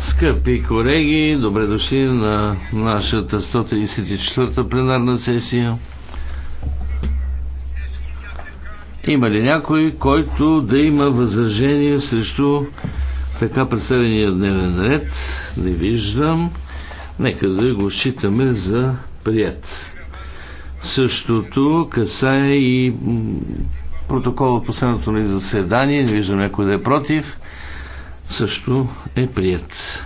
Скъпи колеги, добре дошли на нашата 134-та пленарна сесия. Има ли някой, който да има възражение срещу така представения дневен ред? Не виждам. Нека да го считаме за прият. Същото касае и протокол от последното ни заседание. Не виждам някой да е против също е прият.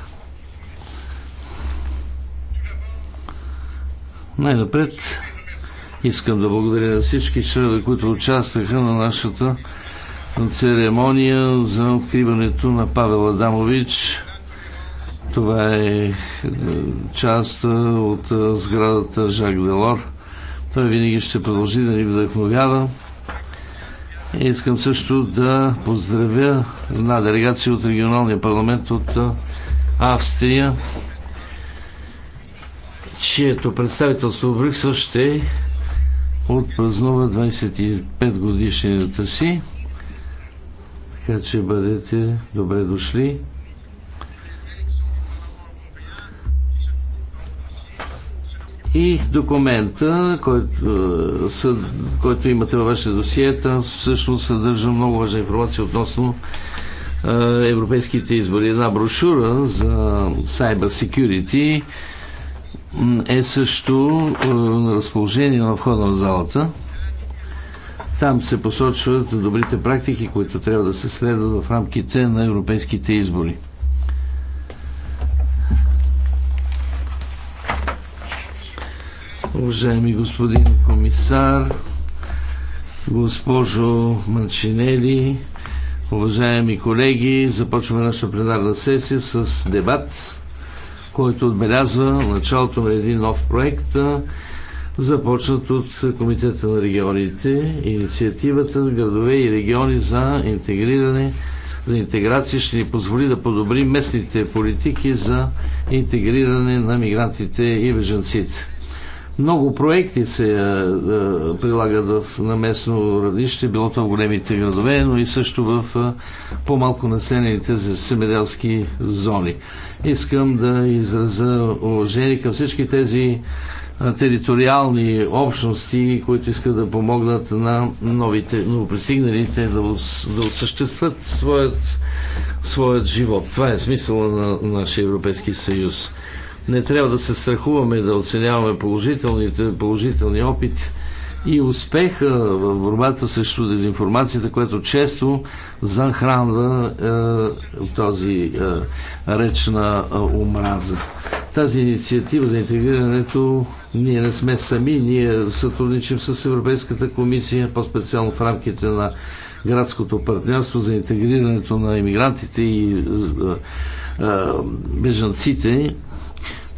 Най-напред искам да благодаря на всички членове, които участваха на нашата церемония за откриването на Павел Адамович. Това е, е част е, от е, сградата Жак Делор. Той винаги ще продължи да ни вдъхновява. И искам също да поздравя една делегация от регионалния парламент от Австрия, чието представителство в Брюксел ще отпразнува 25 годишнията си. Така че бъдете добре дошли. И документа, който, е, съ, който имате във вашите досиета, всъщност съдържа много важна информация относно е, европейските избори. Една брошура за Cyber Security е също е, на разположение на входа на залата. Там се посочват добрите практики, които трябва да се следват в рамките на европейските избори. Уважаеми господин комисар, госпожо Манчинели, уважаеми колеги, започваме нашата пленарна сесия с дебат, който отбелязва началото на един нов проект, започнат от Комитета на регионите, инициативата градове и региони за интегриране за интеграция ще ни позволи да подобри местните политики за интегриране на мигрантите и беженците. Много проекти се е, е, прилагат в, на местно радище, било то в големите градове, но и също в е, по-малко населените семеделски зони. Искам да изразя уважение към всички тези териториални общности, които искат да помогнат на новите, новопристигналите да, да осъществят своят, своят живот. Това е смисъла на нашия Европейски съюз. Не трябва да се страхуваме да оценяваме положителните, положителни опит и успеха в борбата срещу дезинформацията, което често захранва е, този е, реч на е, омраза. Тази инициатива за интегрирането ние не сме сами, ние сътрудничим с Европейската комисия, по-специално в рамките на градското партньорство за интегрирането на иммигрантите и е, е, бежанците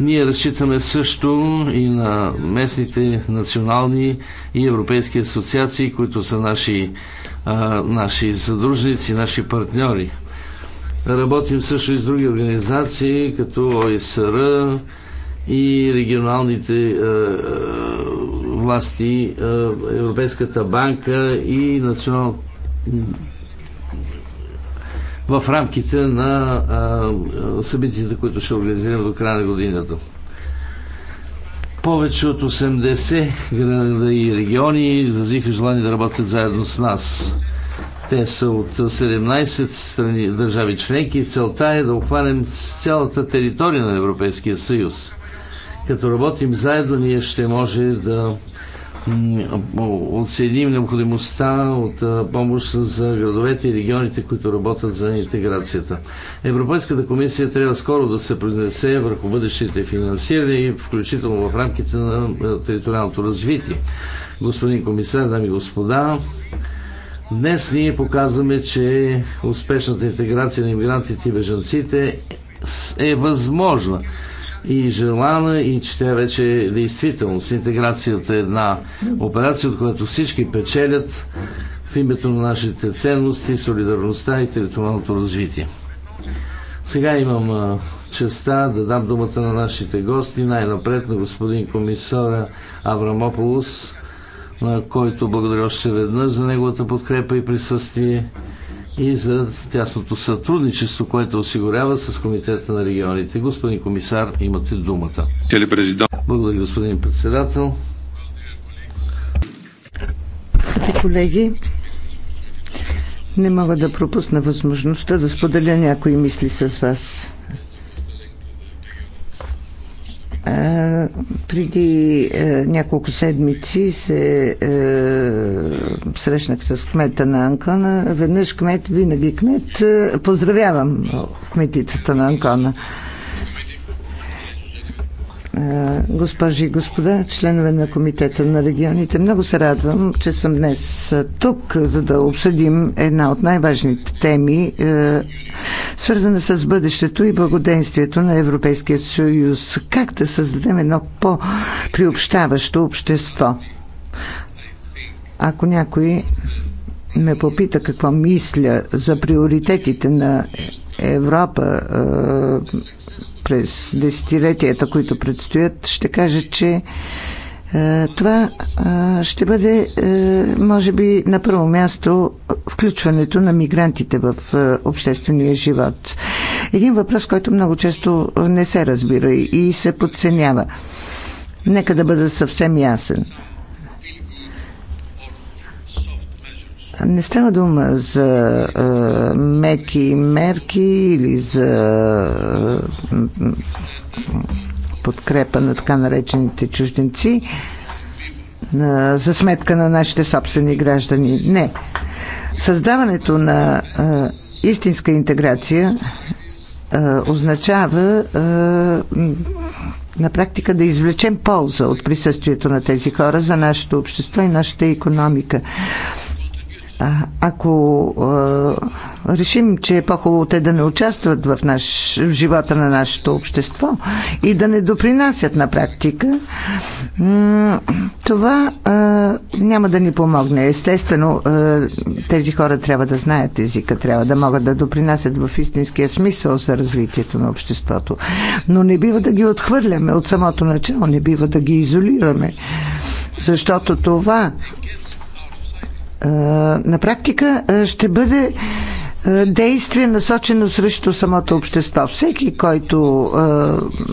ние разчитаме също и на местните, национални и европейски асоциации, които са наши, а, наши съдружници, наши партньори. Работим също и с други организации, като ОСР и регионалните а, власти, а, Европейската банка и национал в рамките на събитията, които ще организирам до края на годината. Повече от 80 града и региони изразиха желание да работят заедно с нас. Те са от 17 страни, държави членки и целта е да обхванем цялата територия на Европейския съюз. Като работим заедно, ние ще може да оценим необходимостта от помощ за градовете и регионите, които работят за интеграцията. Европейската комисия трябва скоро да се произнесе върху бъдещите финансиране, включително в рамките на териториалното развитие. Господин комисар, дами и господа, днес ние показваме, че успешната интеграция на иммигрантите и бежанците е възможна и желана и че тя вече е действителност. Интеграцията е една операция, от която всички печелят в името на нашите ценности, солидарността и териториалното развитие. Сега имам честа да дам думата на нашите гости, най-напред на господин комисара Аврамополус, на който благодаря още веднъж за неговата подкрепа и присъствие и за тясното сътрудничество, което осигурява с Комитета на регионите. Господин комисар, имате думата. Благодаря, господин председател. Скъпи колеги, не мога да пропусна възможността да споделя някои мисли с вас преди е, няколко седмици се е, срещнах с кмета на Анкона. Веднъж кмет, винаги кмет. Поздравявам кметицата на Анкона. Е, госпожи и господа, членове на Комитета на регионите. Много се радвам, че съм днес тук, за да обсъдим една от най-важните теми, е, свързана с бъдещето и благоденствието на Европейския съюз. Как да създадем едно по-приобщаващо общество? Ако някой ме попита какво мисля за приоритетите на Европа, е, през десетилетията, които предстоят, ще кажа, че е, това е, ще бъде, е, може би, на първо място включването на мигрантите в обществения живот. Един въпрос, който много често не се разбира и се подценява. Нека да бъда съвсем ясен. Не става дума за а, меки мерки или за а, подкрепа на така наречените чужденци а, за сметка на нашите собствени граждани. Не. Създаването на а, истинска интеграция а, означава на практика да извлечем полза от присъствието на тези хора за нашето общество и нашата економика. Ако а, решим, че е по-хубаво те да не участват в, наш, в живота на нашето общество и да не допринасят на практика, това а, няма да ни помогне. Естествено, а, тези хора трябва да знаят езика, трябва да могат да допринасят в истинския смисъл за развитието на обществото. Но не бива да ги отхвърляме от самото начало, не бива да ги изолираме, защото това на практика ще бъде действие насочено срещу самото общество. Всеки, който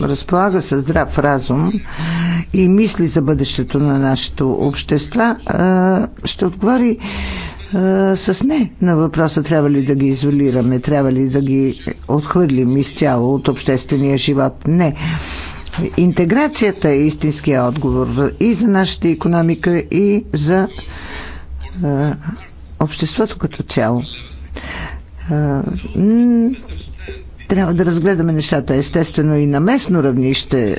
разполага със здрав разум и мисли за бъдещето на нашето общество, ще отговори с не на въпроса трябва ли да ги изолираме, трябва ли да ги отхвърлим изцяло от обществения живот. Не. Интеграцията е истинския отговор и за нашата економика, и за обществото като цяло. Трябва да разгледаме нещата естествено и на местно равнище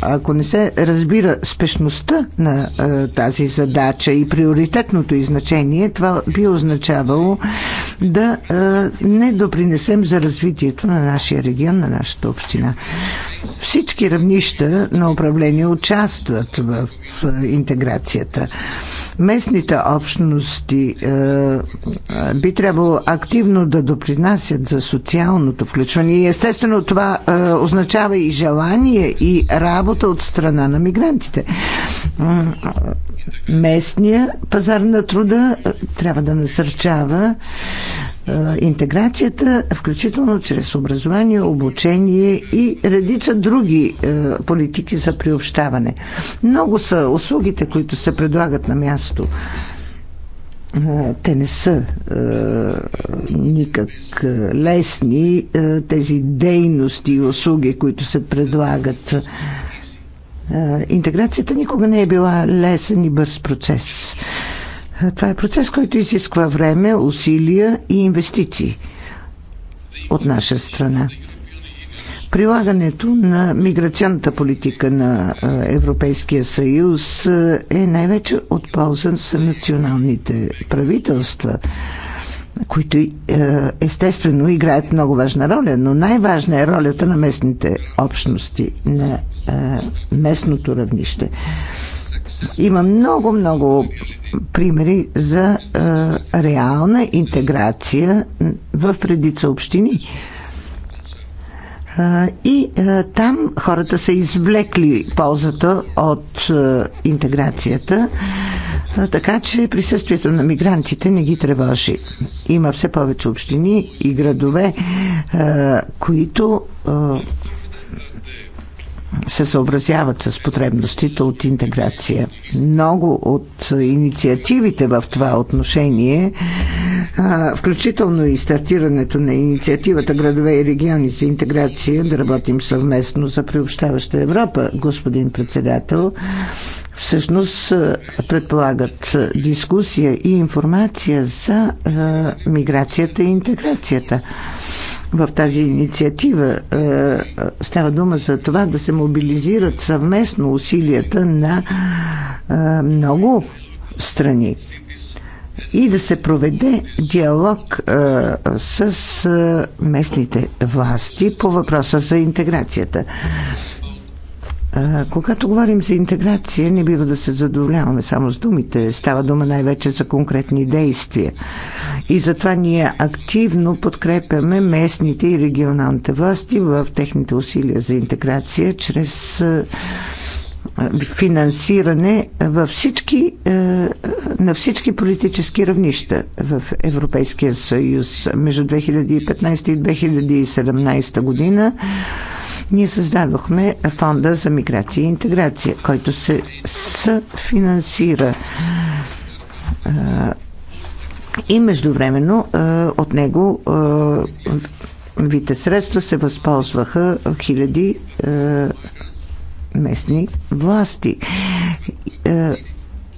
ако не се разбира спешността на а, тази задача и приоритетното и значение, това би означавало да а, не допринесем за развитието на нашия регион, на нашата община. Всички равнища на управление участват в интеграцията. Местните общности е, би трябвало активно да допринасят за социалното включване. И естествено това е, означава и желание и работа работа от страна на мигрантите. Местния пазар на труда е, трябва да насърчава е, интеграцията, включително чрез образование, обучение и редица други е, политики за приобщаване. Много са услугите, които се предлагат на място те не са е, никак лесни. Е, тези дейности и услуги, които се предлагат е, интеграцията никога не е била лесен и бърз процес. Е, това е процес, който изисква време, усилия и инвестиции от наша страна. Прилагането на миграционната политика на е, Европейския съюз е най-вече от полза са националните правителства които е, естествено играят много важна роля, но най-важна е ролята на местните общности, на е, местното равнище. Има много-много примери за е, реална интеграция в редица общини и там хората са извлекли ползата от интеграцията, така че присъствието на мигрантите не ги тревожи. Има все повече общини и градове, които се съобразяват с потребностите от интеграция. Много от инициативите в това отношение, включително и стартирането на инициативата Градове и региони за интеграция, да работим съвместно за приобщаваща Европа, господин председател, всъщност е, предполагат е, дискусия и информация за е, миграцията и интеграцията. В тази инициатива става дума за това да се мобилизират съвместно усилията на много страни и да се проведе диалог с местните власти по въпроса за интеграцията. Когато говорим за интеграция, не бива да се задоволяваме само с думите. Става дума най-вече за конкретни действия. И затова ние активно подкрепяме местните и регионалните власти в техните усилия за интеграция чрез финансиране във всички, на всички политически равнища в Европейския съюз между 2015 и 2017 година ние създадохме фонда за миграция и интеграция, който се съфинансира. И междувременно от него вите средства се възползваха хиляди местни власти.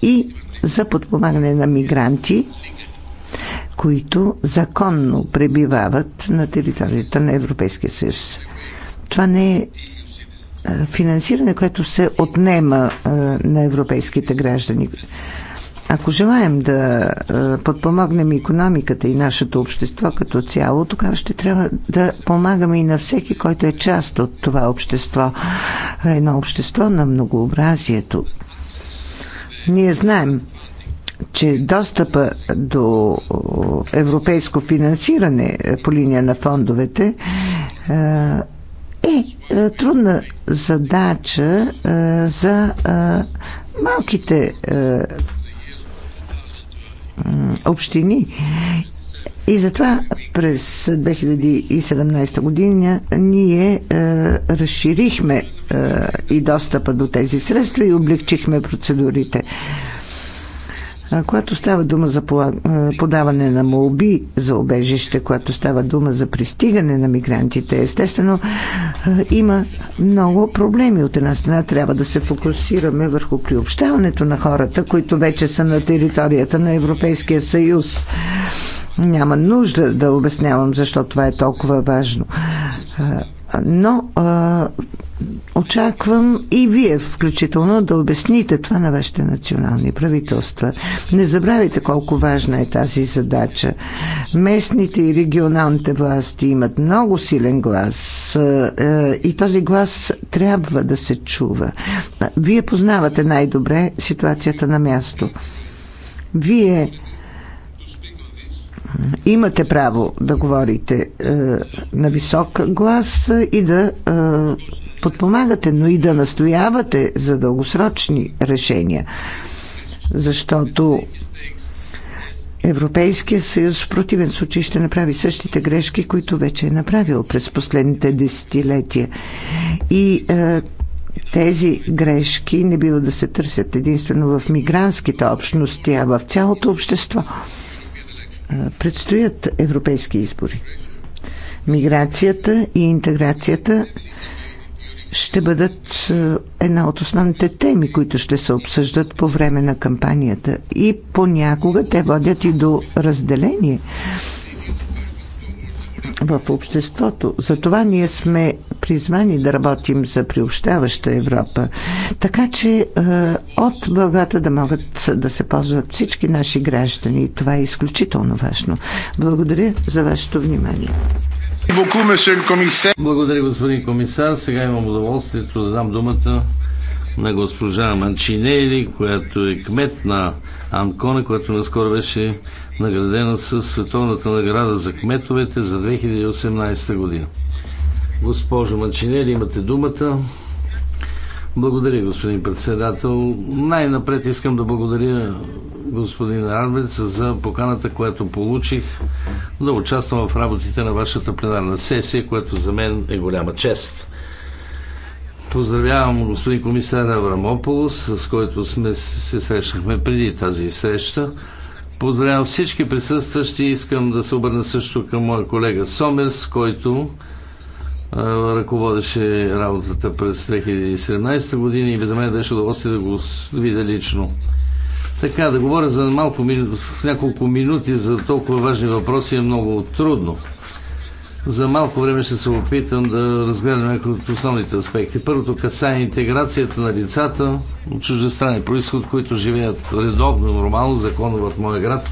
И за подпомагане на мигранти, които законно пребивават на територията на Европейския съюз. Това не е финансиране, което се отнема на европейските граждани. Ако желаем да подпомогнем економиката и нашето общество като цяло, тогава ще трябва да помагаме и на всеки, който е част от това общество. Едно общество на многообразието. Ние знаем, че достъпа до европейско финансиране е, по линия на фондовете е, е, е трудна задача е, за е, малките общини. И затова през 2017 година ние разширихме и достъпа до тези средства и облегчихме процедурите. Когато става дума за подаване на молби за обежище, когато става дума за пристигане на мигрантите, естествено има много проблеми. От една страна трябва да се фокусираме върху приобщаването на хората, които вече са на територията на Европейския съюз. Няма нужда да обяснявам защо това е толкова важно. Но очаквам и вие включително да обясните това на вашите национални правителства. Не забравяйте колко важна е тази задача. Местните и регионалните власти имат много силен глас е, и този глас трябва да се чува. Вие познавате най-добре ситуацията на място. Вие имате право да говорите е, на висок глас и да е, подпомагате, но и да настоявате за дългосрочни решения. Защото Европейския съюз в противен случай ще направи същите грешки, които вече е направил през последните десетилетия. И е, тези грешки не бива да се търсят единствено в мигрантските общности, а в цялото общество. Е, предстоят европейски избори. Миграцията и интеграцията ще бъдат е, една от основните теми, които ще се обсъждат по време на кампанията. И понякога те водят и до разделение в обществото. Затова ние сме призвани да работим за приобщаваща Европа. Така че е, от благата да могат да се ползват всички наши граждани. Това е изключително важно. Благодаря за вашето внимание. Благодаря, господин комисар. Сега имам удоволствието да дам думата на госпожа Манчинели, която е кмет на Анкона, която наскоро беше наградена с Световната награда за кметовете за 2018 година. Госпожо Манчинели, имате думата. Благодаря, господин председател. Най-напред искам да благодаря господин Арбец за поканата, която получих да участвам в работите на вашата пленарна сесия, което за мен е голяма чест. Поздравявам господин комисар Аврамополос, с който сме се срещнахме преди тази среща. Поздравявам всички присъстващи. Искам да се обърна също към моя колега Сомерс, който ръководеше работата през 2017 година и за мен беше удоволствие да го видя лично. Така, да говоря за малко в няколко минути за толкова важни въпроси е много трудно. За малко време ще се опитам да разгледам някои от основните аспекти. Първото касае интеграцията на лицата от чуждестранен происход, които живеят редовно, нормално, законно в моя град.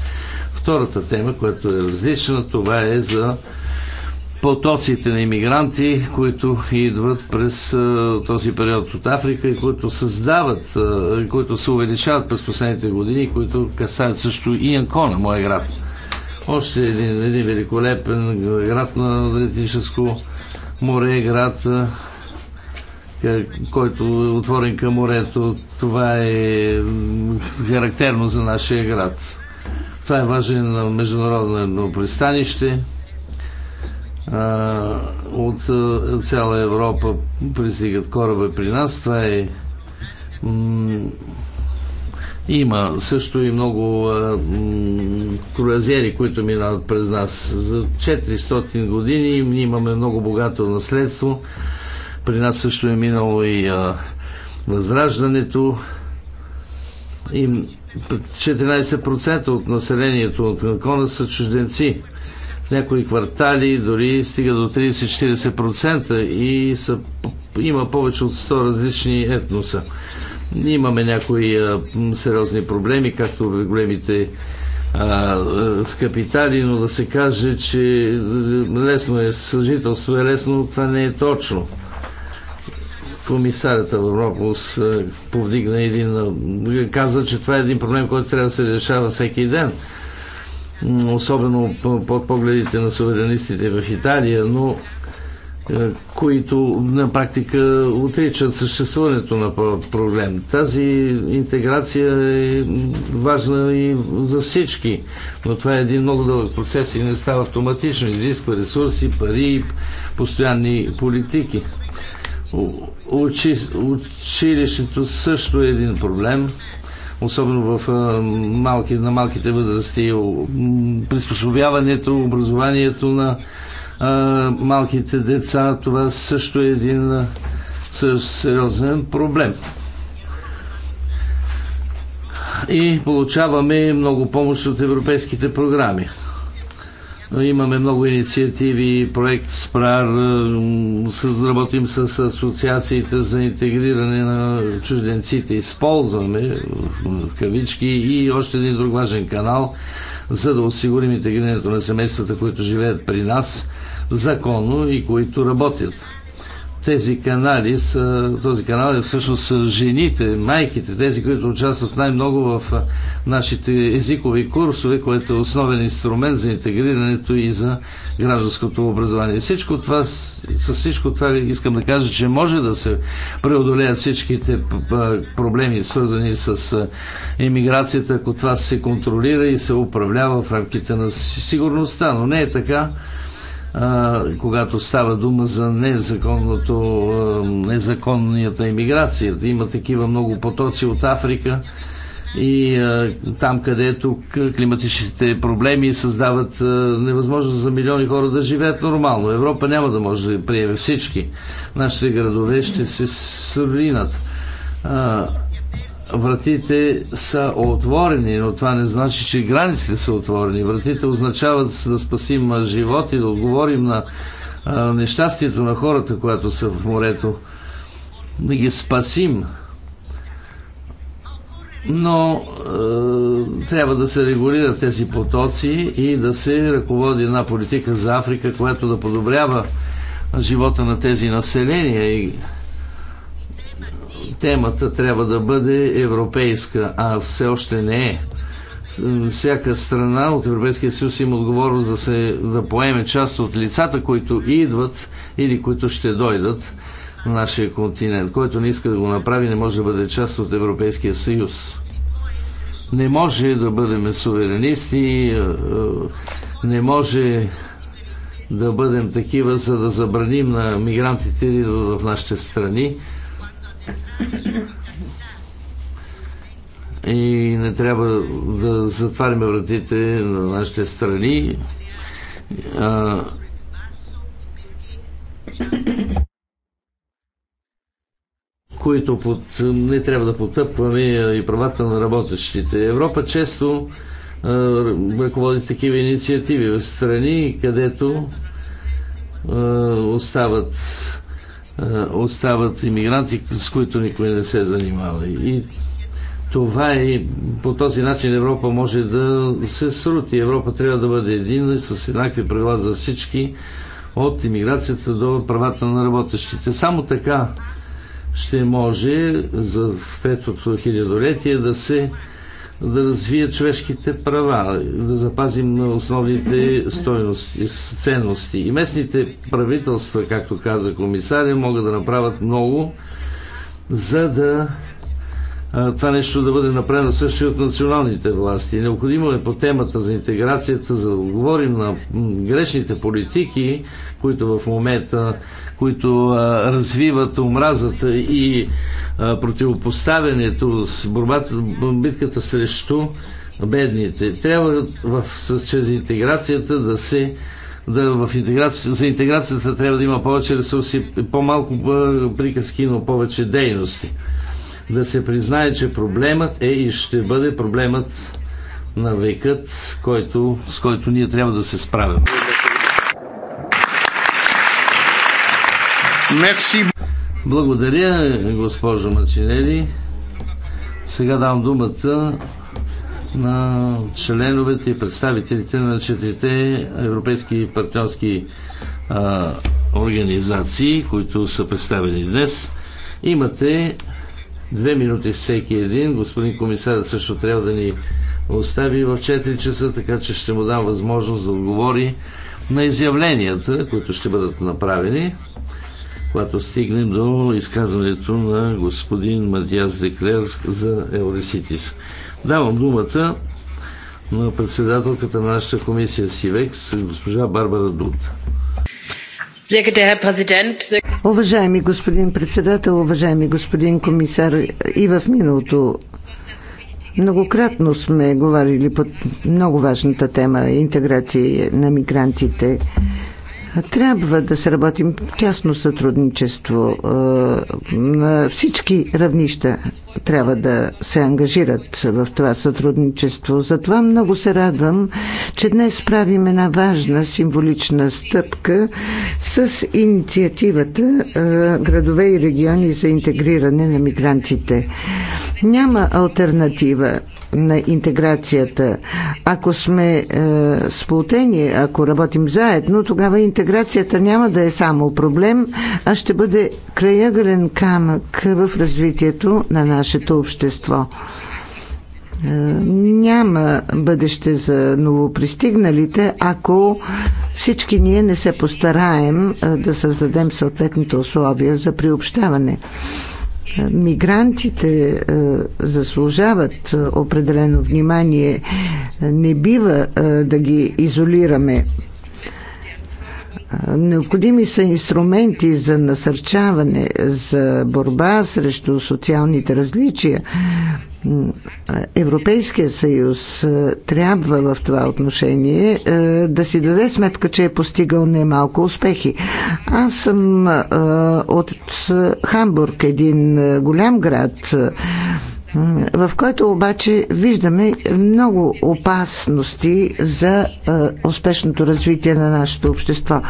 Втората тема, която е различна, това е за потоците на иммигранти, които идват през този период от Африка и които създават, които се увеличават през последните години, които касаят също и Анкона, моя град. Още един, един великолепен град на Адриатическо море, град, който е отворен към морето. Това е характерно за нашия град. Това е важен международно пристанище от цяла Европа пристигат кораба при нас. Това е има също и много круазери, които минават през нас. За 400 години имаме много богато наследство. При нас също е минало и а, възраждането. И 14% от населението от Канкона са чужденци в някои квартали дори стига до 30-40% и са, има повече от 100 различни етноса. Имаме някои а, сериозни проблеми, както в големите а, с капитали, но да се каже, че лесно е съжителство, е лесно, но това не е точно. Комисарят Европос повдигна един, каза, че това е един проблем, който трябва да се решава всеки ден особено под погледите на суверенистите в Италия, но е, които на практика отричат съществуването на проблем. Тази интеграция е важна и за всички, но това е един много дълъг процес и не става автоматично. Изисква ресурси, пари, постоянни политики. Училището също е един проблем особено в малки, на малките възрасти, приспособяването, образованието на малките деца, това също е един сериозен проблем. И получаваме много помощ от европейските програми. Е, имаме много инициативи, проект СПРАР, е, работим с асоциациите за интегриране на чужденците. Използваме е, в кавички и още един друг важен канал, за да осигурим интегрирането на семействата, които живеят при нас законно и които работят тези канали са, този канал е всъщност жените, майките, тези, които участват най-много в нашите езикови курсове, което е основен инструмент за интегрирането и за гражданското образование. Всичко това, с всичко това искам да кажа, че може да се преодолеят всичките проблеми, свързани с иммиграцията, ако това се контролира и се управлява в рамките на сигурността, но не е така когато става дума за незаконното, незаконнията иммиграцията. Има такива много потоци от Африка и там, където климатичните проблеми създават невъзможност за милиони хора да живеят нормално. Европа няма да може да приеме всички. Нашите градове ще се сринат вратите са отворени, но това не значи, че границите са отворени. Вратите означават да спасим живот и да отговорим на а, нещастието на хората, които са в морето. Да ги спасим. Но е, трябва да се регулират тези потоци и да се ръководи една политика за Африка, която да подобрява живота на тези населения и темата трябва да бъде европейска, а все още не е. Всяка страна от Европейския съюз има отговорност да, се, да поеме част от лицата, които идват или които ще дойдат на нашия континент. Който не иска да го направи, не може да бъде част от Европейския съюз. Не може да бъдем суверенисти, е, е, не може да бъдем такива, за да забраним на мигрантите да идват в нашите страни и не трябва да затваряме вратите на нашите страни. А... които под, не трябва да потъпваме и правата на работещите. Европа често а, ръководи такива инициативи в страни, където а, остават е, остават иммигранти, с които никой не се занимава. И това е, по този начин Европа може да се срути. Европа трябва да бъде един и с еднакви правила за всички, от иммиграцията до правата на работещите. Само така ще може за третото хилядолетие да се да развият човешките права, да запазим основните стоености, ценности. И местните правителства, както каза комисаря, могат да направят много, за да това нещо да бъде направено също и от националните власти. Необходимо е по темата за интеграцията, за да говорим на грешните политики, които в момента, които а, развиват омразата и а, противопоставянето, с борбата, битката срещу бедните. Трябва в, с, чрез интеграцията да се да в интеграция, за интеграцията трябва да има повече ресурси, по-малко приказки, но повече дейности да се признае, че проблемът е и ще бъде проблемът на векът, който, с който ние трябва да се справим. Мерси. Благодаря, госпожо Мачинели. Сега давам думата на членовете и представителите на четирите европейски партньорски а, организации, които са представени днес. Имате Две минути всеки един. Господин комисар също трябва да ни остави в 4 часа, така че ще му дам възможност да отговори на изявленията, които ще бъдат направени, когато стигнем до изказването на господин Матиас Деклер за Еориситис. Давам думата на председателката на нашата комисия СИВЕКС, госпожа Барбара Дута. Уважаеми господин председател, уважаеми господин комисар, и в миналото многократно сме говорили по много важната тема интеграция на мигрантите. Трябва да се работим тясно сътрудничество на всички равнища трябва да се ангажират в това сътрудничество. Затова много се радвам, че днес правим една важна символична стъпка с инициативата Градове и региони за интегриране на мигрантите. Няма альтернатива на интеграцията. Ако сме е, сплутени, ако работим заедно, тогава интеграцията няма да е само проблем, а ще бъде краягален камък в развитието на нашата нашето общество. Е, няма бъдеще за новопристигналите, ако всички ние не се постараем е, да създадем съответните условия за приобщаване. Е, мигрантите заслужават определено внимание. Не бива да ги изолираме Необходими са инструменти за насърчаване, за борба срещу социалните различия. Европейския съюз е, трябва в това отношение е, да си даде сметка, че е постигал немалко успехи. Аз съм е, от Хамбург, един голям град в който обаче виждаме много опасности за е, успешното развитие на нашето общество.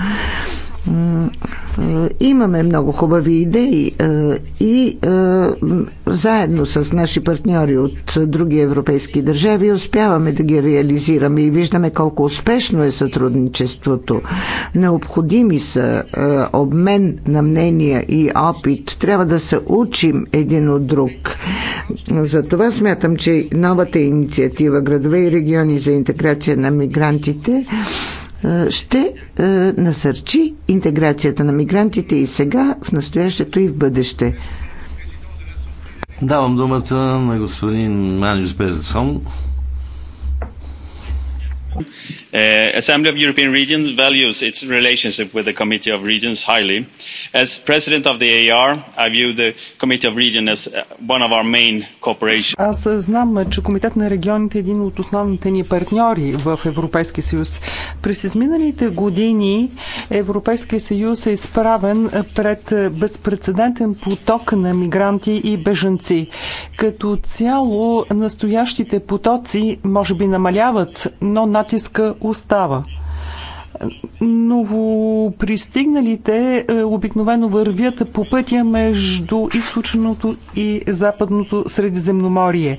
Имаме много хубави идеи е, и е, заедно с наши партньори от други европейски държави успяваме да ги реализираме и виждаме колко успешно е сътрудничеството. Необходими са е, обмен на мнения и опит. Трябва да се учим един от друг. Затова смятам, че новата инициатива Градове и региони за интеграция на мигрантите е, ще е, насърчи интеграцията на мигрантите и сега, в настоящето и в бъдеще. Давам думата на господин Маниус Берсон the uh, Assembly of European Regions values its relationship with the Committee of Regions highly. As President of the AR, I view the Committee of Regions as uh, one of our main cooperation. Аз знам, е, че Комитет на регионите е един от основните ни партньори в Европейския съюз. През изминалите години Европейския съюз е изправен е, пред е, безпредседентен поток на мигранти и бежанци. Като цяло настоящите потоци може би намаляват, но над натиска остава. Новопристигналите е, обикновено вървят по пътя между източното и западното Средиземноморие.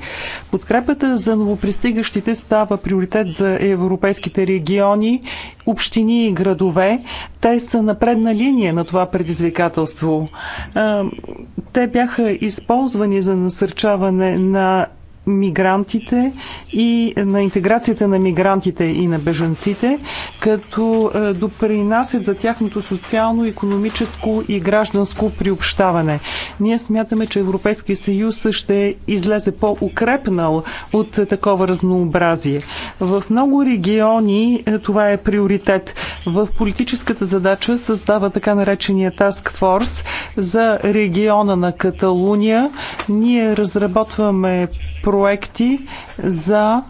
Подкрепата за новопристигащите става приоритет за европейските региони, общини и градове. Те са на предна линия на това предизвикателство. Е, те бяха използвани за насърчаване на мигрантите и на интеграцията на мигрантите и на бежанците, като е, допринасят за тяхното социално, економическо и гражданско приобщаване. Ние смятаме, че Европейския съюз ще излезе по-укрепнал от такова разнообразие. В много региони е, това е приоритет. В политическата задача създава така наречения Task Force за региона на Каталуния. Ние разработваме проекти за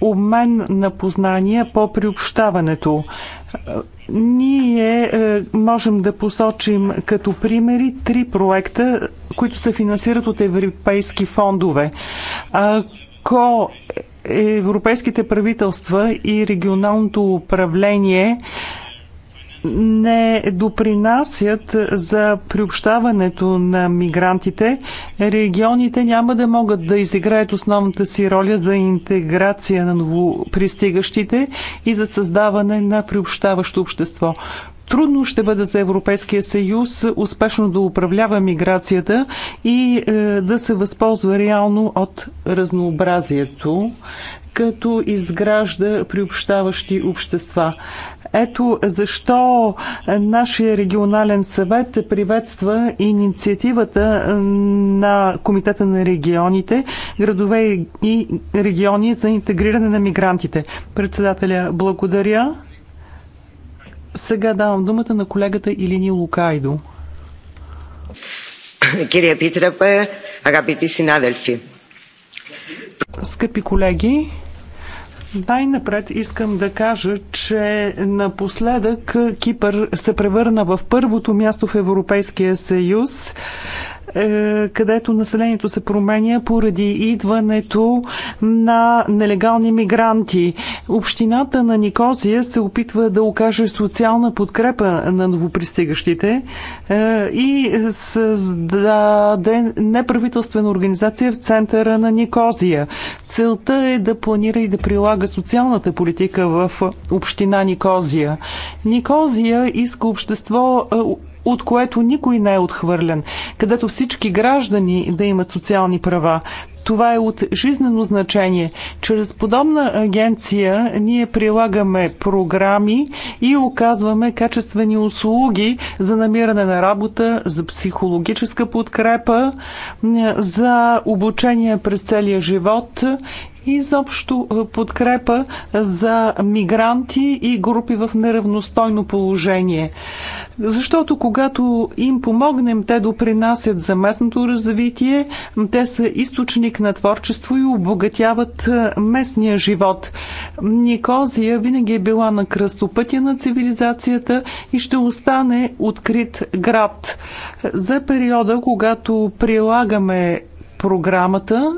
обмен на познания по приобщаването. Ние е, можем да посочим като примери три проекта, които се финансират от европейски фондове. Ако европейските правителства и регионалното управление не допринасят за приобщаването на мигрантите, регионите няма да могат да изиграят основната си роля за интеграция на новопристигащите и за създаване на приобщаващо общество. Трудно ще бъде за Европейския съюз успешно да управлява миграцията и е, да се възползва реално от разнообразието като изгражда приобщаващи общества. Ето защо нашия регионален съвет приветства инициативата на Комитета на регионите, градове и региони за интегриране на мигрантите. Председателя, благодаря. Сега давам думата на колегата Илини Лукайдо. Кирия Питрепе, агапити синадельфи. Скъпи колеги, най-напред искам да кажа, че напоследък Кипър се превърна в първото място в Европейския съюз е, където населението се променя поради идването на нелегални мигранти. Общината на Никозия се опитва да окаже социална подкрепа на новопристигащите е, и създаде неправителствена организация в центъра на Никозия. Целта е да планира и да прилага прилага социалната политика в община Никозия. Никозия иска общество от което никой не е отхвърлен, където всички граждани да имат социални права. Това е от жизнено значение. Чрез подобна агенция ние прилагаме програми и оказваме качествени услуги за намиране на работа, за психологическа подкрепа, за обучение през целия живот изобщо е, подкрепа е, за мигранти и групи в неравностойно положение. Защото когато им помогнем, те допринасят за местното развитие, те са източник на творчество и обогатяват е, местния живот. Никозия винаги е била на кръстопътя на цивилизацията и ще остане открит град. За периода, когато прилагаме програмата,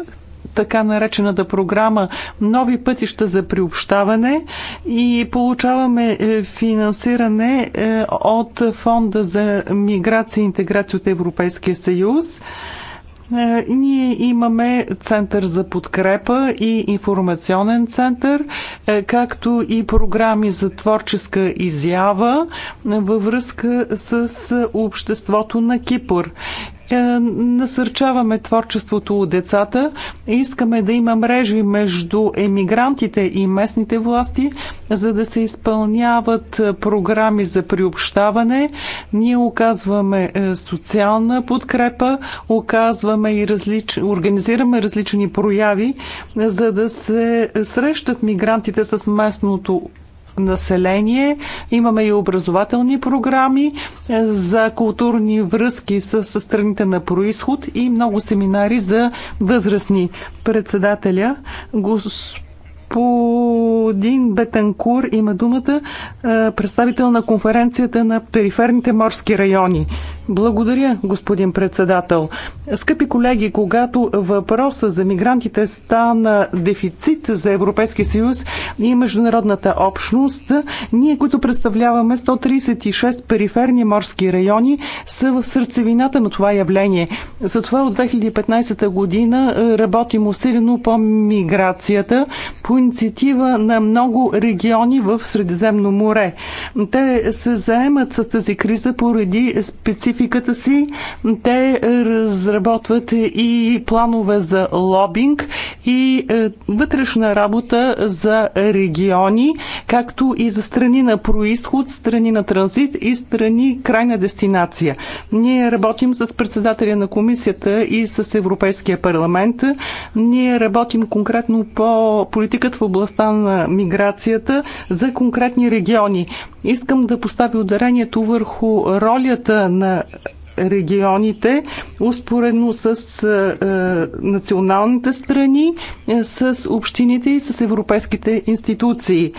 така наречената програма Нови пътища за приобщаване и получаваме е, финансиране е, от Фонда за миграция и интеграция от Европейския съюз. Е, ние имаме център за подкрепа и информационен център, както и програми за творческа изява във връзка с обществото на Кипър. Е, насърчаваме творчеството у децата. Искаме да има мрежи между емигрантите и местните власти, за да се изпълняват програми за приобщаване. Ние оказваме е, социална подкрепа, оказваме и различ... организираме различни прояви, за да се срещат мигрантите с местното население. Имаме и образователни програми е, за културни връзки с, страните на происход и много семинари за възрастни. Председателя, господин Бетанкур има думата, е, представител на конференцията на периферните морски райони. Благодаря, господин председател. Скъпи колеги, когато въпроса за мигрантите стана дефицит за Европейския съюз и международната общност, ние, които представляваме 136 периферни морски райони, са в сърцевината на това явление. Затова от 2015 година работим усилено по миграцията по инициатива на много региони в Средиземно море. Те се заемат с тази криза поради специфика спецификата си. Те е, разработват и планове за лобинг и е, вътрешна работа за региони, както и за страни на происход, страни на транзит и страни крайна дестинация. Ние работим с председателя на комисията и с Европейския парламент. Ние работим конкретно по политиката в областта на миграцията за конкретни региони. Искам да поставя ударението върху ролята на регионите, успоредно с е, е националните страни, е, с общините и с европейските институции.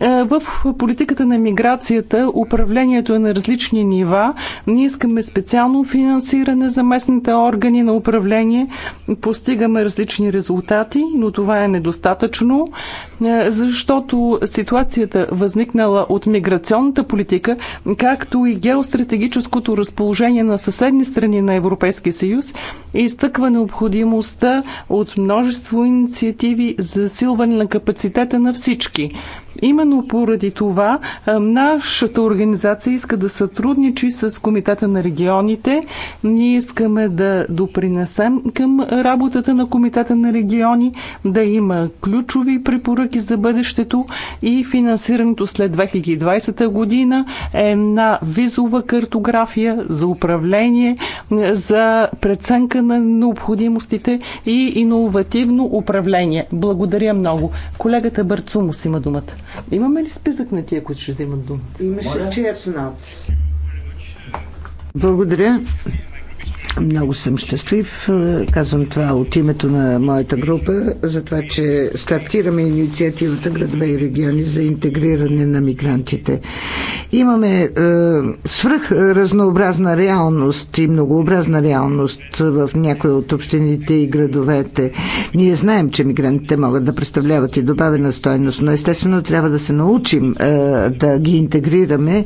Е, в политиката на миграцията, управлението е на различни нива. Ние искаме специално финансиране за местните органи на управление. Постигаме различни резултати, но това е недостатъчно, е, защото ситуацията възникнала от миграционната политика, както и геостратегическото разположение на съседни страни на Европейския съюз, изтъква необходимостта от множество инициативи за засилване на капацитета на всички. Именно поради това нашата организация иска да сътрудничи с Комитета на регионите. Ние искаме да допринесем към работата на Комитета на региони, да има ключови препоръки за бъдещето и финансирането след 2020 година е на визова картография за управление, за преценка на необходимостите и иновативно управление. Благодаря много. Колегата Бърцумус има думата. Имаме ли списък на тия, които ще вземат думата? Имаше Чепснат. Благодаря. Много съм щастлив. Е, казвам това от името на моята група, за това, че стартираме инициативата Градове и региони за интегриране на мигрантите. Имаме е, свръх разнообразна реалност и многообразна реалност в някои от общините и градовете. Ние знаем, че мигрантите могат да представляват и добавена стойност, но естествено трябва да се научим е, да ги интегрираме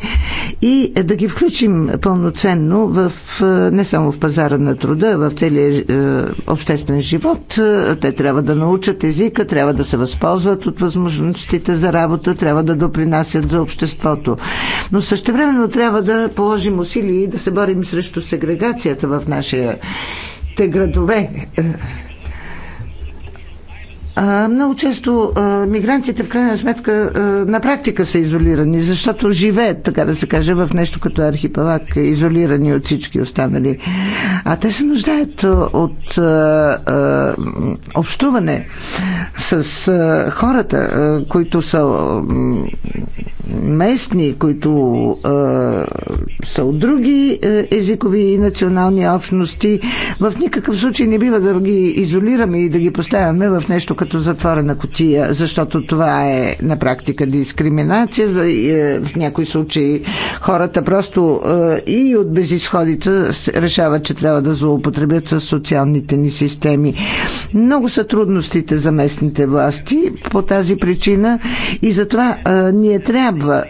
и да ги включим пълноценно в, е, не само в пазар, пазара на труда, в целия е, обществен живот. Е, те трябва да научат езика, трябва да се възползват от възможностите за работа, трябва да допринасят за обществото. Но същевременно трябва да положим усилия и да се борим срещу сегрегацията в нашите градове е, много често мигрантите в крайна сметка на практика са изолирани, защото живеят, така да се каже, в нещо като архипелаг, изолирани от всички останали. А те се нуждаят от общуване с хората, които са местни, които са от други езикови и национални общности. В никакъв случай не бива да ги изолираме и да ги поставяме в нещо като като затворена котия, защото това е на практика дискриминация. Е, в някои случаи хората просто е, и от безисходица решават, че трябва да злоупотребят с социалните ни системи. Много са трудностите за местните власти по тази причина и затова е, ние трябва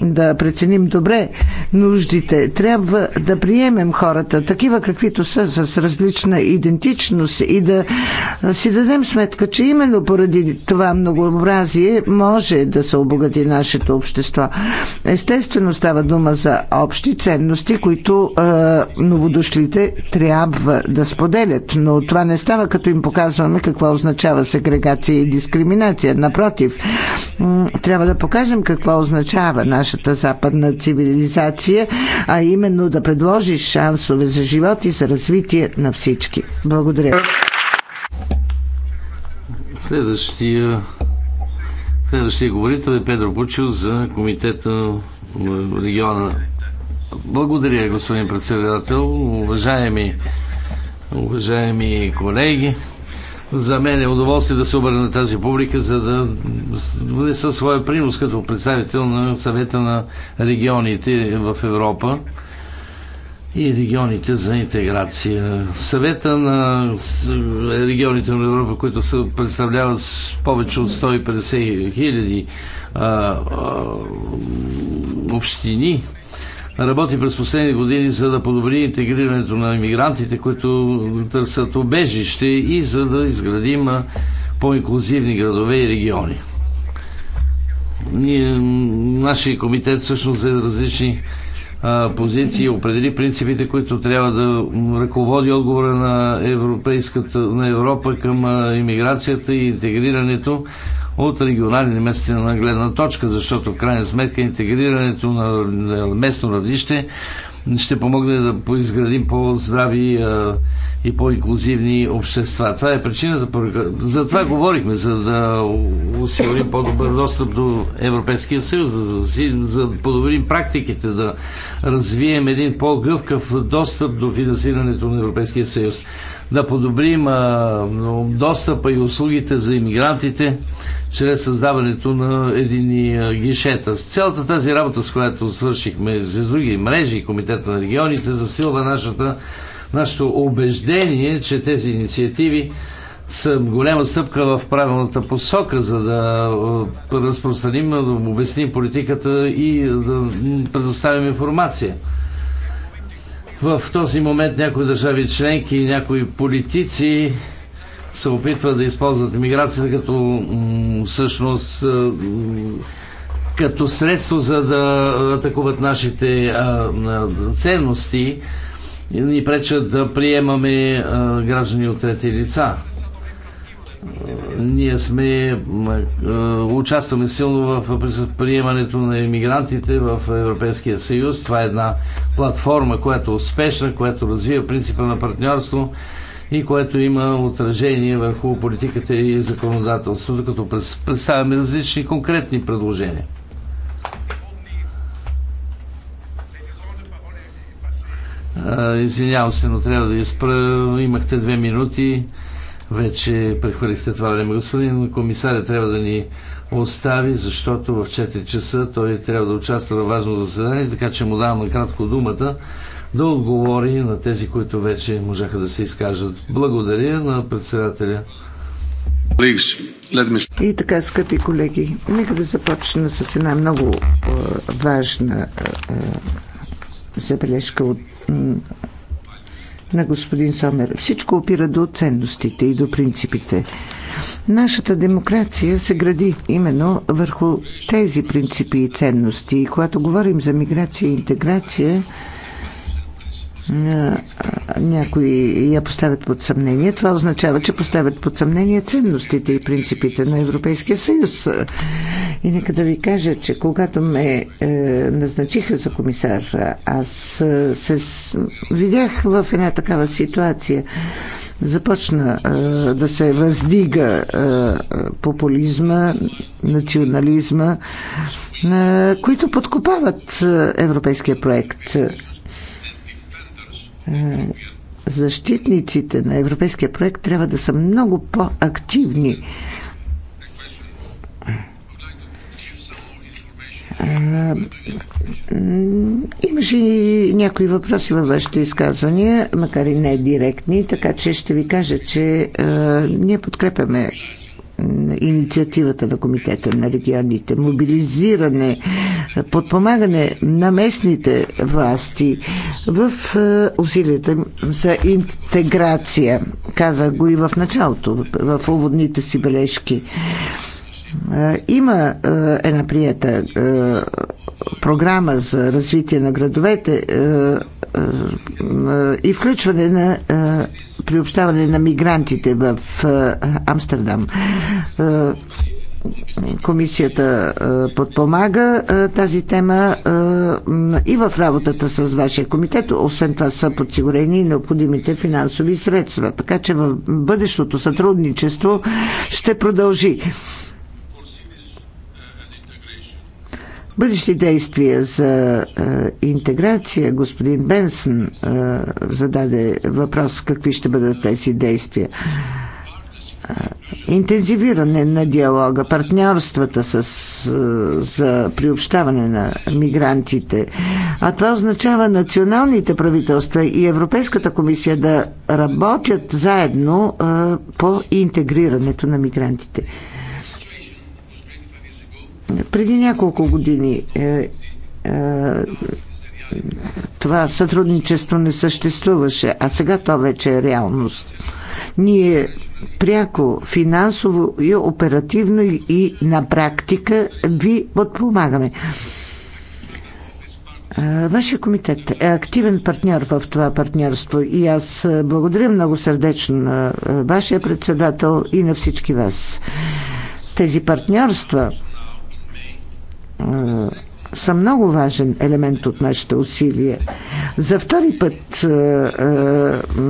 да преценим добре нуждите. Трябва да приемем хората такива каквито са, с различна идентичност и да си дадем сметка, че Именно поради това многообразие може да се обогати нашето общество. Естествено става дума за общи ценности, които е, новодошлите трябва да споделят, но това не става като им показваме какво означава сегрегация и дискриминация. Напротив, трябва да покажем какво означава нашата западна цивилизация, а именно да предложи шансове за живот и за развитие на всички. Благодаря. Следващия, следващия говорител е Педро Бучил за комитета в региона. Благодаря, господин председател. Уважаеми, уважаеми колеги, за мен е удоволствие да се обърна на тази публика, за да внеса своя принос като представител на съвета на регионите в Европа и регионите за интеграция. Съвета на регионите на Европа, които се представляват повече от 150 хиляди общини, работи през последните години за да подобри интегрирането на иммигрантите, които търсят обежище и за да изградим по-инклюзивни градове и региони. Ние, нашия комитет всъщност за различни позиции, определи принципите, които трябва да ръководи отговора на, европейската, на Европа към иммиграцията и интегрирането от регионален и местен гледна точка, защото в крайна сметка интегрирането на местно равнище ще помогне да поизградим по-здрави и по-инклюзивни общества. Това е причината. За това говорихме, за да осигурим по-добър достъп до Европейския съюз, за да подобрим практиките, да развием един по-гъвкав достъп до финансирането на Европейския съюз да подобрим достъпа и услугите за иммигрантите чрез създаването на едини гишета. Цялата тази работа, с която свършихме с други мрежи и Комитета на регионите, засилва нашата, нашето убеждение, че тези инициативи са голяма стъпка в правилната посока, за да разпространим, да обясним политиката и да предоставим информация. В този момент някои държави членки и някои политици се опитват да използват миграцията като всъщност като средство за да атакуват нашите а, ценности и ни пречат да приемаме а, граждани от трети лица ние сме, участваме силно в приемането на иммигрантите в Европейския съюз. Това е една платформа, която е успешна, която развива принципа на партньорство и което има отражение върху политиката и законодателството, като представяме различни конкретни предложения. Извинявам се, но трябва да изпра. Имахте две минути. Вече прехвърлихте това време. Господин комисаря трябва да ни остави, защото в 4 часа той трябва да участва в важно заседание, така че му давам накратко думата да отговори на тези, които вече можаха да се изкажат. Благодаря на председателя. И така, скъпи колеги, нека да започна с една много е, важна е, е, забележка от на господин Сомер. Всичко опира до ценностите и до принципите. Нашата демокрация се гради именно върху тези принципи и ценности. И когато говорим за миграция и интеграция, някои я поставят под съмнение. Това означава, че поставят под съмнение ценностите и принципите на Европейския съюз. И нека да ви кажа, че когато ме е, назначиха за комисар, аз е, се видях в една такава ситуация. Започна е, да се въздига е, популизма, национализма, е, които подкопават е, европейския проект защитниците на европейския проект трябва да са много по-активни. Имаше и някои въпроси във вашите изказвания, макар и не директни, така че ще ви кажа, че е, ние подкрепяме инициативата на Комитета на регионите, мобилизиране, подпомагане на местните власти в е, усилията за интеграция. Казах го и в началото, в уводните си бележки. Е, има е, една прията е, програма за развитие на градовете и включване на приобщаване на мигрантите в Амстердам. Комисията подпомага тази тема и в работата с вашия комитет. Освен това са подсигурени и необходимите финансови средства. Така че в бъдещото сътрудничество ще продължи. бъдещи действия за интеграция, господин Бенсън зададе въпрос какви ще бъдат тези действия. Интензивиране на диалога, партньорствата с, за приобщаване на мигрантите. А това означава националните правителства и Европейската комисия да работят заедно по интегрирането на мигрантите. Преди няколко години е, е, това сътрудничество не съществуваше, а сега то вече е реалност. Ние пряко, финансово и оперативно и на практика ви подпомагаме. Е, вашия комитет е активен партньор в това партньорство и аз е, благодаря много сърдечно на е, вашия председател и на всички вас. Тези партньорства са много важен елемент от нашите усилия. За втори път е, е,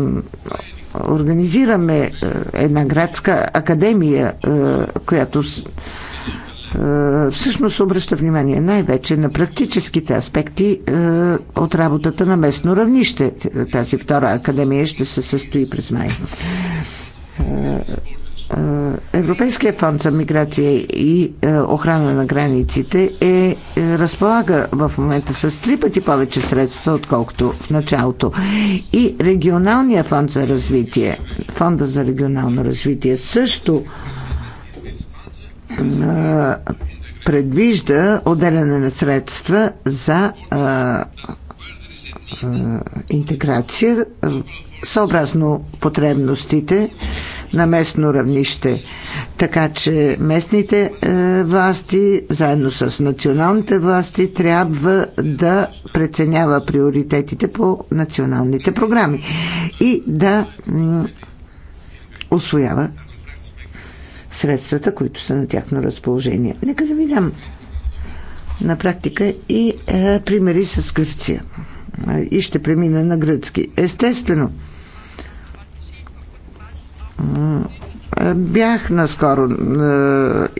организираме е, една градска академия, която всъщност обръща внимание най-вече на практическите аспекти от работата на местно равнище. Тази втора академия ще се състои през май. Е, Европейския фонд за миграция и е, охрана на границите е, е, разполага в момента с три пъти повече средства, отколкото в началото. И регионалния фонд за развитие, фонда за регионално развитие също предвижда отделяне на средства за интеграция съобразно потребностите на местно равнище. Така че местните е, власти, заедно с националните власти, трябва да преценява приоритетите по националните програми и да освоява средствата, които са на тяхно разположение. Нека да ви дам на практика и е, примери с Гърция. И ще премина на гръцки. Естествено, е, бях наскоро е,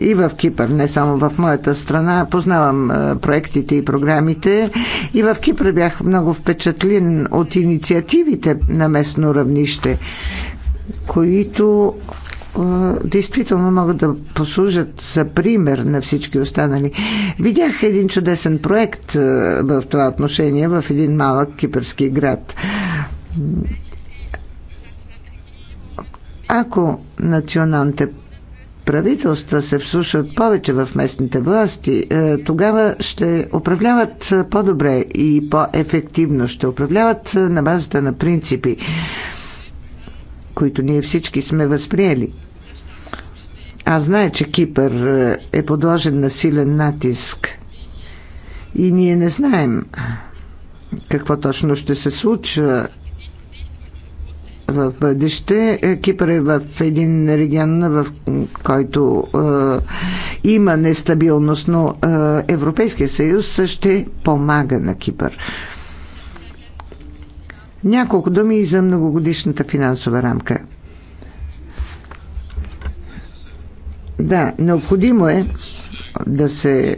и в Кипър, не само в моята страна. Познавам е, проектите и програмите. И в Кипър бях много впечатлен от инициативите на местно равнище, които действително могат да послужат за пример на всички останали. Видях един чудесен проект в това отношение в един малък кипърски град ако националните правителства се всушат повече в местните власти, е, тогава ще управляват по-добре и по-ефективно, ще управляват е, на базата на принципи, които ние всички сме възприели. Аз знае, че Кипър е, е подложен на силен натиск и ние не знаем какво точно ще се случва в бъдеще. Е, Кипър е в един регион, в който е, има нестабилност, но е, Европейския съюз ще помага на Кипър. Няколко думи и за многогодишната финансова рамка. Да, необходимо е да се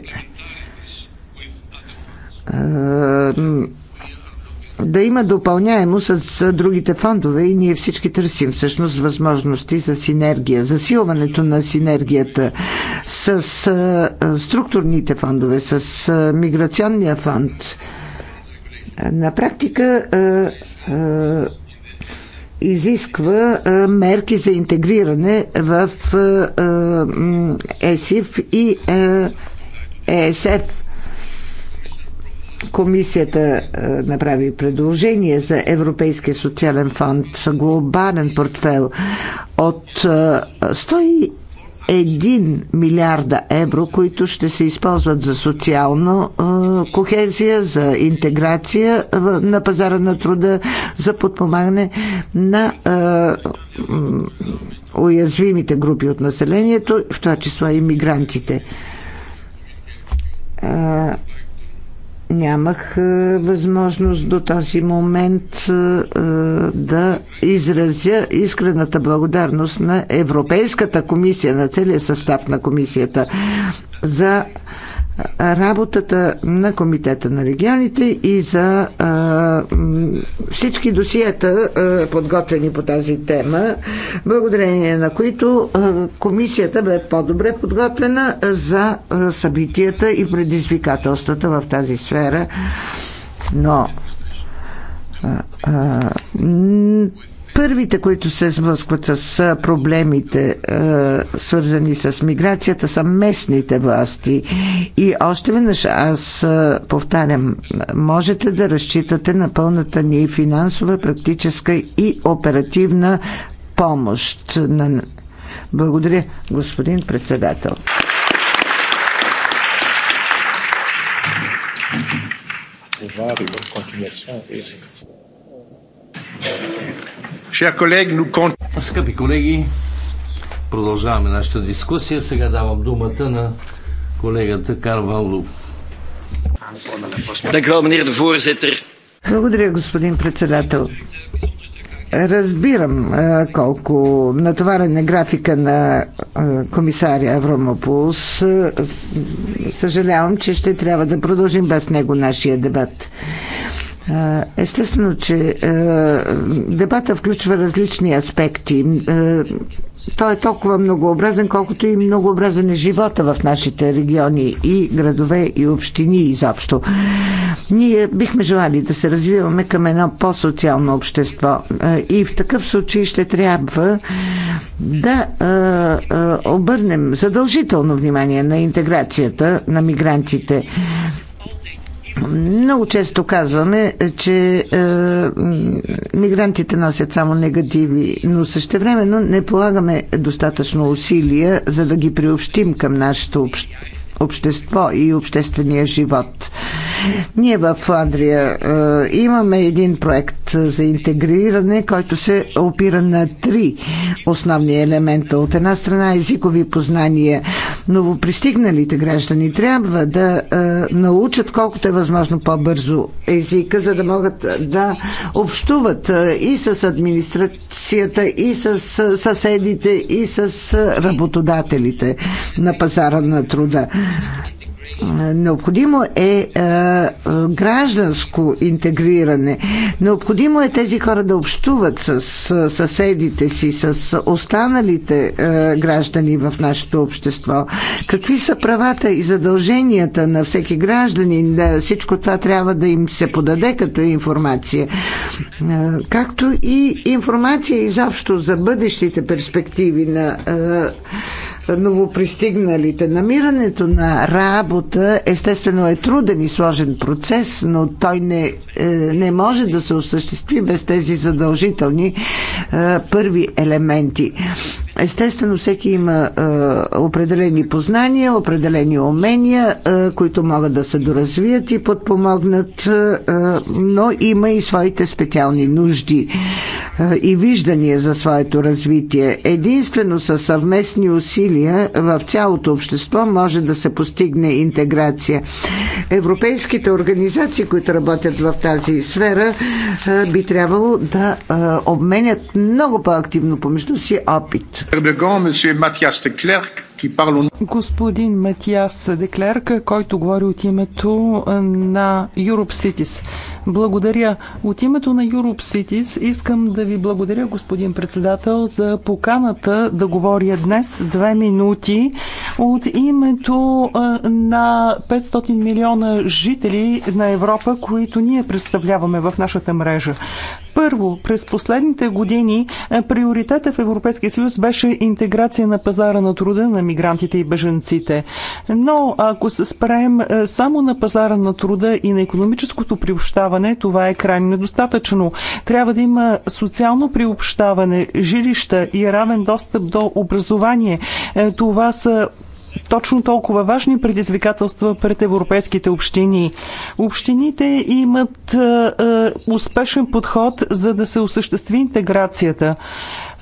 да има допълняемо с другите фондове и ние всички търсим всъщност възможности за синергия, засилването на синергията с структурните фондове, с миграционния фонд. На практика изисква мерки за интегриране в ЕСИФ и ЕСФ Комисията е, направи предложение за Европейския социален фонд, с глобален портфел от 100 е, 1 милиарда евро, които ще се използват за социална е, кохезия, за интеграция на пазара на труда, за подпомагане на уязвимите групи от населението, в това число и мигрантите нямах е, възможност до този момент е, да изразя искрената благодарност на Европейската комисия, на целия състав на комисията за работата на Комитета на регионите и за а, всички досиета, а, подготвени по тази тема, благодарение на които а, комисията бе по-добре подготвена за а, събитията и предизвикателствата в тази сфера. Но а, а, първите, които се сблъскват с проблемите, свързани с миграцията, са местните власти. И още веднъж аз повтарям, можете да разчитате на пълната ни финансова, практическа и оперативна помощ. Благодаря, господин председател. you. Скъпи колеги, продължаваме нашата дискусия. Сега давам думата на колегата Карван Лу. Благодаря, господин председател. Разбирам колко натоварен е графика на комисаря Авромопулс. Съжалявам, че ще трябва да продължим без него нашия дебат. Естествено, че дебата включва различни аспекти. Той е толкова многообразен, колкото и многообразен е живота в нашите региони и градове и общини изобщо. Ние бихме желали да се развиваме към едно по-социално общество и в такъв случай ще трябва да обърнем задължително внимание на интеграцията на мигрантите много често казваме, е, че е, мигрантите носят само негативи, но същевременно не полагаме достатъчно усилия, за да ги приобщим към нашето общество общество и обществения живот. Ние в Фландрия е, имаме един проект за интегриране, който се опира на три основни елемента. От една страна езикови познания. Новопристигналите граждани трябва да е, научат колкото е възможно по-бързо езика, за да могат да общуват е, и с администрацията, и с съседите, и с е, работодателите на пазара на труда. Необходимо е, е гражданско интегриране. Необходимо е тези хора да общуват с съседите си, с останалите е, граждани в нашето общество. Какви са правата и задълженията на всеки гражданин? Всичко това трябва да им се подаде като информация. Е, както и информация изобщо за бъдещите перспективи на новопристигналите. Намирането на работа естествено е труден и сложен процес, но той не, е, не може да се осъществи без тези задължителни е, първи елементи. Естествено, всеки има е, определени познания, определени умения, е, които могат да се доразвият и подпомогнат, е, но има и своите специални нужди е, и виждания за своето развитие. Единствено са съвместни усилия усилия в цялото общество може да се постигне интеграция. Европейските организации, които работят в тази сфера, е, би трябвало да е, обменят много по-активно помежду си опит. Матиас Клерк Господин Матиас Деклерк, който говори от името на Europe Cities. Благодаря. От името на Europe Cities искам да ви благодаря, господин председател, за поканата да говоря днес две минути от името на 500 милиона жители на Европа, които ние представляваме в нашата мрежа. Първо, през последните години приоритета в Европейския съюз беше интеграция на пазара на труда на мигрантите и беженците. Но ако се спрем е, само на пазара на труда и на економическото приобщаване, това е крайно недостатъчно. Трябва да има социално приобщаване, жилища и равен достъп до образование. Е, това са точно толкова важни предизвикателства пред европейските общини. Общините имат е, е успешен подход за да се осъществи интеграцията.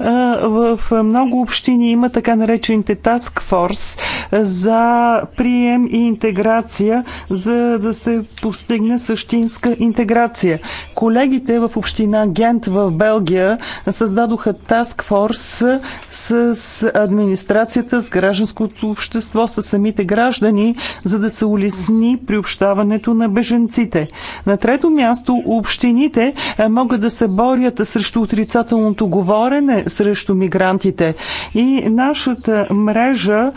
В много общини има така наречените task force за прием и интеграция, за да се постигне същинска интеграция. Колегите в община Гент в Белгия създадоха task force с администрацията, с гражданското общество, с самите граждани, за да се улесни приобщаването на беженците. На трето място общините могат да се борят срещу отрицателното говорене, срещу мигрантите. И нашата мрежа е,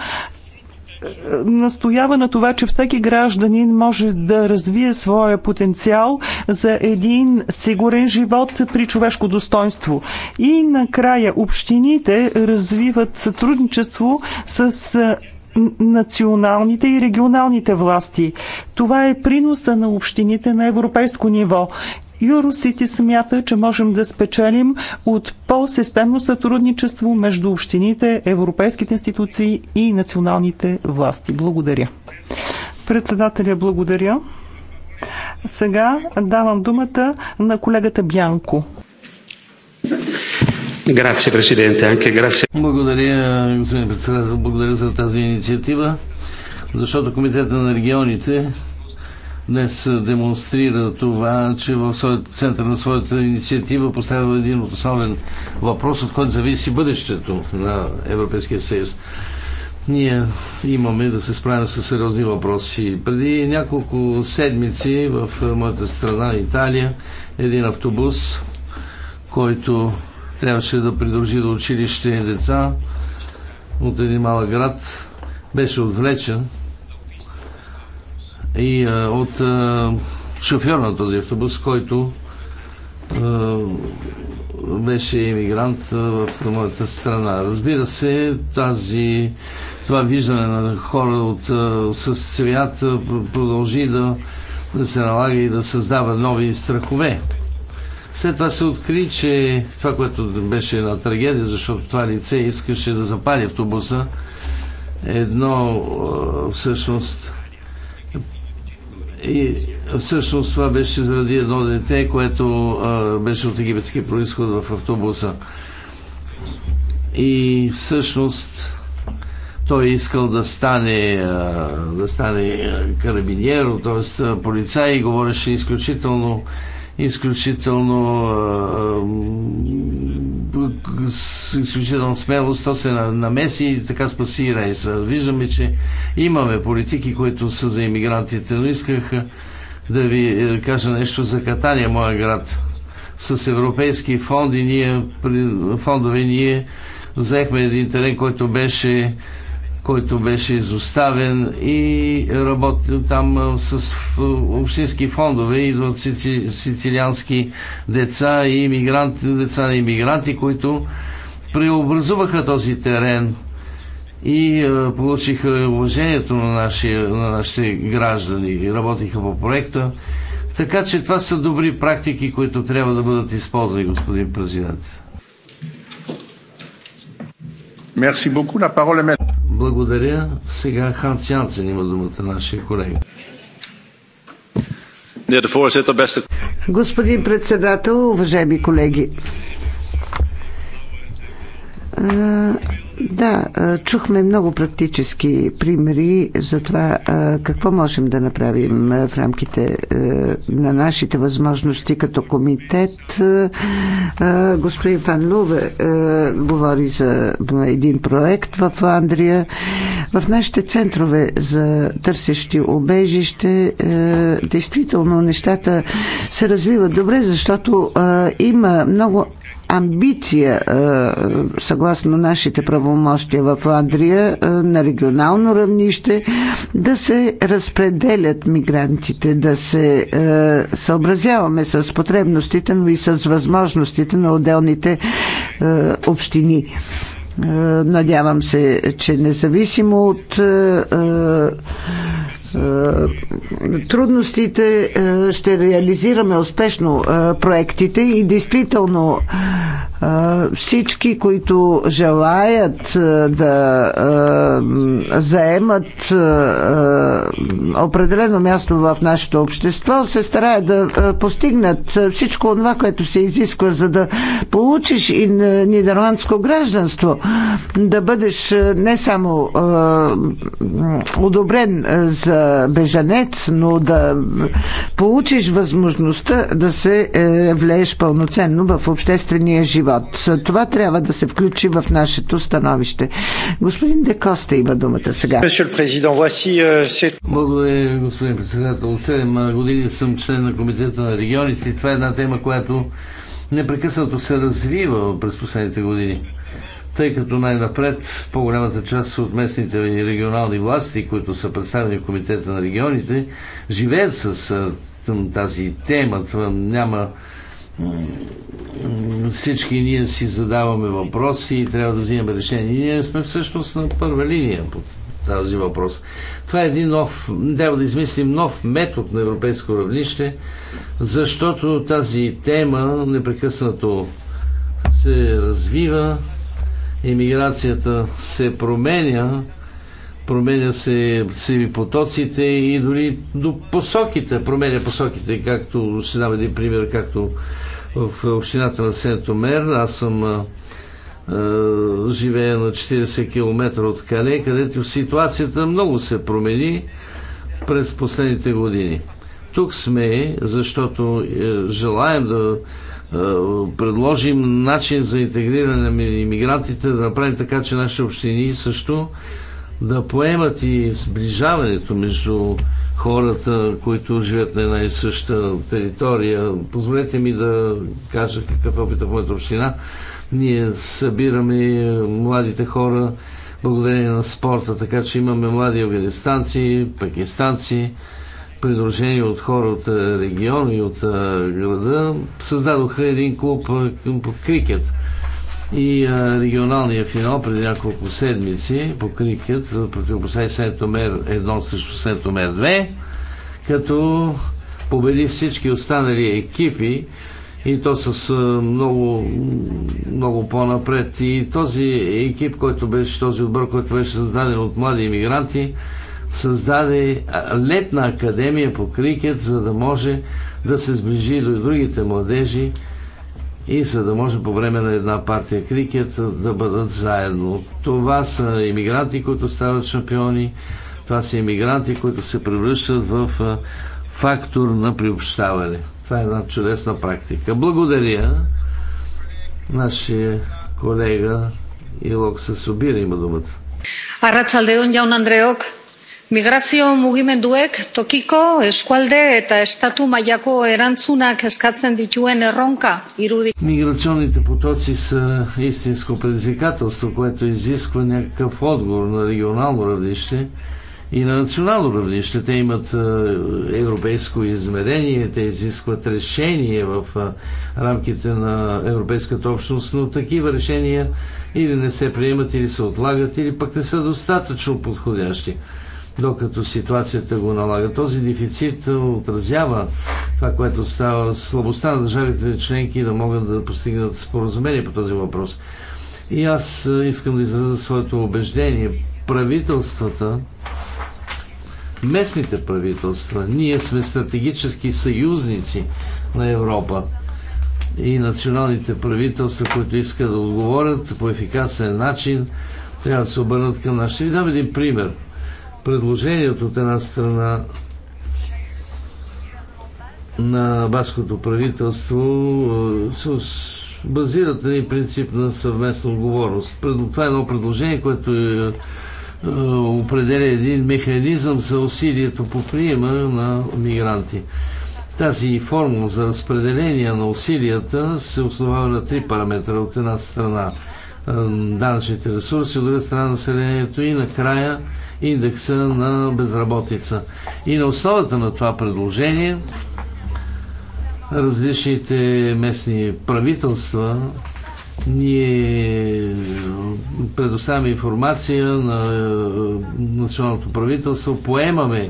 настоява на това, че всеки гражданин може да развие своя потенциал за един сигурен живот при човешко достоинство. И накрая общините развиват сътрудничество с е, националните и регионалните власти. Това е приноса на общините на европейско ниво. Юросити смята, че можем да спечелим от по-системно сътрудничество между общините, европейските институции и националните власти. Благодаря. Председателя, благодаря. Сега давам думата на колегата Бянко. Благодаря, господин председател, благодаря за тази инициатива, защото Комитета на регионите днес демонстрира това, че в центъра на своята инициатива поставя един от основен въпрос, от който зависи бъдещето на Европейския съюз. Ние имаме да се справим с сериозни въпроси. Преди няколко седмици в моята страна, Италия, един автобус, който трябваше да придружи до училище деца от един малък град, беше отвлечен и а, е, от а, е, шофьор на този автобус, който а, е, беше иммигрант в моята страна. Разбира се, тази, това виждане на хора от, с свят продължи да, да се налага и да създава нови страхове. След това се откри, че това, което беше една трагедия, защото това лице искаше да запали автобуса, едно всъщност и всъщност това беше заради едно дете, което а, беше от египетски происход в автобуса. И всъщност той искал да стане, а, да стане карабиньер, т.е. полицай и говореше изключително изключително с изключителна смелост, то се намеси и така спаси рейса. Виждаме, че имаме политики, които са за иммигрантите, но исках да ви е, кажа нещо за Катания, моя град. С европейски фонди ние, фондове ние взехме един терен, който беше който беше изоставен и работил там с общински фондове. Идват сици, сицилиански деца и иммигранти, деца на иммигранти, които преобразуваха този терен и а, получиха уважението на, наши, на нашите граждани. Работиха по проекта. Така че това са добри практики, които трябва да бъдат използвани, господин президент. Merci beaucoup. La parole est Благодаря. Сега Ханс Янсен има думата, нашия колега. Господин председател, уважаеми колеги. Да, чухме много практически примери за това какво можем да направим в рамките на нашите възможности като комитет. Господин Фан Луве говори за един проект в Андрия. В нашите центрове за търсещи обежище действително нещата се развиват добре, защото има много амбиция, е, съгласно нашите правомощия в Андрия, е, на регионално равнище, да се разпределят мигрантите, да се е, съобразяваме с потребностите, но и с възможностите на отделните общини. Надявам се, че независимо от е, трудностите е, ще реализираме успешно е, проектите и действително всички, които желаят да заемат определено място в нашето общество, се стараят да постигнат всичко това, което се изисква, за да получиш и нидерландско гражданство, да бъдеш не само одобрен за бежанец, но да получиш възможността да се е, влееш пълноценно в обществения живот. Това трябва да се включи в нашето становище. Господин Декоста има думата сега. Е, Благодаря, господин председател. От 7 години съм член на Комитета на регионите. Това е една тема, която непрекъснато се развива през последните години тъй като най-напред по-голямата част от местните и регионални власти, които са представени в Комитета на регионите, живеят с тази тема. Няма всички ние си задаваме въпроси и трябва да взимаме решение. Ние сме всъщност на първа линия по този въпрос. Това е един нов, трябва да измислим нов метод на европейско равнище, защото тази тема непрекъснато се развива, емиграцията се променя, променя се сиви потоците и дори до посоките, променя посоките, както ще дам един пример, както в общината на Сенто Мер. Аз съм а, а, живея на 40 км от Кале, където ситуацията много се промени през последните години. Тук сме, защото е, желаем да е, предложим начин за интегриране на иммигрантите, да направим така, че нашите общини също да поемат и сближаването между хората, които живеят на една и съща територия. Позволете ми да кажа какъв е опит в моята община. Ние събираме младите хора благодарение на спорта, така че имаме млади афганистанци, пакистанци, придружени от хора от е, региона и от е, града, създадоха един клуб е, по крикет. И а, регионалния финал преди няколко седмици по крикет противопостави Сентомер 1 срещу Сентомер 2, като победи всички останали екипи и то с много, много по-напред. И този екип, който беше, този отбор, който беше създаден от млади иммигранти, създаде летна академия по крикет, за да може да се сближи до другите младежи и за да може по време на една партия крикет да бъдат заедно. Това са иммигранти, които стават шампиони, това са иммигранти, които се превръщат в фактор на приобщаване. Това е една чудесна практика. Благодаря нашия колега Илок Сасобира има думата. Арачалдеон Яун Андреок, migrazio mugimenduek tokiko eskualde eta estatu mailako erantzunak eskatzen dituen erronka irudi. Миграционните потоци са истинско предизвикателство, което изисква някакъв отговор на регионално равнище и на национално равнище. Те имат е, европейско измерение, те изискват решение в е, рамките на Европейската общност, но такива решения или не се приемат, или се отлагат, или пък не са достатъчно подходящи докато ситуацията го налага. Този дефицит отразява това, което става слабостта на държавите членки да могат да постигнат споразумение по този въпрос. И аз е, искам да изразя своето убеждение. Правителствата, местните правителства, ние сме стратегически съюзници на Европа и националните правителства, които искат да отговорят по ефикасен начин, трябва да се обърнат към нашите. Ви дам един пример – предложението от една страна на баското правителство е, се базират на принцип на съвместна отговорност. Това е едно предложение, което е, е, определя един механизъм за усилието по приема на мигранти. Тази формула за разпределение на усилията се основава на три параметра. От една страна данъчните ресурси, от друга страна населението и накрая индекса на безработица. И на основата на това предложение различните местни правителства ние предоставяме информация на е, националното правителство, поемаме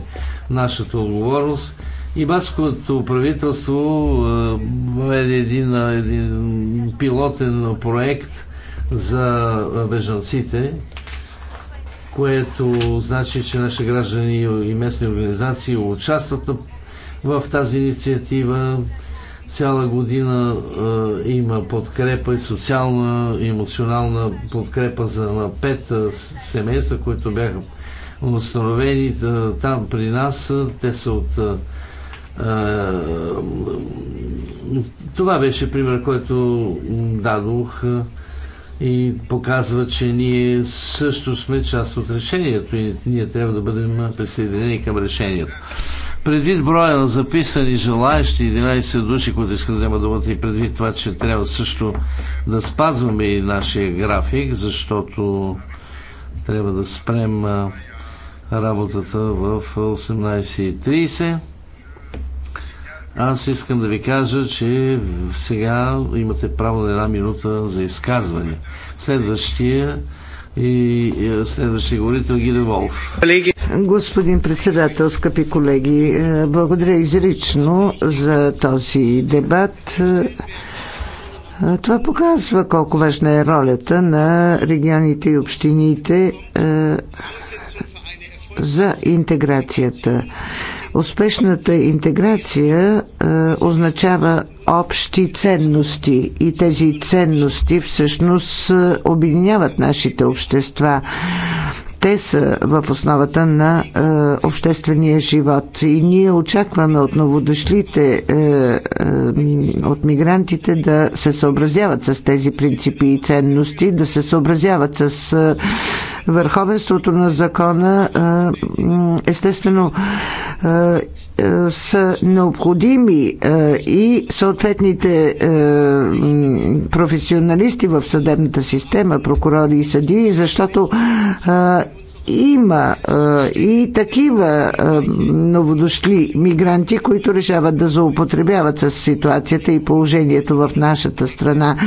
нашата отговорност и басковото правителство е, въведе един, е, един пилотен проект – за бежанците, което значи, че наши граждани и местни организации участват в тази инициатива. Цяла година има подкрепа и социална и емоционална подкрепа за на пет семейства, които бяха установени там при нас. Те са от това беше пример, който дадох и показва, че ние също сме част от решението и ние трябва да бъдем присъединени към решението. Предвид броя на записани желаящи 11 души, които искат да взема думата и предвид това, че трябва също да спазваме и нашия график, защото трябва да спрем работата в 18.30. Аз искам да ви кажа, че сега имате право на една минута за изказване. Следващия и следващия говорител Гиде Волф. Господин председател, скъпи колеги, е, благодаря изрично за този дебат. Е, това показва колко важна е ролята на регионите и общините е, за интеграцията. Успешната интеграция означава общи ценности и тези ценности всъщност обединяват нашите общества те са в основата на е, обществения живот. И ние очакваме от новодошлите, е, е, от мигрантите да се съобразяват с тези принципи и ценности, да се съобразяват с върховенството на закона естествено са необходими и съответните професионалисти в съдебната система, прокурори и съдии, защото има а, и такива а, новодошли мигранти, които решават да злоупотребяват с ситуацията и положението в нашата страна.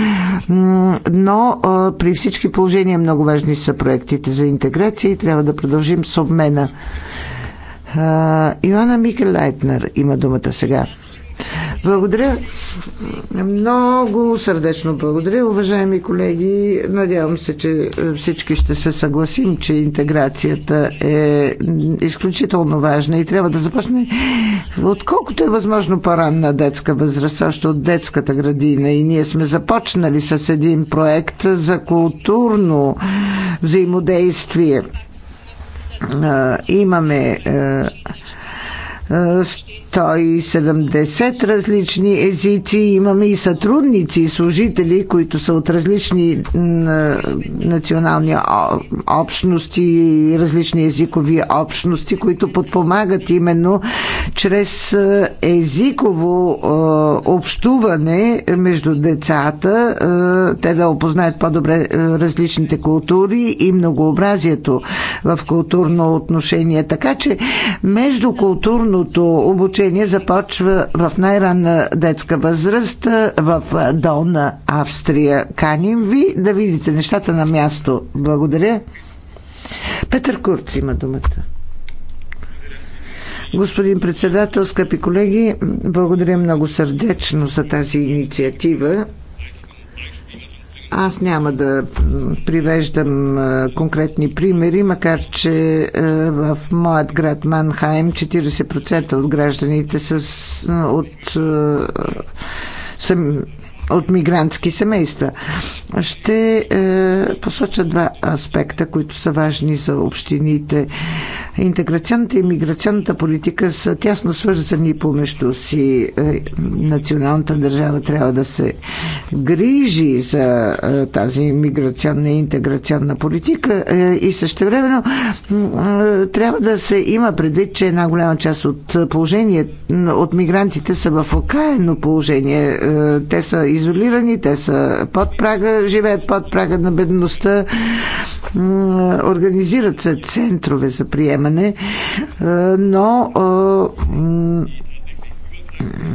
Но а, при всички положения много важни са проектите за интеграция и трябва да продължим с обмена. А, Йоанна Микелайтнер има думата сега. Благодаря. Много сърдечно благодаря, уважаеми колеги. Надявам се, че всички ще се съгласим, че интеграцията е изключително важна и трябва да започне отколкото е възможно по-ранна детска възраст, още от детската градина. И ние сме започнали с един проект за културно взаимодействие. Имаме 170 различни езици. Имаме и сътрудници и служители, които са от различни национални общности и различни езикови общности, които подпомагат именно чрез езиково общуване между децата, те да опознаят по-добре различните култури и многообразието в културно отношение. Така че междукултурното обучение обучение започва в най-ранна детска възраст в Долна Австрия. Каним ви да видите нещата на място. Благодаря. Петър Курц има думата. Господин председател, скъпи колеги, благодаря много сърдечно за тази инициатива. Аз няма да привеждам конкретни примери, макар че в моят град Манхайм 40% от гражданите са от, от мигрантски семейства. Ще е, посоча два аспекта, които са важни за общините. Интеграционната и миграционната политика са тясно свързани помежду си. Е, националната държава трябва да се грижи за е, тази миграционна и интеграционна политика е, и същевременно трябва да се има предвид, че една голяма част от положение от мигрантите са в окаяно положение. Те са изолирани, те са под прага живеят под прага на бедността. Организират се центрове за приемане, е, но е,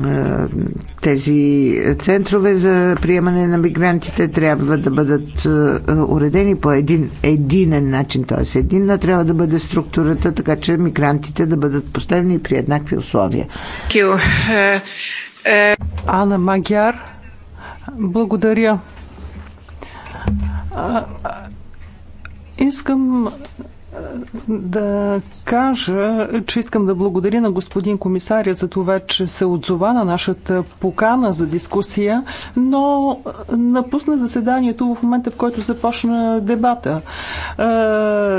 е, тези центрове за приемане на мигрантите трябва да бъдат уредени по един единен начин, т.е. единна трябва да бъде структурата, така че мигрантите да бъдат поставени при еднакви условия. Ана Магяр, благодаря. Искам да кажа, че искам да благодаря на господин комисаря за това, че се отзова на нашата покана за дискусия, но напусна заседанието в момента, в който започна дебата. Е,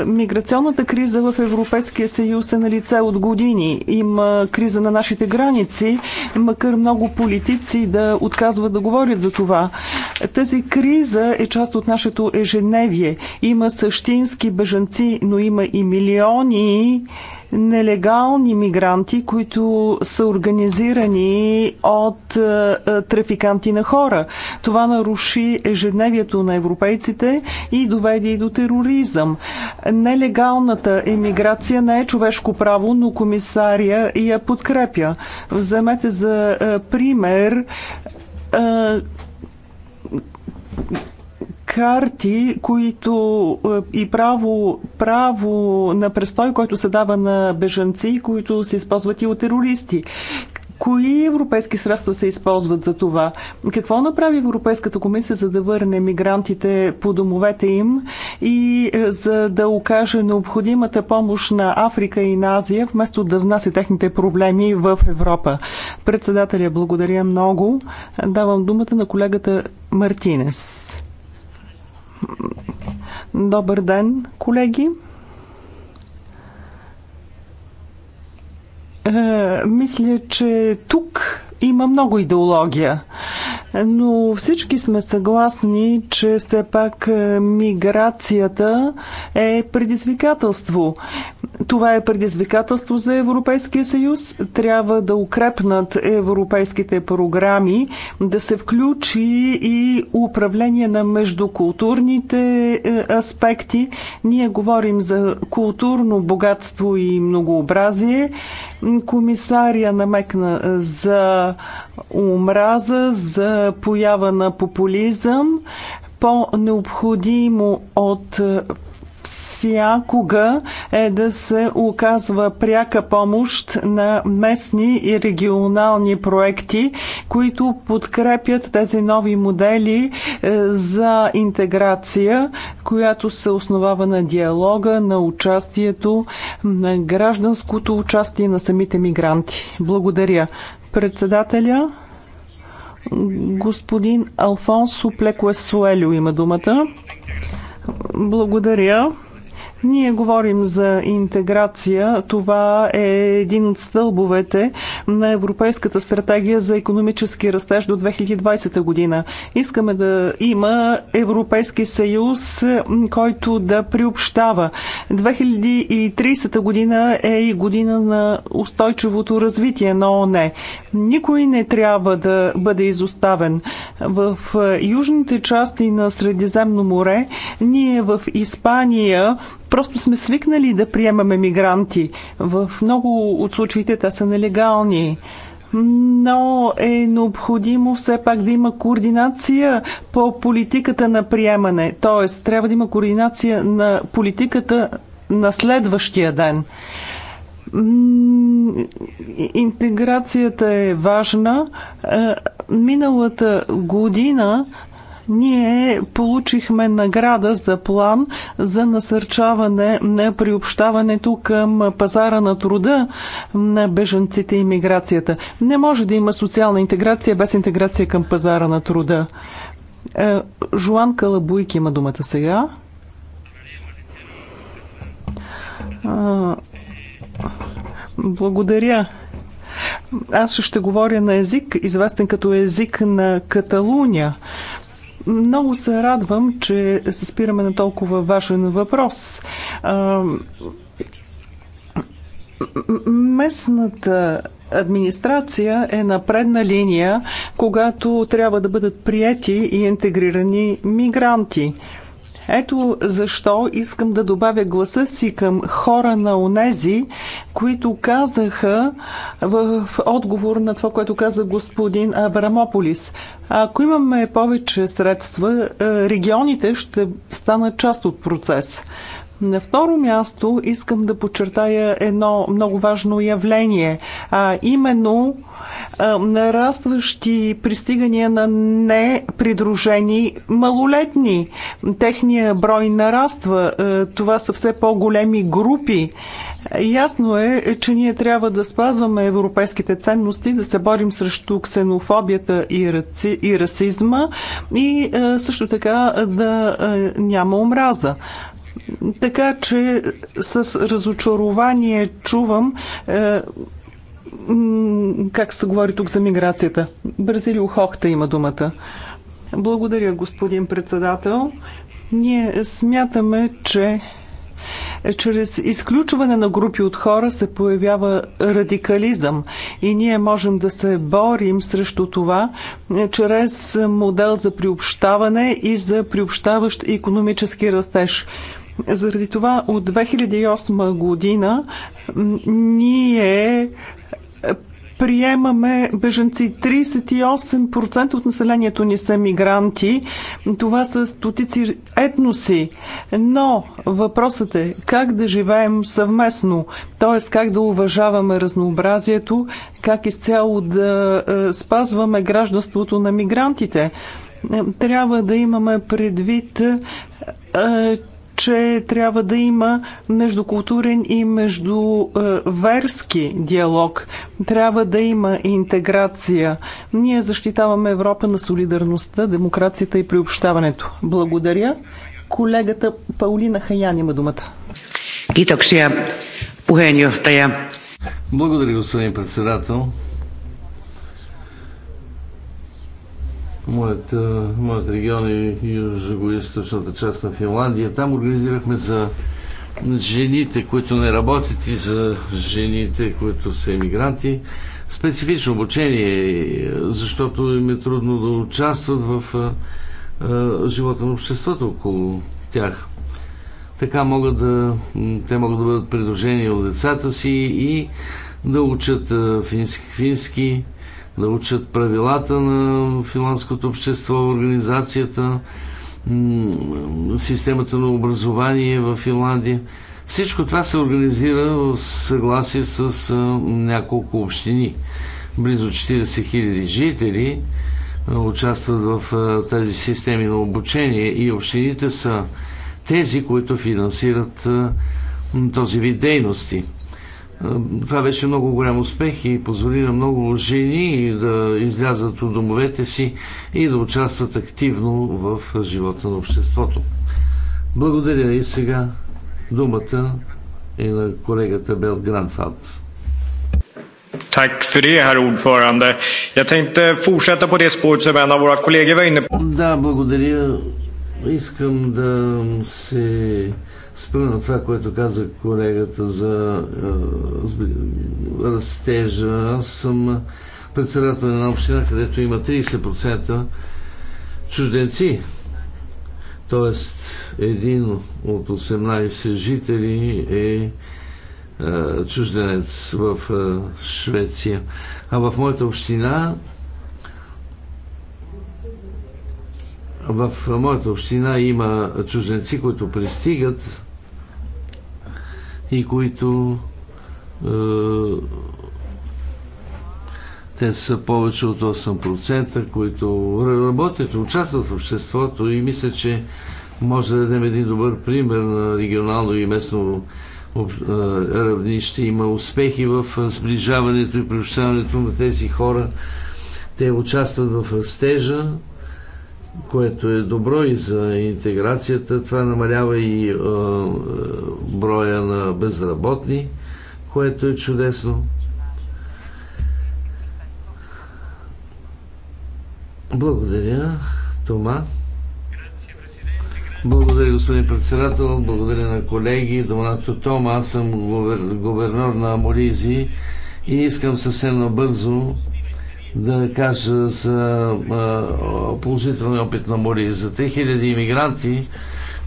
миграционната криза в Европейския съюз е на лице от години. Има криза на нашите граници, макар много политици да отказват да говорят за това. Тази криза е част от нашето ежедневие. Има същински бежанци, но има и милиони нелегални мигранти, които са организирани от е, е, трафиканти на хора. Това наруши ежедневието на европейците и доведе и до тероризъм. Нелегалната емиграция не е човешко право, но комисария я подкрепя. Вземете за е, пример карти, които е, и право, право на престой, който се дава на бежанци, които се използват и от терористи. Кои европейски средства се използват за това? Какво направи Европейската комисия за да върне мигрантите по домовете им и е, за да окаже необходимата помощ на Африка и на Азия, вместо да внася техните проблеми в Европа? Председателя, благодаря много. Давам думата на колегата Мартинес. Добър ден, колеги! Е, мисля, че тук има много идеология, но всички сме съгласни, че все пак е, миграцията е предизвикателство. Това е предизвикателство за Европейския съюз. Трябва да укрепнат европейските програми, да се включи и управление на междукултурните е, аспекти. Ние говорим за културно богатство и многообразие. Комисария намекна за омраза, за поява на популизъм, по-необходимо от всякога е да се оказва пряка помощ на местни и регионални проекти, които подкрепят тези нови модели е, за интеграция, която се основава на диалога, на участието, на гражданското участие на самите мигранти. Благодаря. Председателя господин Алфонсо Плекуесуелю има думата. Благодаря. Ние говорим за интеграция. Това е един от стълбовете на Европейската стратегия за економически растеж до 2020 година. Искаме да има Европейски съюз, който да приобщава. 2030 година е и година на устойчивото развитие на ОНЕ. Никой не трябва да бъде изоставен. В южните части на Средиземно море, ние в Испания Просто сме свикнали да приемаме мигранти. В много от случаите те са нелегални но е необходимо все пак да има координация по политиката на приемане. Тоест, трябва да има координация на политиката на следващия ден. Интеграцията е важна. Е, миналата година ние получихме награда за план за насърчаване на приобщаването към пазара на труда на беженците и миграцията. Не може да има социална интеграция без интеграция към пазара на труда. Е, Жуан Калабуйк има думата сега. Е, благодаря. Аз ще говоря на език, известен като език на Каталуния. Много се радвам, че се спираме на толкова важен въпрос. Местната администрация е на предна линия, когато трябва да бъдат прияти и интегрирани мигранти. Ето защо искам да добавя гласа си към хора на онези, които казаха в отговор на това, което каза господин Абрамополис. Ако имаме повече средства, регионите ще станат част от процес. На второ място искам да подчертая едно много важно явление, а именно нарастващи пристигания на непридружени малолетни. Техния брой нараства. Това са все по-големи групи. Ясно е, че ние трябва да спазваме европейските ценности, да се борим срещу ксенофобията и, раци, и расизма и също така да няма омраза. Така че с разочарование чувам е, как се говори тук за миграцията. Бразилио Хохта има думата. Благодаря, господин председател. Ние смятаме, че е, чрез изключване на групи от хора се появява радикализъм и ние можем да се борим срещу това е, чрез модел за приобщаване и за приобщаващ економически растеж. Заради това от 2008 година ние е, приемаме беженци. 38% от населението ни са мигранти. Това са стотици етноси. Но въпросът е как да живеем съвместно, т.е. как да уважаваме разнообразието, как изцяло да е, спазваме гражданството на мигрантите. Е, трябва да имаме предвид, че трябва да има междукултурен и междуверски диалог. Трябва да има интеграция. Ние защитаваме Европа на солидарността, демокрацията и приобщаването. Благодаря. Колегата Паулина Хаян има думата. Благодаря, господин председател. Моят, моят регион е южно-источната е част на Финландия. Там организирахме за жените, които не работят и за жените, които са емигранти. Специфично обучение, защото им е трудно да участват в живота на обществото около тях. Така могат да, те могат да бъдат придружени от децата си и да учат фински, фински научат правилата на финландското общество, организацията, системата на образование в Финландия. Всичко това се организира в съгласие с няколко общини. Близо 40 хиляди жители участват в тези системи на обучение и общините са тези, които финансират този вид дейности. Това беше много голям успех и позволи на много жени да излязат от домовете си и да участват активно в живота на обществото. Благодаря и сега думата е на колегата Бел Гранфалт. Tack för det, herr ordförande. Jag tänkte fortsätta på det spåret som en av våra kollegor var inne på. Да, благодаря. Искам да се спра на това, което каза колегата за е, растежа. Аз съм председател на община, където има 30% чужденци. Тоест, един от 18 жители е, е чужденец в е, Швеция. А в моята община В моята община има чужденци, които пристигат и които е, те са повече от 8%, които работят, участват в обществото и мисля, че може да дадем един добър пример на регионално и местно е, равнище. Има успехи в сближаването и приобщаването на тези хора. Те участват в растежа което е добро и за интеграцията. Това намалява и е, броя на безработни, което е чудесно. Благодаря, Тома. Благодаря, господин председател. Благодаря на колеги. Доманато Тома, аз съм губернор на Аморизи и искам съвсем набързо да кажа за положителния опит на море За 3000 иммигранти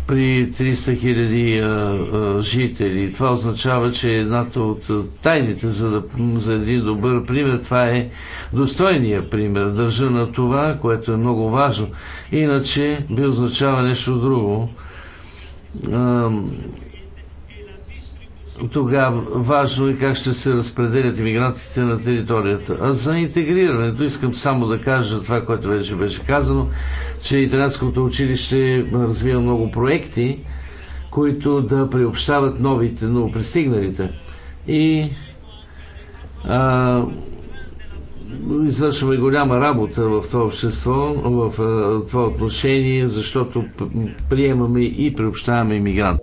при 300 000 жители. Това означава, че едната от тайните за, да, за един добър пример, това е достойния пример. Държа на това, което е много важно. Иначе би означава нещо друго. А, тогава важно е как ще се разпределят иммигрантите на територията. А за интегрирането искам само да кажа това, което вече беше казано, че Италианското училище развива много проекти, които да приобщават новите, новопристигналите. И а, извършваме голяма работа в това общество, в, а, това отношение, защото приемаме и приобщаваме иммигранти.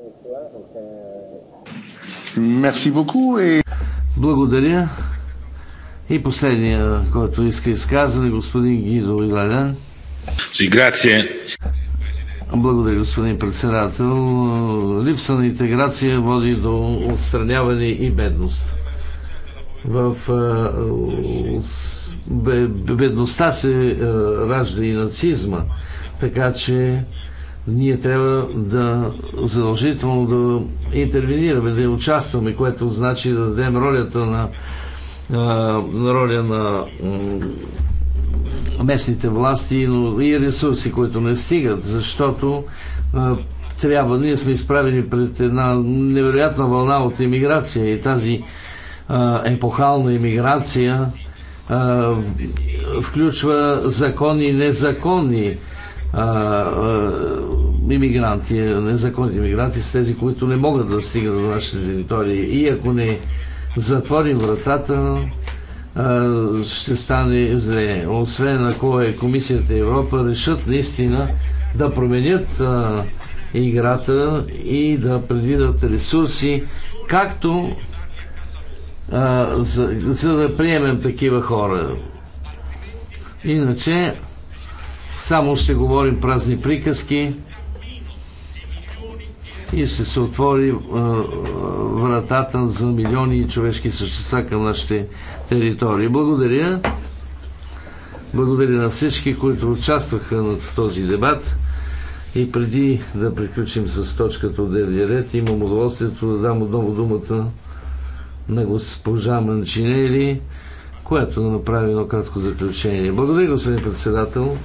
Благодаря. И последния, който иска изказване, господин Гидо Иларян. Благодаря, господин председател. Липса на интеграция води до отстраняване и бедност. В бедността се ражда и нацизма. Така че ние трябва да задължително да интервенираме, да участваме, което значи да дадем ролята на, на роля на местните власти, но и ресурси, които не стигат, защото трябва, ние сме изправени пред една невероятна вълна от иммиграция и тази епохална иммиграция включва закони и незаконни иммигранти, незаконните иммигранти с тези, които не могат да стигнат до нашите територии. И ако не затворим вратата, ще стане зле. Освен ако е Комисията Европа решат наистина да променят а, играта и да предвидят ресурси, както а, за, за да приемем такива хора. Иначе само ще говорим празни приказки и ще се отвори вратата за милиони човешки същества към нашите територии. Благодаря. Благодаря на всички, които участваха в този дебат. И преди да приключим с точката от дневния ред, имам удоволствието да дам отново думата на госпожа Манчинели, която направи едно кратко заключение. Благодаря, господин председател.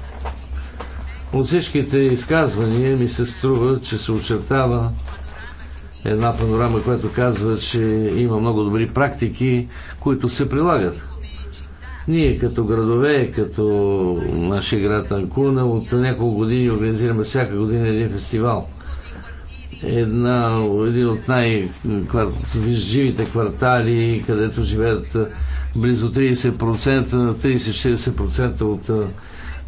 От всичките изказвания ми се струва, че се очертава една панорама, която казва, че има много добри практики, които се прилагат. Ние като градове, като нашия град Анкуна, от няколко години организираме всяка година един фестивал. Една, един от най-живите квартали, където живеят близо 30%, 30-40% от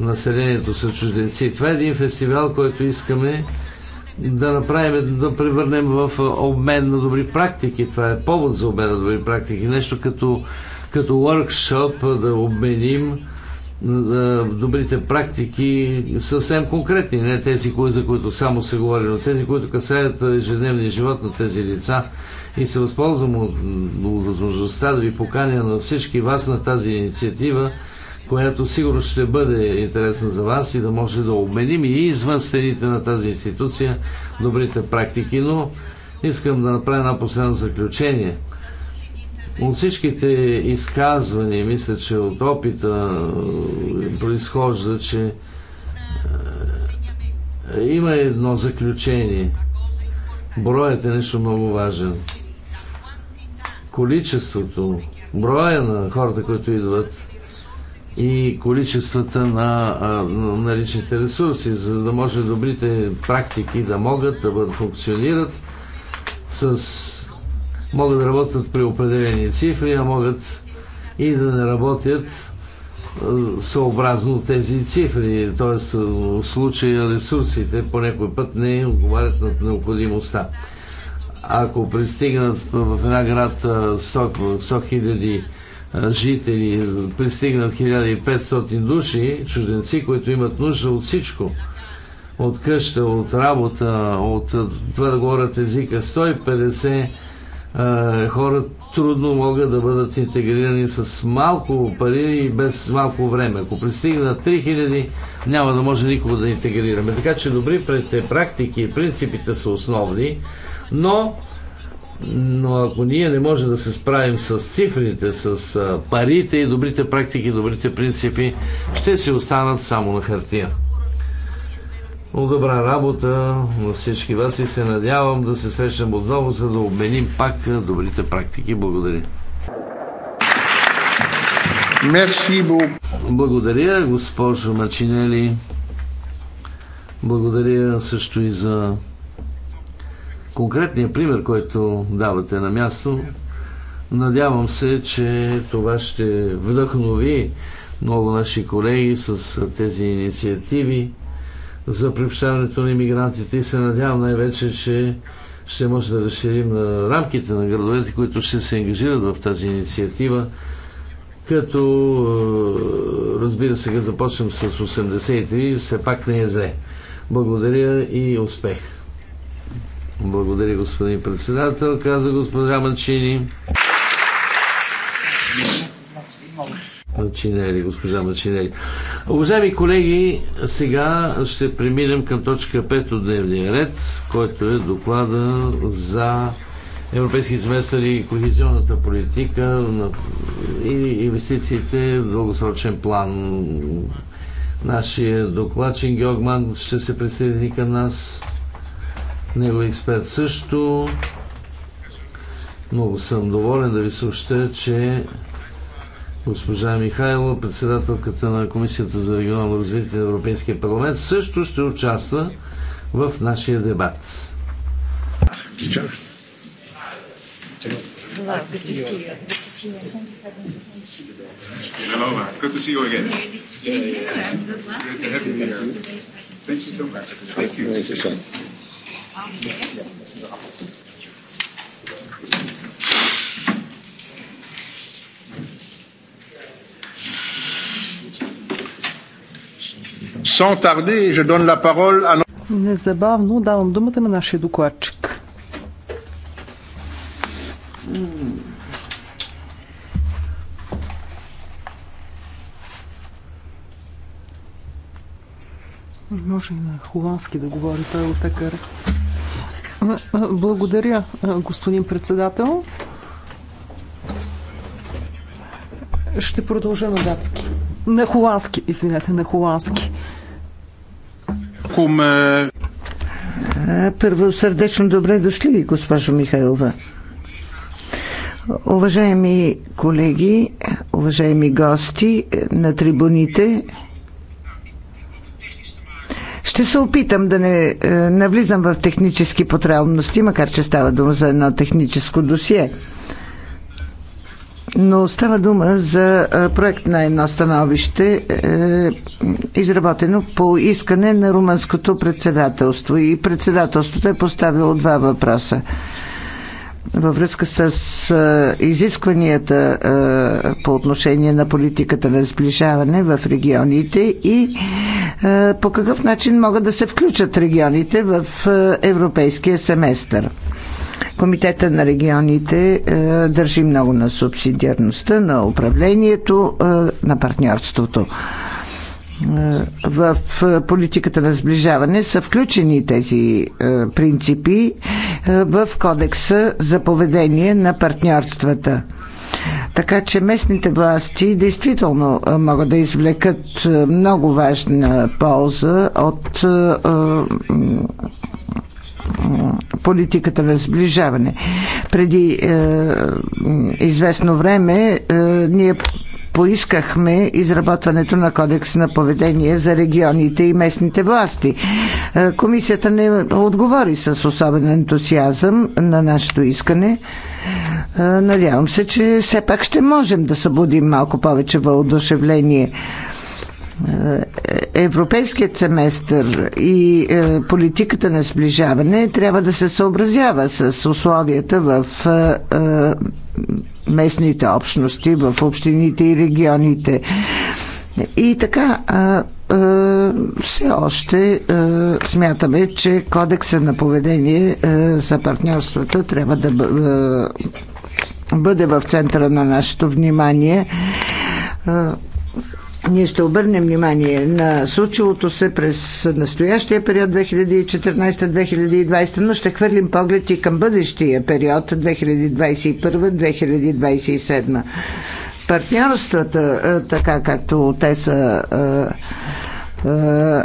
населението са чужденци. Това е един фестивал, който искаме да направим, да превърнем в обмен на добри практики. Това е повод за обмен на добри практики. Нещо като, като workshop да обменим добрите практики съвсем конкретни, не тези, за които само се говори, но тези, които касаят ежедневния живот на тези лица. И се възползвам от възможността да ви поканя на всички вас на тази инициатива която сигурно ще бъде интересна за вас и да може да обменим и извън стените на тази институция добрите практики. Но искам да направя едно последно заключение. От всичките изказвания, мисля, че от опита е, произхожда, че е, има едно заключение. Броят е нещо много важен. Количеството, броя на хората, които идват, и количествата на наличните ресурси, за да може добрите практики да могат да бъдат функционират с могат да работят при определени цифри, а могат и да не работят съобразно тези цифри. Т.е. в случая ресурсите по някой път не отговарят на необходимостта. Ако пристигнат в една град 100 000 жители, пристигнат 1500 души, чужденци, които имат нужда от всичко. От къща, от работа, от това да говорят езика. 150 хора трудно могат да бъдат интегрирани с малко пари и без малко време. Ако пристигнат 3000, няма да може никога да интегрираме. Така че добри практики и принципите са основни, но но ако ние не можем да се справим с цифрите, с парите и добрите практики, добрите принципи, ще си останат само на хартия. Но добра работа на всички вас и се надявам да се срещнем отново, за да обменим пак добрите практики. Благодаря. Мерси, Благодаря, госпожо Мачинели. Благодаря също и за конкретния пример, който давате на място, надявам се, че това ще вдъхнови много наши колеги с тези инициативи за приобщаването на иммигрантите и се надявам най-вече, че ще може да разширим на рамките на градовете, които ще се ангажират в тази инициатива, като разбира се, като започнем с 83, все пак не е зле. Благодаря и успех! Благодаря, господин председател, каза госпожа Манчини. Мачинери, госпожа Мачинери. Уважаеми колеги, сега ще преминем към точка 5 от дневния ред, който е доклада за европейски семестър и кохезионната политика и инвестициите в дългосрочен план. Нашия докладчин Георг Ман ще се присъедини към нас него експерт също. Много съм доволен да ви съобща, че госпожа Михайло, председателката на Комисията за регионално развитие на Европейския парламент, също ще участва в нашия дебат. Thank you so much. Thank you. Sans tarder, je donne la parole à Незабавно давам думата на нашия докладчик. Може и на холандски да говори, той е отекър. Благодаря, господин председател. Ще продължа на датски. На холандски, извинете, на холандски. Куме... Първо сърдечно добре дошли, госпожо Михайлова. Уважаеми колеги, уважаеми гости на трибуните, ще се опитам да не е, навлизам в технически потребности, макар че става дума за едно техническо досие. Но става дума за е, проект на едно становище, е, изработено по искане на румънското председателство. И председателството е поставило два въпроса във връзка с изискванията по отношение на политиката на сближаване в регионите и по какъв начин могат да се включат регионите в европейския семестър. Комитета на регионите държи много на субсидиарността, на управлението, на партньорството в политиката на сближаване са включени тези принципи в кодекса за поведение на партньорствата. Така че местните власти действително могат да извлекат много важна полза от политиката на сближаване. Преди е, известно време е, ние поискахме изработването на кодекс на поведение за регионите и местните власти. Е, комисията не отговори с особен ентусиазъм на нашето искане. Е, надявам се, че все пак ще можем да събудим малко повече въодушевление. Е, европейският семестър и политиката на сближаване трябва да се съобразява с условията в местните общности, в общините и регионите. И така, все още смятаме, че кодекса на поведение за партньорствата трябва да бъде в центъра на нашето внимание. Ние ще обърнем внимание на случилото се през настоящия период 2014-2020, но ще хвърлим поглед и към бъдещия период 2021-2027. Партньорствата, е, така както те са е, е,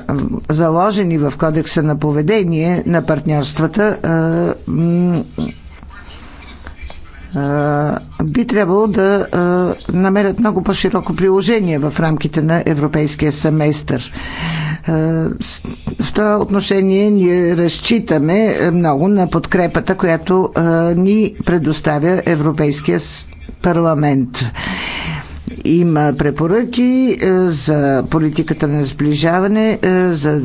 заложени в кодекса на поведение на партньорствата, би трябвало да намерят много по-широко приложение в рамките на европейския семестър. В това отношение ние разчитаме много на подкрепата, която ни предоставя Европейския парламент. Има препоръки за политиката на сближаване, за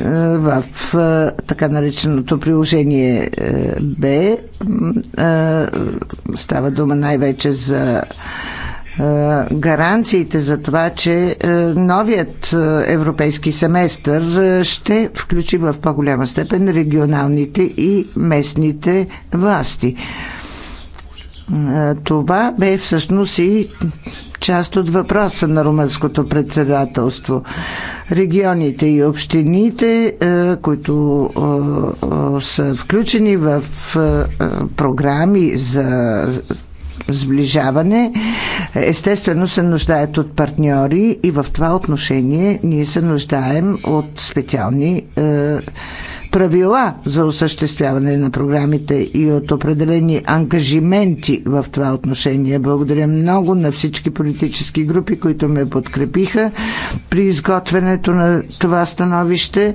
е, в е, така нареченото приложение е, Б. Става дума най-вече за гаранциите за това, че новият европейски семестър ще включи в по-голяма степен регионалните и местните власти. Е, това бе всъщност и част от въпроса на румънското председателство. Регионите и общините, е, които е, са включени в програми за сближаване, естествено се нуждаят от партньори и в това отношение ние се нуждаем от специални правила за осъществяване на програмите и от определени ангажименти в това отношение. Благодаря много на всички политически групи, които ме подкрепиха при изготвянето на това становище е,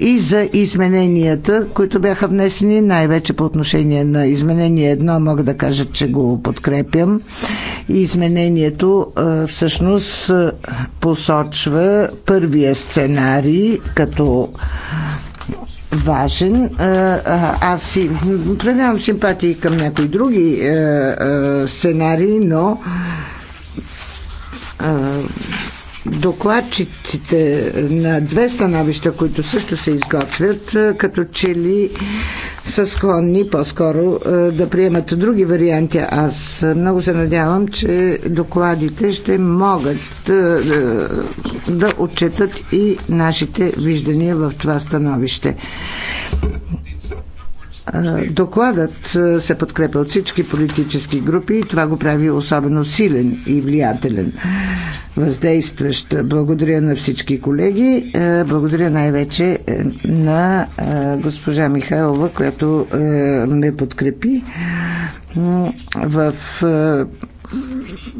и за измененията, които бяха внесени най-вече по отношение на изменение едно, мога да кажа, че го подкрепям. Изменението е, всъщност е, посочва първия сценарий като важен. Е, е, аз си проявявам симпатии към някои други е, сценарии, но докладчиците на две становища, които също се изготвят, е, като че ли са склонни по-скоро е, да приемат други варианти. Аз много се надявам, че докладите ще могат е, да, отчетат и нашите виждания в това становище. Докладът се подкрепя от всички политически групи и това го прави особено силен и влиятелен, въздействащ. Благодаря на всички колеги. Благодаря най-вече е, на госпожа Михайлова, която е, ме подкрепи в е,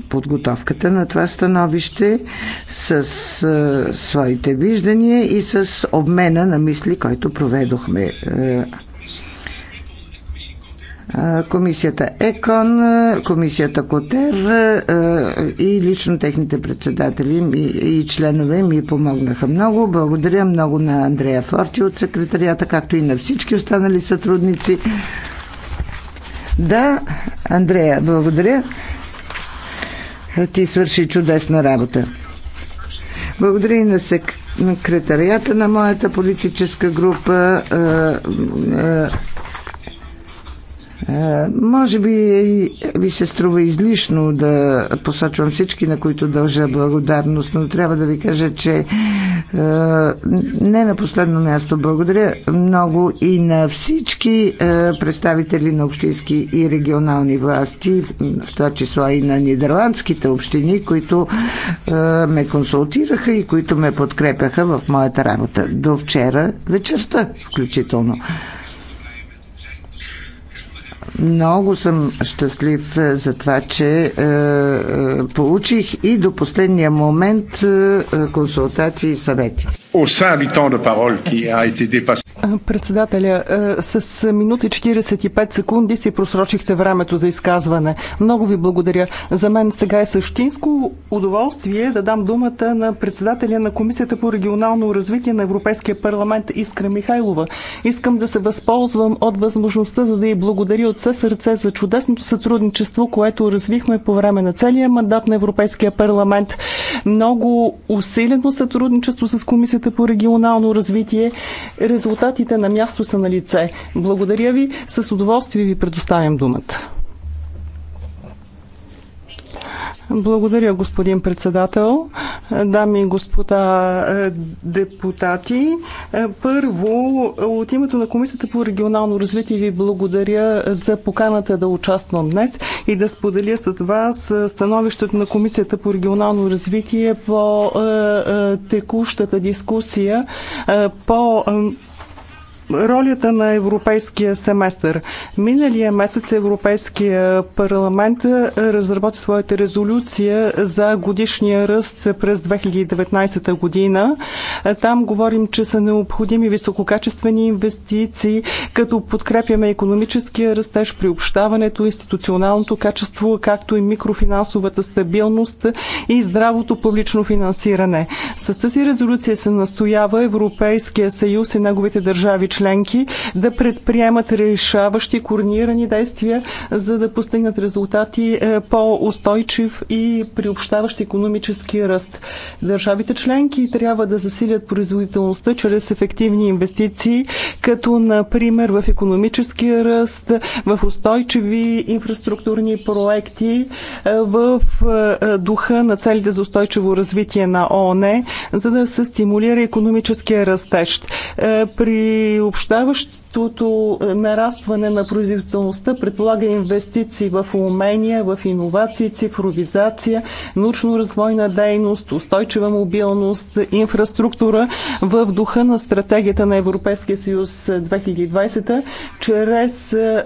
подготовката на това становище с а, своите виждания и с обмена на мисли, който проведохме. А, комисията ЕКОН, комисията КОТЕР и лично техните председатели и членове ми помогнаха много. Благодаря много на Андрея Форти от секретарията, както и на всички останали сътрудници. Да, Андрея, благодаря. Ти свърши чудесна работа. Благодаря и на секретарията на моята политическа група е, може би ви се струва излишно да посочвам всички, на които дължа благодарност, но трябва да ви кажа, че е, не на последно място благодаря много и на всички е, представители на общински и регионални власти, в това число и на нидерландските общини, които ме консултираха и които ме подкрепяха в моята работа до вчера вечерта включително. Много съм щастлив е, за това, че е, е, получих и до последния момент е, консултации и съвети. Председателя, с минути 45 секунди си просрочихте времето за изказване. Много ви благодаря. За мен сега е същинско удоволствие да дам думата на председателя на Комисията по регионално развитие на Европейския парламент Искра Михайлова. Искам да се възползвам от възможността, за да й благодаря от все сърце за чудесното сътрудничество, което развихме по време на целия мандат на Европейския парламент. Много усилено сътрудничество с Комисията политиката по регионално развитие. Резултатите на място са на лице. Благодаря ви. С удоволствие ви предоставям думата. Благодаря, господин председател. Дами и господа е, депутати, е, първо, от името на Комисията по регионално развитие ви благодаря за поканата да участвам днес и да споделя с вас е, становището на Комисията по регионално развитие по текущата дискусия по ролята на европейския семестър. Миналия месец Европейския парламент е, разработи своята резолюция за годишния ръст през 2019 година. Е, там говорим, че са необходими висококачествени инвестиции, като подкрепяме економическия растеж, приобщаването, институционалното качество, както и микрофинансовата стабилност и здравото публично финансиране. С тази резолюция се настоява Европейския съюз и неговите държави членки да предприемат решаващи координирани действия, за да постигнат резултати е, по-устойчив и приобщаващ економически ръст. Държавите членки трябва да засилят производителността чрез ефективни инвестиции, като например в економически ръст, в устойчиви инфраструктурни проекти, е, в е, духа на целите за устойчиво развитие на ООН, за да се стимулира економическия растеж. При Приобщаващото е, нарастване на производителността предполага инвестиции в умения, в иновации, цифровизация, научно-развойна дейност, устойчива мобилност, инфраструктура в духа на стратегията на Европейския съюз 2020 е, чрез е,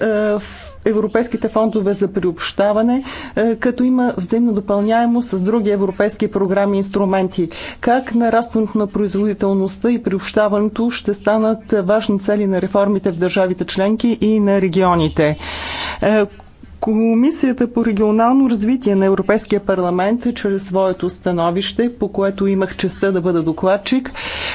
европейските фондове за приобщаване, е, като има взаимно допълняемост с други европейски програми и инструменти. Как нарастването на производителността и приобщаването ще станат важни цели на реформите в държавите членки и на регионите? Е, Комисията по регионално развитие на Европейския парламент чрез своето становище, по което имах честа да бъда докладчик,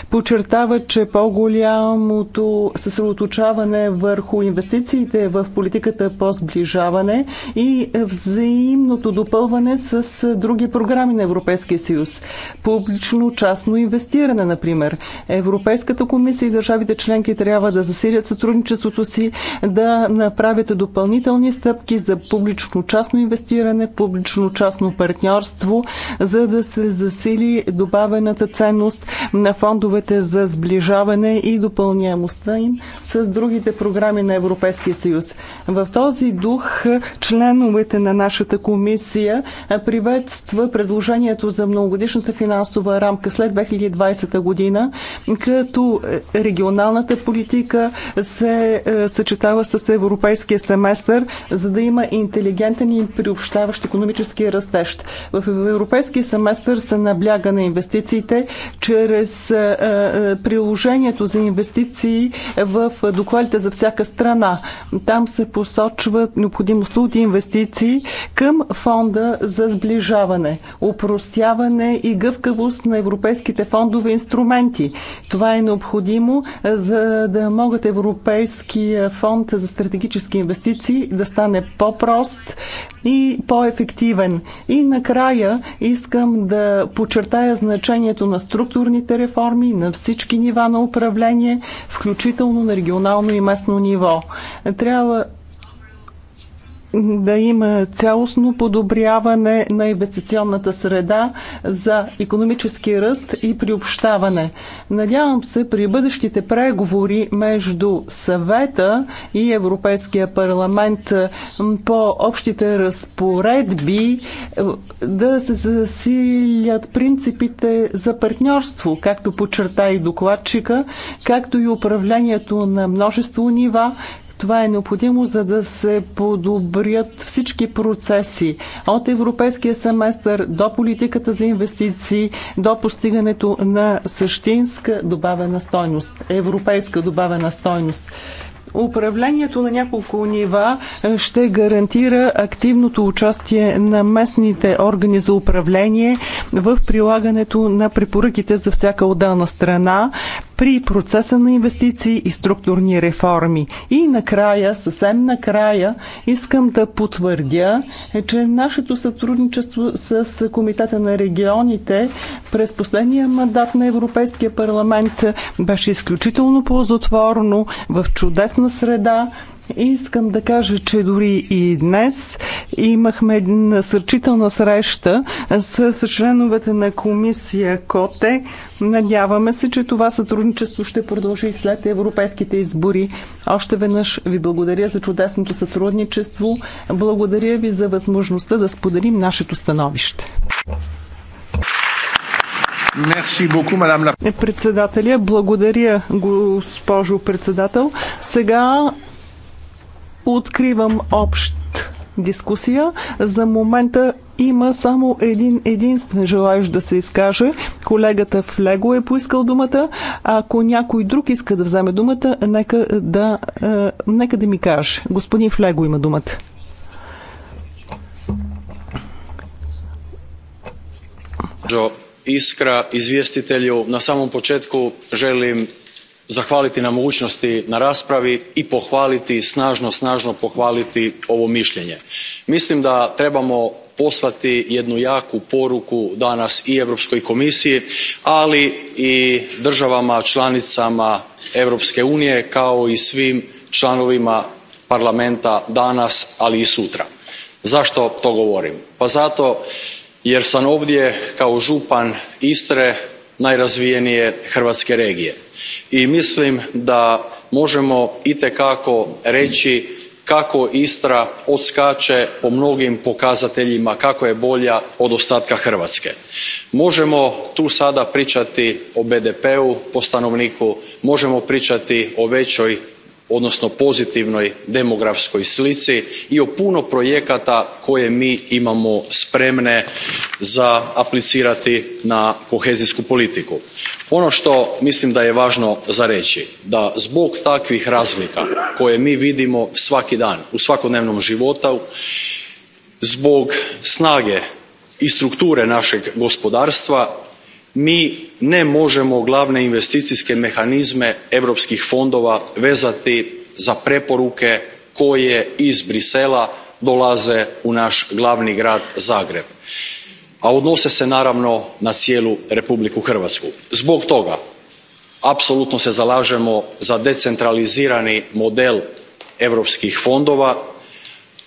подчертава, че по-голямото съсредоточаване върху инвестициите в политиката по сближаване и взаимното допълване с други програми на Европейския съюз. Публично-частно инвестиране, например. Европейската комисия и държавите членки трябва да засилят сътрудничеството си, да направят допълнителни стъпки за за публично-частно инвестиране, публично-частно партньорство, за да се засили добавената ценност на фондовете за сближаване и допълняемостта им с другите програми на Европейския съюз. В този дух членовете на нашата комисия приветства предложението за многогодишната финансова рамка след 2020 година, като е, регионалната политика се е, съчетава с европейския семестър, за да има има интелигентен и приобщаващ економически растеж. В европейския семестър се набляга на инвестициите чрез е, е, приложението за инвестиции в докладите за всяка страна. Там се посочват необходимост от инвестиции към фонда за сближаване, упростяване и гъвкавост на европейските фондове инструменти. Това е необходимо, е, за да могат Европейския фонд за стратегически инвестиции да стане по по-прост и по-ефективен. И накрая искам да подчертая значението на структурните реформи на всички нива на управление, включително на регионално и местно ниво. Трябва да има цялостно подобряване на инвестиционната среда за економически ръст и приобщаване. Надявам се при бъдещите преговори между съвета и Европейския парламент по общите разпоредби да се засилят принципите за партньорство, както подчерта и докладчика, както и управлението на множество нива, това е необходимо, за да се подобрят всички процеси от европейския семестър до политиката за инвестиции, до постигането на същинска добавена стойност, европейска добавена стойност. Управлението на няколко нива е, ще гарантира активното участие на местните органи за управление в прилагането на препоръките за всяка отделна страна при процеса на инвестиции и структурни реформи. И накрая, съвсем накрая, искам да потвърдя, е, че нашето сътрудничество с Комитета на регионите през последния мандат на Европейския парламент беше изключително ползотворно в чудесна среда Искам да кажа, че дори и днес имахме насърчителна среща с, с членовете на комисия КОТЕ. Надяваме се, че това сътрудничество ще продължи и след европейските избори. Още веднъж ви благодаря за чудесното сътрудничество. Благодаря ви за възможността да споделим нашето становище. Председателя, благодаря, госпожо председател. Сега Откривам общ дискусия. За момента има само един единствен желаящ да се изкаже. Колегата Флего е поискал думата. Ако някой друг иска да вземе думата, нека да, е, нека да ми каже. Господин Флего има думата. Искра, известителю, на самом почетку желим zahvaliti na mogućnosti na raspravi i pohvaliti snažno snažno pohvaliti ovo mišljenje. mislim da trebamo poslati jednu jaku poruku danas i europskoj komisiji ali i državama članicama europske unije kao i svim članovima parlamenta danas ali i sutra. zašto to govorim? pa zato jer sam ovdje kao župan istre najrazvijenije hrvatske regije i mislim da možemo itekako reći kako istra odskače po mnogim pokazateljima kako je bolja od ostatka hrvatske. možemo tu sada pričati o bdp u po stanovniku možemo pričati o većoj odnosno pozitivnoj demografskoj slici i o puno projekata koje mi imamo spremne za aplicirati na kohezijsku politiku. ono to mislim da je vano za rei da zbog takvih razlika koje mi vidimo svaki dan u svakodnevnom ivotu zbog snage i strukture naeg gospodarstva mi ne možemo glavne investicijske mehanizme europskih fondova vezati za preporuke koje iz bruxellesa dolaze u naš glavni grad zagreb a odnose se naravno na cijelu republiku hrvatsku. zbog toga apsolutno se zalažemo za decentralizirani model europskih fondova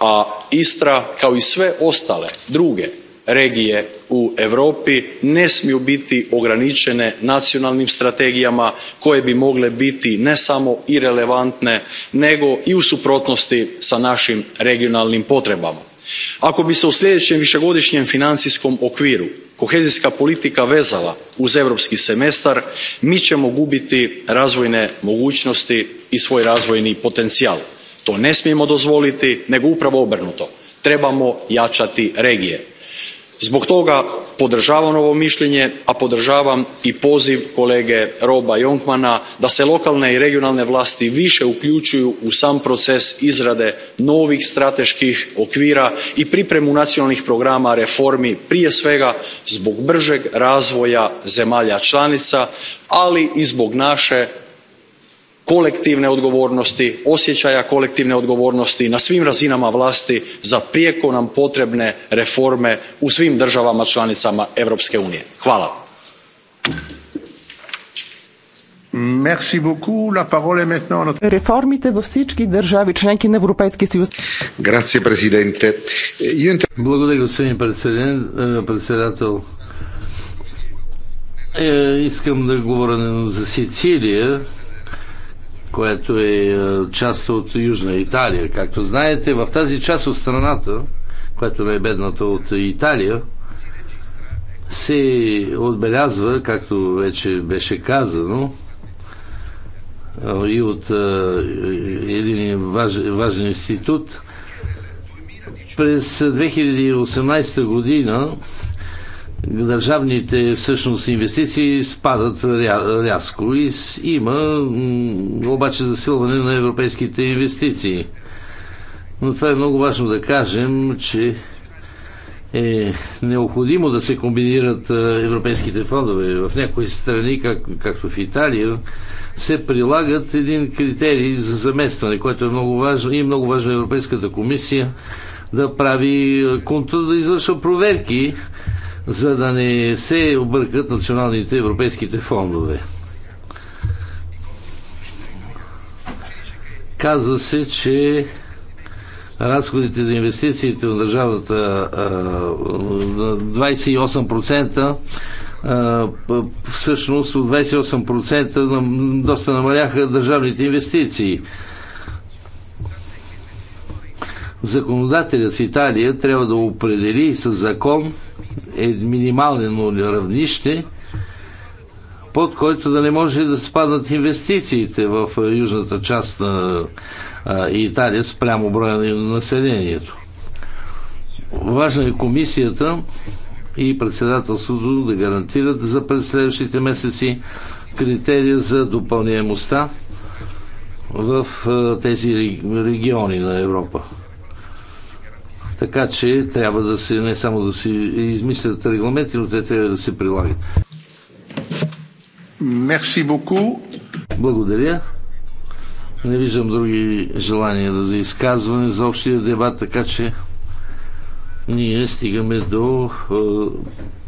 a istra kao i sve ostale druge regije u europi ne smiju biti ograniene nacionalnim strategijama koje bi mogle biti ne samo irelevantne nego i u suprotnosti s naim regionalnim potrebama. ako bi se u sljedeem viegodinjem financijskom okviru kohezijska politika vezala uz europski semestar mi emo gubiti razvojne mogunosti i svoj razvojni potencijal. to ne smijemo dozvoliti nego upravo obrnuto trebamo jaati regije zbog toga podržavam ovo mišljenje a podržavam i poziv kolege roba jonkmana da se lokalne i regionalne vlasti više uključuju u sam proces izrade novih strateških okvira i pripremu nacionalnih programa reformi prije svega zbog bržeg razvoja zemalja članica ali i zbog naše kolektivne odgovornosti osjećaja kolektivne odgovornosti na svim razinama vlasti za prijeko nam potrebne reforme u svim državama članicama europske unije. hvala. Реформите във всички държави, членки на Европейския съюз. Благодаря, господин председател. Е, искам да говоря за Сицилия което е, е част от Южна Италия. Както знаете, в тази част от страната, която не е бедната от Италия, се отбелязва, както вече беше казано, е, и от е, един важ, важен институт. През 2018 година държавните всъщност инвестиции спадат ря, рязко и има обаче засилване на европейските инвестиции. Но това е много важно да кажем, че е необходимо да се комбинират европейските фондове. В някои страни, как, както в Италия, се прилагат един критерий за заместване, което е много важно и много важно Европейската комисия да прави контур, да извършва проверки за да не се объркат националните европейските фондове. Казва се, че разходите за инвестициите в държавата на 28% всъщност от 28% доста намаляха държавните инвестиции. Законодателят в Италия трябва да определи с закон е минимално равнище, под който да не може да спадат инвестициите в е, южната част на е, Италия спрямо броя на населението. Важна е комисията и председателството да гарантират за през следващите месеци критерия за допълняемостта в е, тези региони на Европа. Така че трябва да се, не само да се измислят регламенти, но те трябва да се прилагат. Мерси боку. Благодаря. Не виждам други желания да за изказване за общия дебат, така че ние стигаме до е,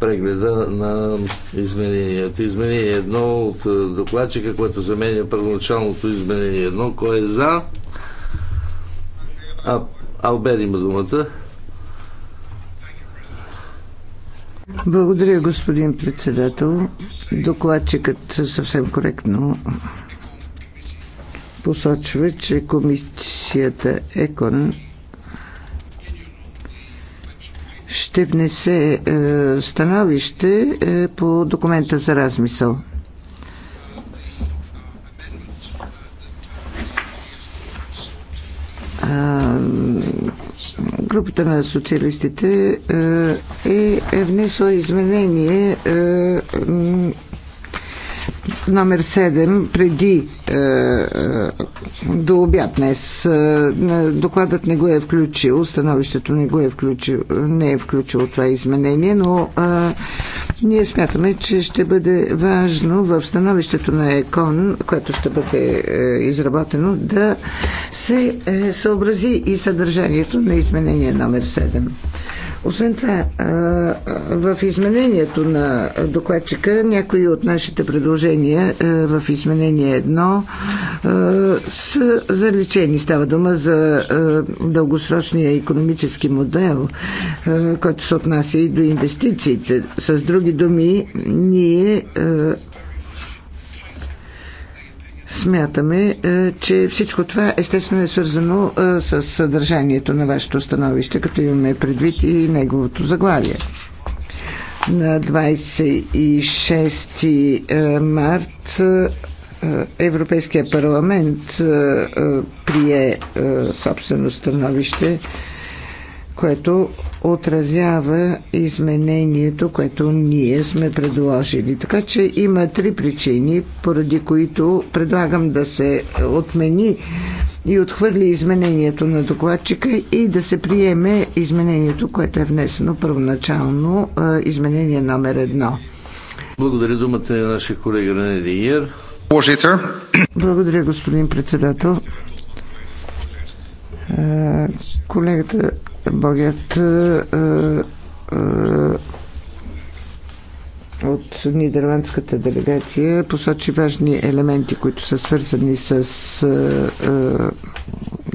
прегледа на измененията. Изменение едно от е, докладчика, което заменя първоначалното изменение едно. Кой е за? А Албер има думата. Благодаря, господин председател. Докладчикът съвсем коректно посочва, че комисията ЕКОН ще внесе е, становище е, по документа за размисъл. групата на социалистите е, е внесла изменение е, номер 7 преди е, до обяд днес. Докладът не го е включил, становището не го е включил, не е включило това изменение, но е, ние смятаме, че ще бъде важно в становището на ЕКОН, което ще бъде е, изработено, да се е, съобрази и съдържанието на изменение номер 7. Освен това, в изменението на докладчика, някои от нашите предложения в изменение едно са заличени. Става дума за дългосрочния економически модел, който се отнася и до инвестициите. С други думи, ние Смятаме, е, че всичко това естествено е свързано е, с съдържанието на вашето становище, като имаме предвид и неговото заглавие. На 26 е, март Европейския парламент прие собствено становище което отразява изменението, което ние сме предложили. Така че има три причини, поради които предлагам да се отмени и отхвърли изменението на докладчика и да се приеме изменението, което е внесено първоначално, е, изменение номер едно. Благодаря думата на нашия колега Рене Диер. Благодаря, господин председател. Е, колегата а, е, е, е, от нидерландската делегация посочи важни елементи, които са свързани с а,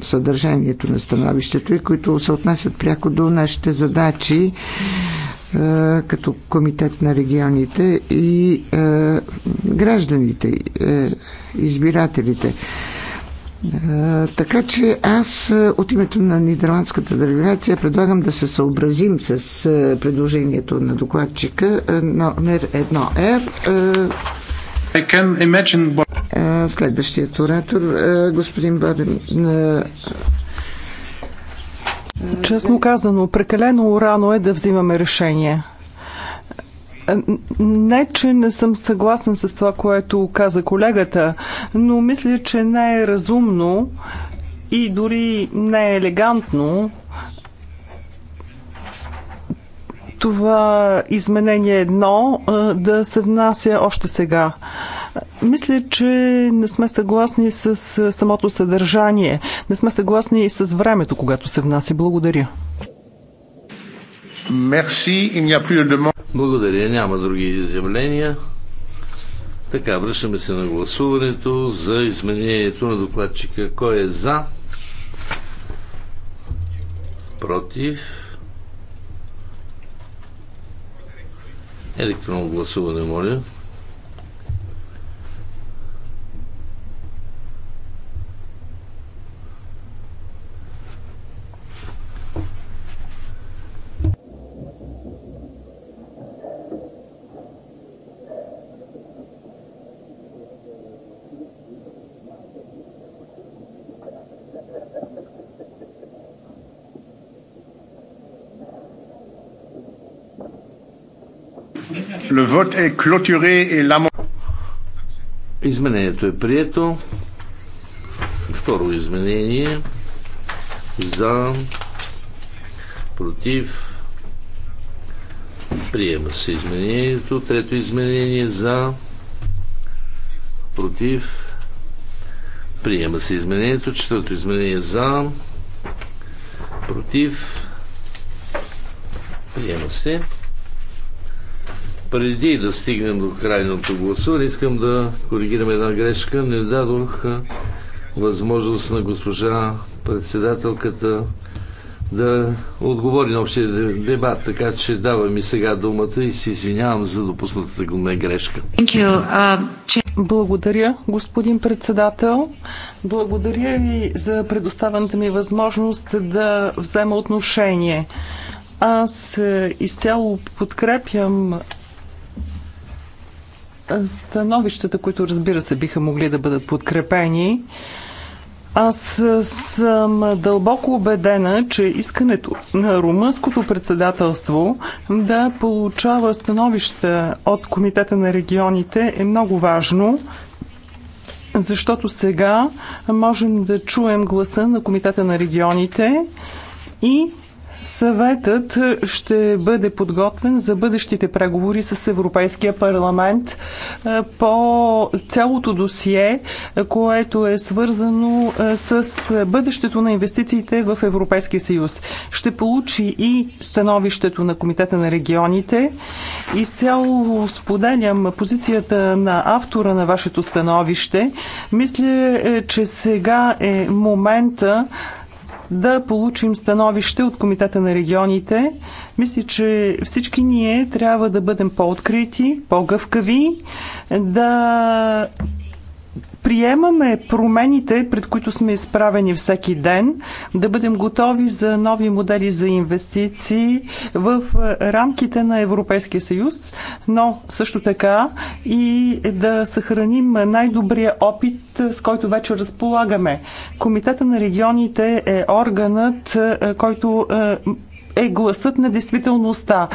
съдържанието на становището и които се отнасят пряко до нашите задачи като комитет на регионите и е, гражданите, избирателите. Е, така че аз е, от името на нидерландската делегация предлагам да се съобразим с е, предложението на докладчика номер 1 Р. Imagine... Следващият оратор, господин Баден. Честно казано, прекалено рано е да взимаме решение. Не, че не съм съгласна с това, което каза колегата, но мисля, че не е разумно и дори не е елегантно това изменение едно да се внася още сега. Мисля, че не сме съгласни с самото съдържание. Не сме съгласни и с времето, когато се внася. Благодаря. Благодаря, няма други изявления. Така, връщаме се на гласуването за изменението на докладчика. Кой е за? Против? Електронно гласуване, моля. Le vote est clôturé et Изменението е прието. Второ изменение за против приема се изменението. Трето изменение за против приема се изменението. Четвърто изменение за против приема се преди да стигнем до крайното гласуване, искам да коригирам една грешка. Не дадох възможност на госпожа председателката да отговори на общия дебат, така че давам и сега думата и се извинявам за допуснатата гумна грешка. Благодаря, господин председател. Благодаря ви за предоставената ми възможност да взема отношение. Аз е, изцяло подкрепям становищата, които разбира се биха могли да бъдат подкрепени. Аз съм дълбоко убедена, че искането на румънското председателство да получава становища от Комитета на регионите е много важно, защото сега можем да чуем гласа на Комитета на регионите и Съветът ще бъде подготвен за бъдещите преговори с Европейския парламент е, по цялото досие, което е свързано е, с бъдещето на инвестициите в Европейския съюз. Ще получи и становището на Комитета на регионите. Изцяло споделям позицията на автора на вашето становище. Мисля, е, че сега е момента да получим становище от Комитета на регионите. Мисля, че всички ние трябва да бъдем по-открити, по-гъвкави, да приемаме промените, пред които сме изправени всеки ден, да бъдем готови за нови модели за инвестиции в рамките на Европейския съюз, но също така и да съхраним най-добрия опит, с който вече разполагаме. Комитета на регионите е органът, който е, е гласът на действителността.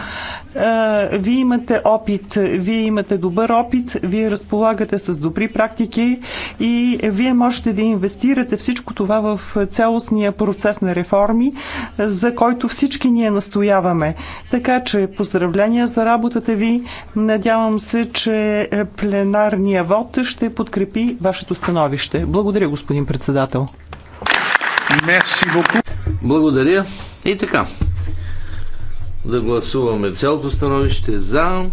Е, вие имате опит, вие имате добър опит, вие разполагате с добри практики и вие можете да инвестирате всичко това в цялостния процес на реформи, за който всички ние настояваме. Така че поздравления за работата ви. Надявам се, че пленарния вод ще подкрепи вашето становище. Благодаря, господин председател. Благодаря. И така. Да гласуваме цялото становище за,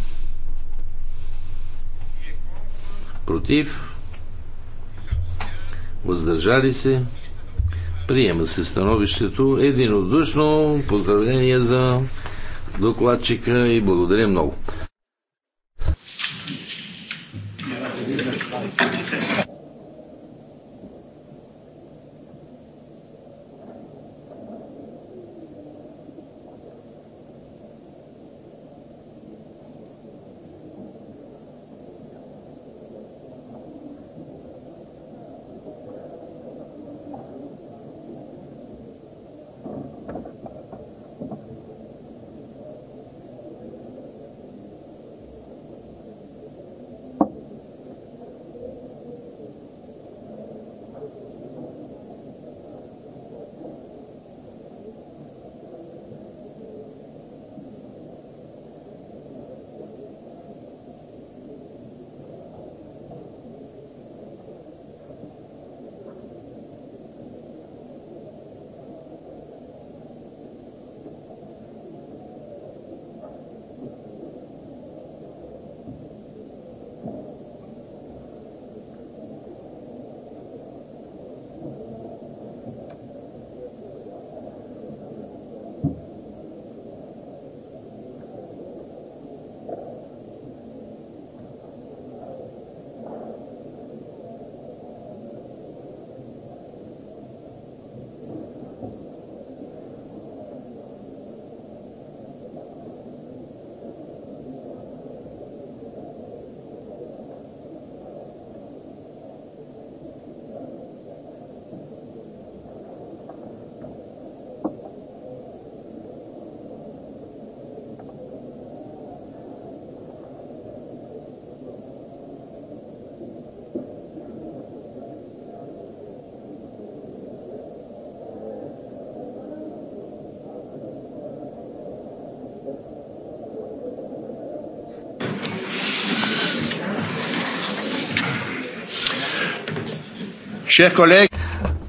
против, въздържали се. Приема се становището единодушно. Поздравления за докладчика и благодаря много.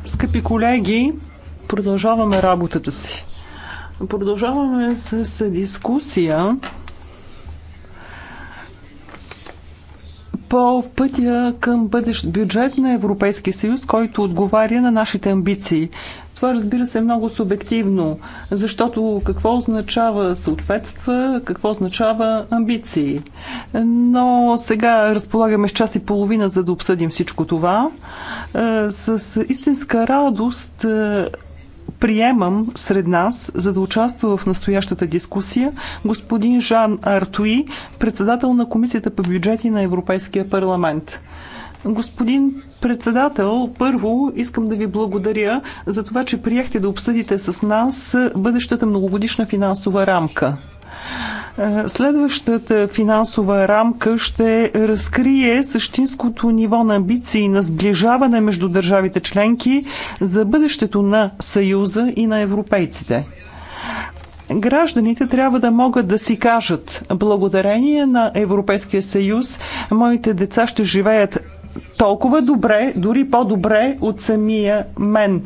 Скъпи колеги, продължаваме работата си. Продължаваме с дискусия по пътя към бъдещ бюджет на Европейския съюз, който отговаря на нашите амбиции. Това разбира се е много субективно, защото какво означава съответства, какво означава амбиции. Но сега разполагаме с час и половина, за да обсъдим всичко това. Е, с истинска радост е, приемам сред нас, за да участва в настоящата дискусия, господин Жан Артуи, председател на Комисията по бюджети на Европейския парламент. Господин председател, първо искам да ви благодаря за това, че приехте да обсъдите с нас бъдещата многогодишна финансова рамка. Следващата финансова рамка ще разкрие същинското ниво на амбиции на сближаване между държавите членки за бъдещето на Съюза и на европейците гражданите трябва да могат да си кажат благодарение на Европейския съюз моите деца ще живеят толкова добре, дори по-добре от самия мен.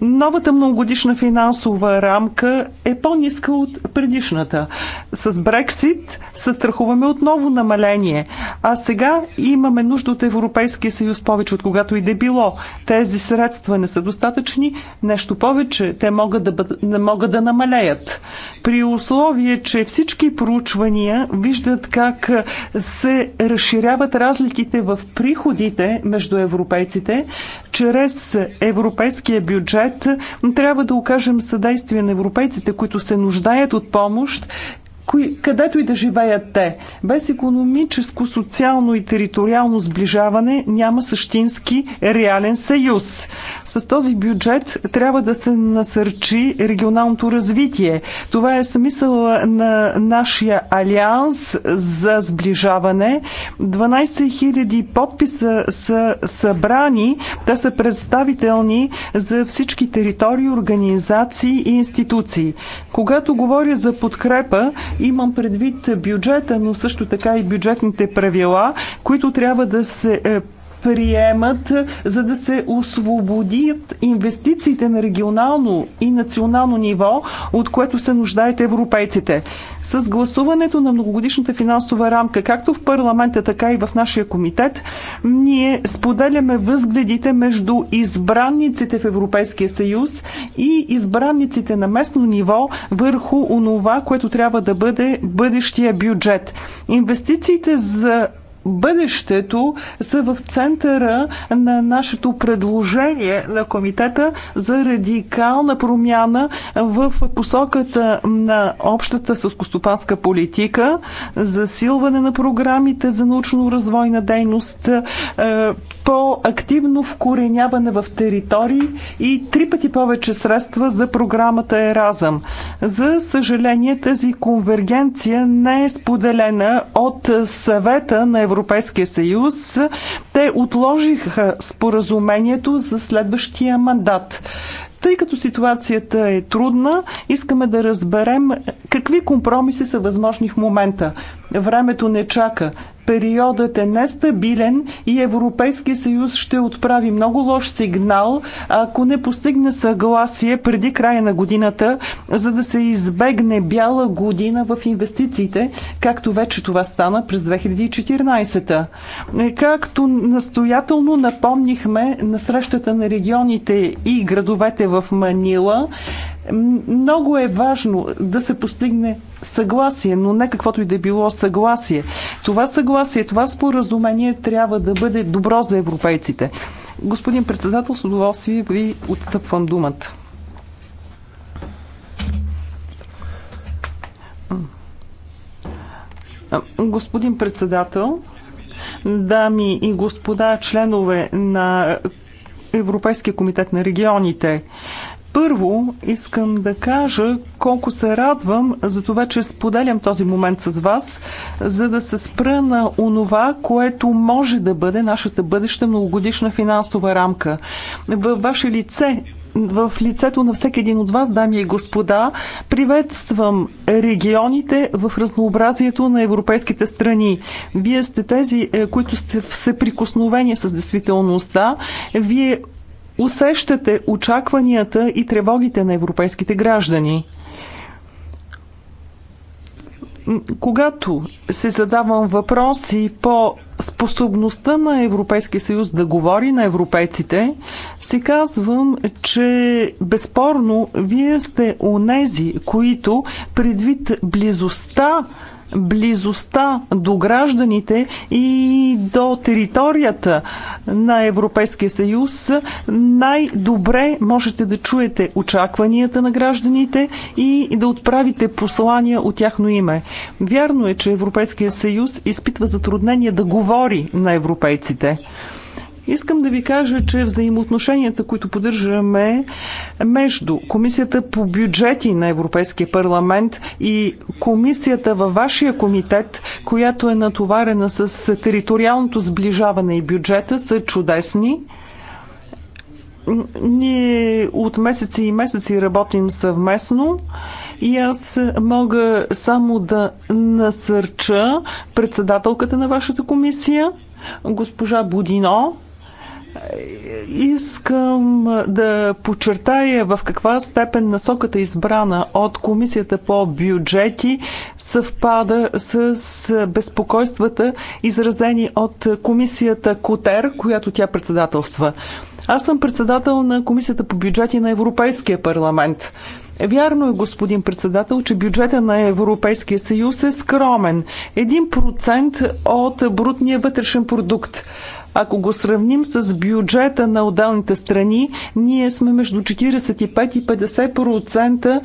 Новата многогодишна финансова рамка е по-ниска от предишната. С Брексит се страхуваме отново намаление, а сега имаме нужда от Европейския съюз повече от когато и да било. Тези средства не са достатъчни, нещо повече, те могат да, бъд, не могат да намалеят. При условие, че всички проучвания виждат как се разширяват разликите в приходите между европейците, чрез европейския бюджет напред. Трябва да окажем съдействие на европейците, които се нуждаят от помощ, кои, където и да живеят те. Без економическо, социално и териториално сближаване няма същински реален съюз. С този бюджет трябва да се насърчи регионалното развитие. Това е смисъл на нашия алианс за сближаване. 12 000 подписа са събрани. Те са представителни за всички територии, организации и институции. Когато говоря за подкрепа, Имам предвид бюджета, но също така и бюджетните правила, които трябва да се е, приемат, за да се освободят инвестициите на регионално и национално ниво, от което се нуждаят европейците. С гласуването на многогодишната финансова рамка, както в парламента, така и в нашия комитет, ние споделяме възгледите между избранниците в Европейския съюз и избранниците на местно ниво върху онова, което трябва да бъде бъдещия бюджет. Инвестициите за бъдещето са в центъра на нашето предложение на комитета за радикална промяна в посоката на общата съскостопанска политика, засилване на програмите за научно-развойна дейност, е, по-активно вкореняване в територии и три пъти повече средства за програмата Еразъм. За съжаление, тази конвергенция не е споделена от съвета на Европейския Европейския съюз, те отложиха споразумението за следващия мандат. Тъй като ситуацията е трудна, искаме да разберем какви компромиси са възможни в момента. Времето не чака. Периодът е нестабилен и Европейския съюз ще отправи много лош сигнал, ако не постигне съгласие преди края на годината, за да се избегне бяла година в инвестициите, както вече това стана през 2014. Както настоятелно напомнихме на срещата на регионите и градовете в Манила, много е важно да се постигне съгласие, но не каквото и да е било съгласие. Това съгласие, това споразумение трябва да бъде добро за европейците. Господин председател, с удоволствие ви отстъпвам думата. Господин председател, дами и господа членове на Европейския комитет на регионите, първо искам да кажа колко се радвам за това, че споделям този момент с вас, за да се спра на онова, което може да бъде нашата бъдеща многогодишна финансова рамка. Във ваше лице в лицето на всеки един от вас, дами и господа, приветствам регионите в разнообразието на европейските страни. Вие сте тези, е, които сте всеприкосновени с действителността. Вие усещате очакванията и тревогите на европейските граждани? Когато се задавам въпроси по способността на Европейския съюз да говори на европейците, си казвам, че безспорно вие сте онези, които предвид близостта близостта до гражданите и до територията на Европейския съюз, най-добре можете да чуете очакванията на гражданите и да отправите послания от тяхно име. Вярно е, че Европейския съюз изпитва затруднение да говори на европейците. Искам да ви кажа, че взаимоотношенията, които поддържаме между Комисията по бюджети на Европейския парламент и Комисията във вашия комитет, която е натоварена с териториалното сближаване и бюджета, са чудесни. Ние от месеци и месеци работим съвместно и аз мога само да насърча председателката на вашата комисия, госпожа Будино, Искам да подчертая в каква степен насоката избрана от Комисията по бюджети съвпада с безпокойствата, изразени от Комисията Котер, която тя председателства. Аз съм председател на Комисията по бюджети на Европейския парламент. Вярно е, господин председател, че бюджета на Европейския съюз е скромен. 1% от брутния вътрешен продукт. Ако го сравним с бюджета на отделните страни, ние сме между 45 и 50%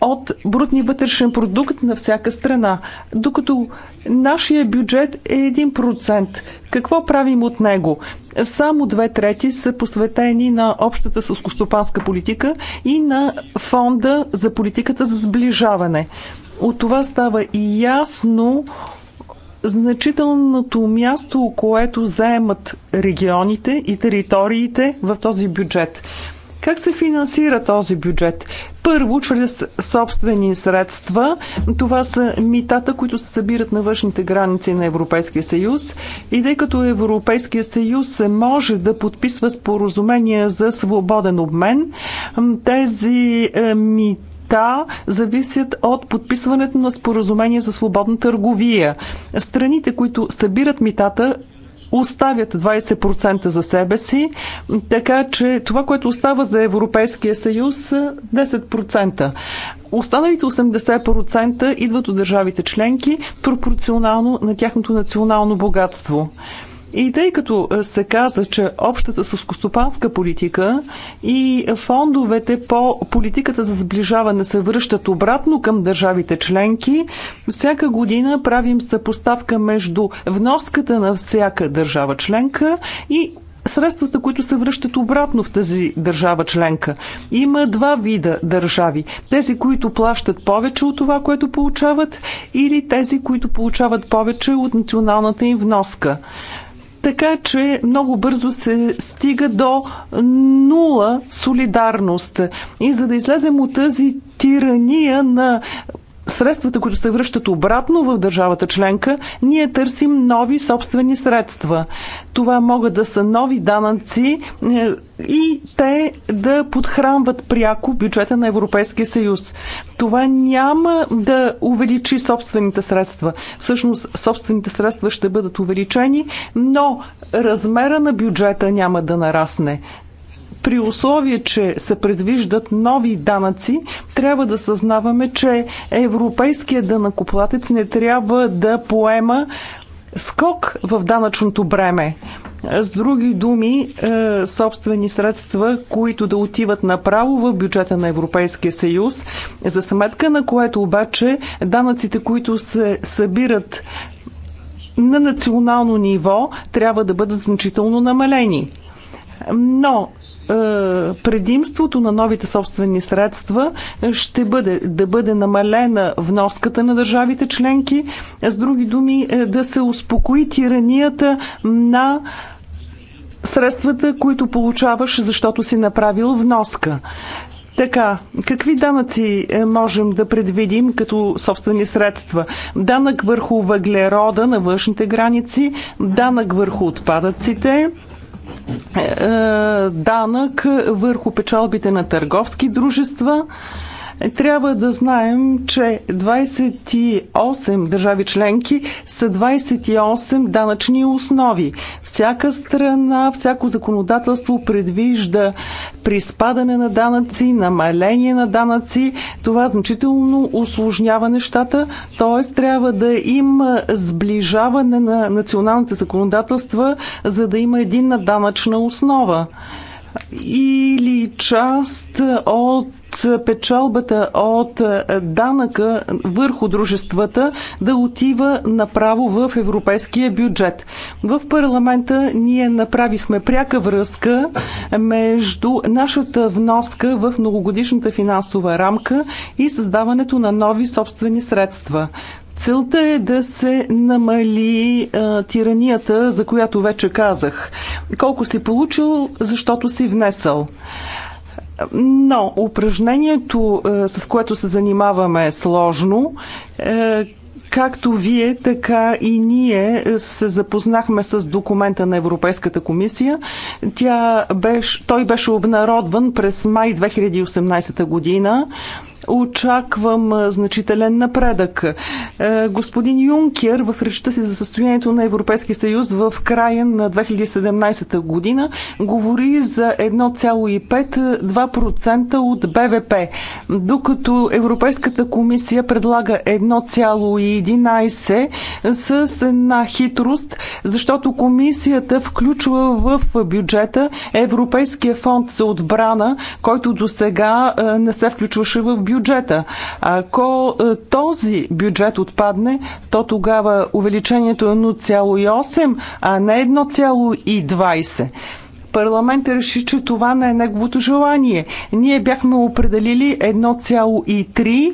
от брутния вътрешен продукт на всяка страна, докато нашия бюджет е 1%. Какво правим от него? Само две трети са посветени на общата сълскостопанска политика и на фонда за политиката за сближаване. От това става и ясно значителното място, което заемат регионите и териториите в този бюджет. Как се финансира този бюджет? Първо, чрез собствени средства. Това са митата, които се събират на външните граници на Европейския съюз. И тъй като Европейския съюз се може да подписва споразумения за свободен обмен, тези е, мита неща зависят от подписването на споразумение за свободна търговия. Страните, които събират митата, оставят 20% за себе си, така че това, което остава за Европейския съюз, 10%. Останалите 80% идват от държавите членки пропорционално на тяхното национално богатство. И тъй като е, се каза, че общата съскостопанска политика и фондовете по политиката за сближаване се връщат обратно към държавите членки, всяка година правим съпоставка между вноската на всяка държава членка и средствата, които се връщат обратно в тази държава членка. Има два вида държави. Тези, които плащат повече от това, което получават, или тези, които получават повече от националната им вноска. Така че много бързо се стига до нула солидарност. И за да излезем от тази тирания на средствата, които се връщат обратно в държавата членка, ние търсим нови собствени средства. Това могат да са нови данъци е, и те да подхранват пряко бюджета на Европейския съюз. Това няма да увеличи собствените средства. Всъщност, собствените средства ще бъдат увеличени, но размера на бюджета няма да нарасне при условие, че се предвиждат нови данъци, трябва да съзнаваме, че европейският данъкоплатец не трябва да поема скок в данъчното бреме. С други думи, е, собствени средства, които да отиват направо в бюджета на Европейския съюз, за сметка на което обаче данъците, които се събират на национално ниво, трябва да бъдат значително намалени. Но е, предимството на новите собствени средства ще бъде да бъде намалена вноската на държавите членки, с други думи е, да се успокои тиранията на средствата, които получаваш, защото си направил вноска. Така, какви данъци е, можем да предвидим като собствени средства? Данък върху въглерода на външните граници, данък върху отпадъците, е, е, данък върху печалбите на търговски дружества, трябва да знаем, че 28 държави членки са 28 данъчни основи. Всяка страна, всяко законодателство предвижда приспадане на данъци, намаление на данъци. Това значително осложнява нещата, т.е. трябва да има сближаване на националните законодателства, за да има единна данъчна основа или част от печалбата от е, данъка върху дружествата да отива направо в европейския бюджет. В парламента ние направихме пряка връзка между нашата вноска в многогодишната финансова рамка и създаването на нови собствени средства. Целта е да се намали а, е, тиранията, за която вече казах. Колко си получил, защото си внесъл. Но упражнението, е, с което се занимаваме, е сложно е, както вие, така и ние се запознахме с документа на Европейската комисия. Тя беше, той беше обнародван през май 2018 година очаквам значителен напредък. Е, господин Юнкер в речта си за състоянието на Европейския съюз в края на 2017 година говори за 1,5-2% е, от БВП, докато Европейската комисия предлага 1,11 с една хитрост, защото комисията включва в бюджета Европейския фонд за отбрана, който до сега е, не се включваше в бюджета бюджета. Ако е, този бюджет отпадне, то тогава увеличението е 1,8, а не 1,20. Парламент реши, че това не е неговото желание. Ние бяхме определили 1,3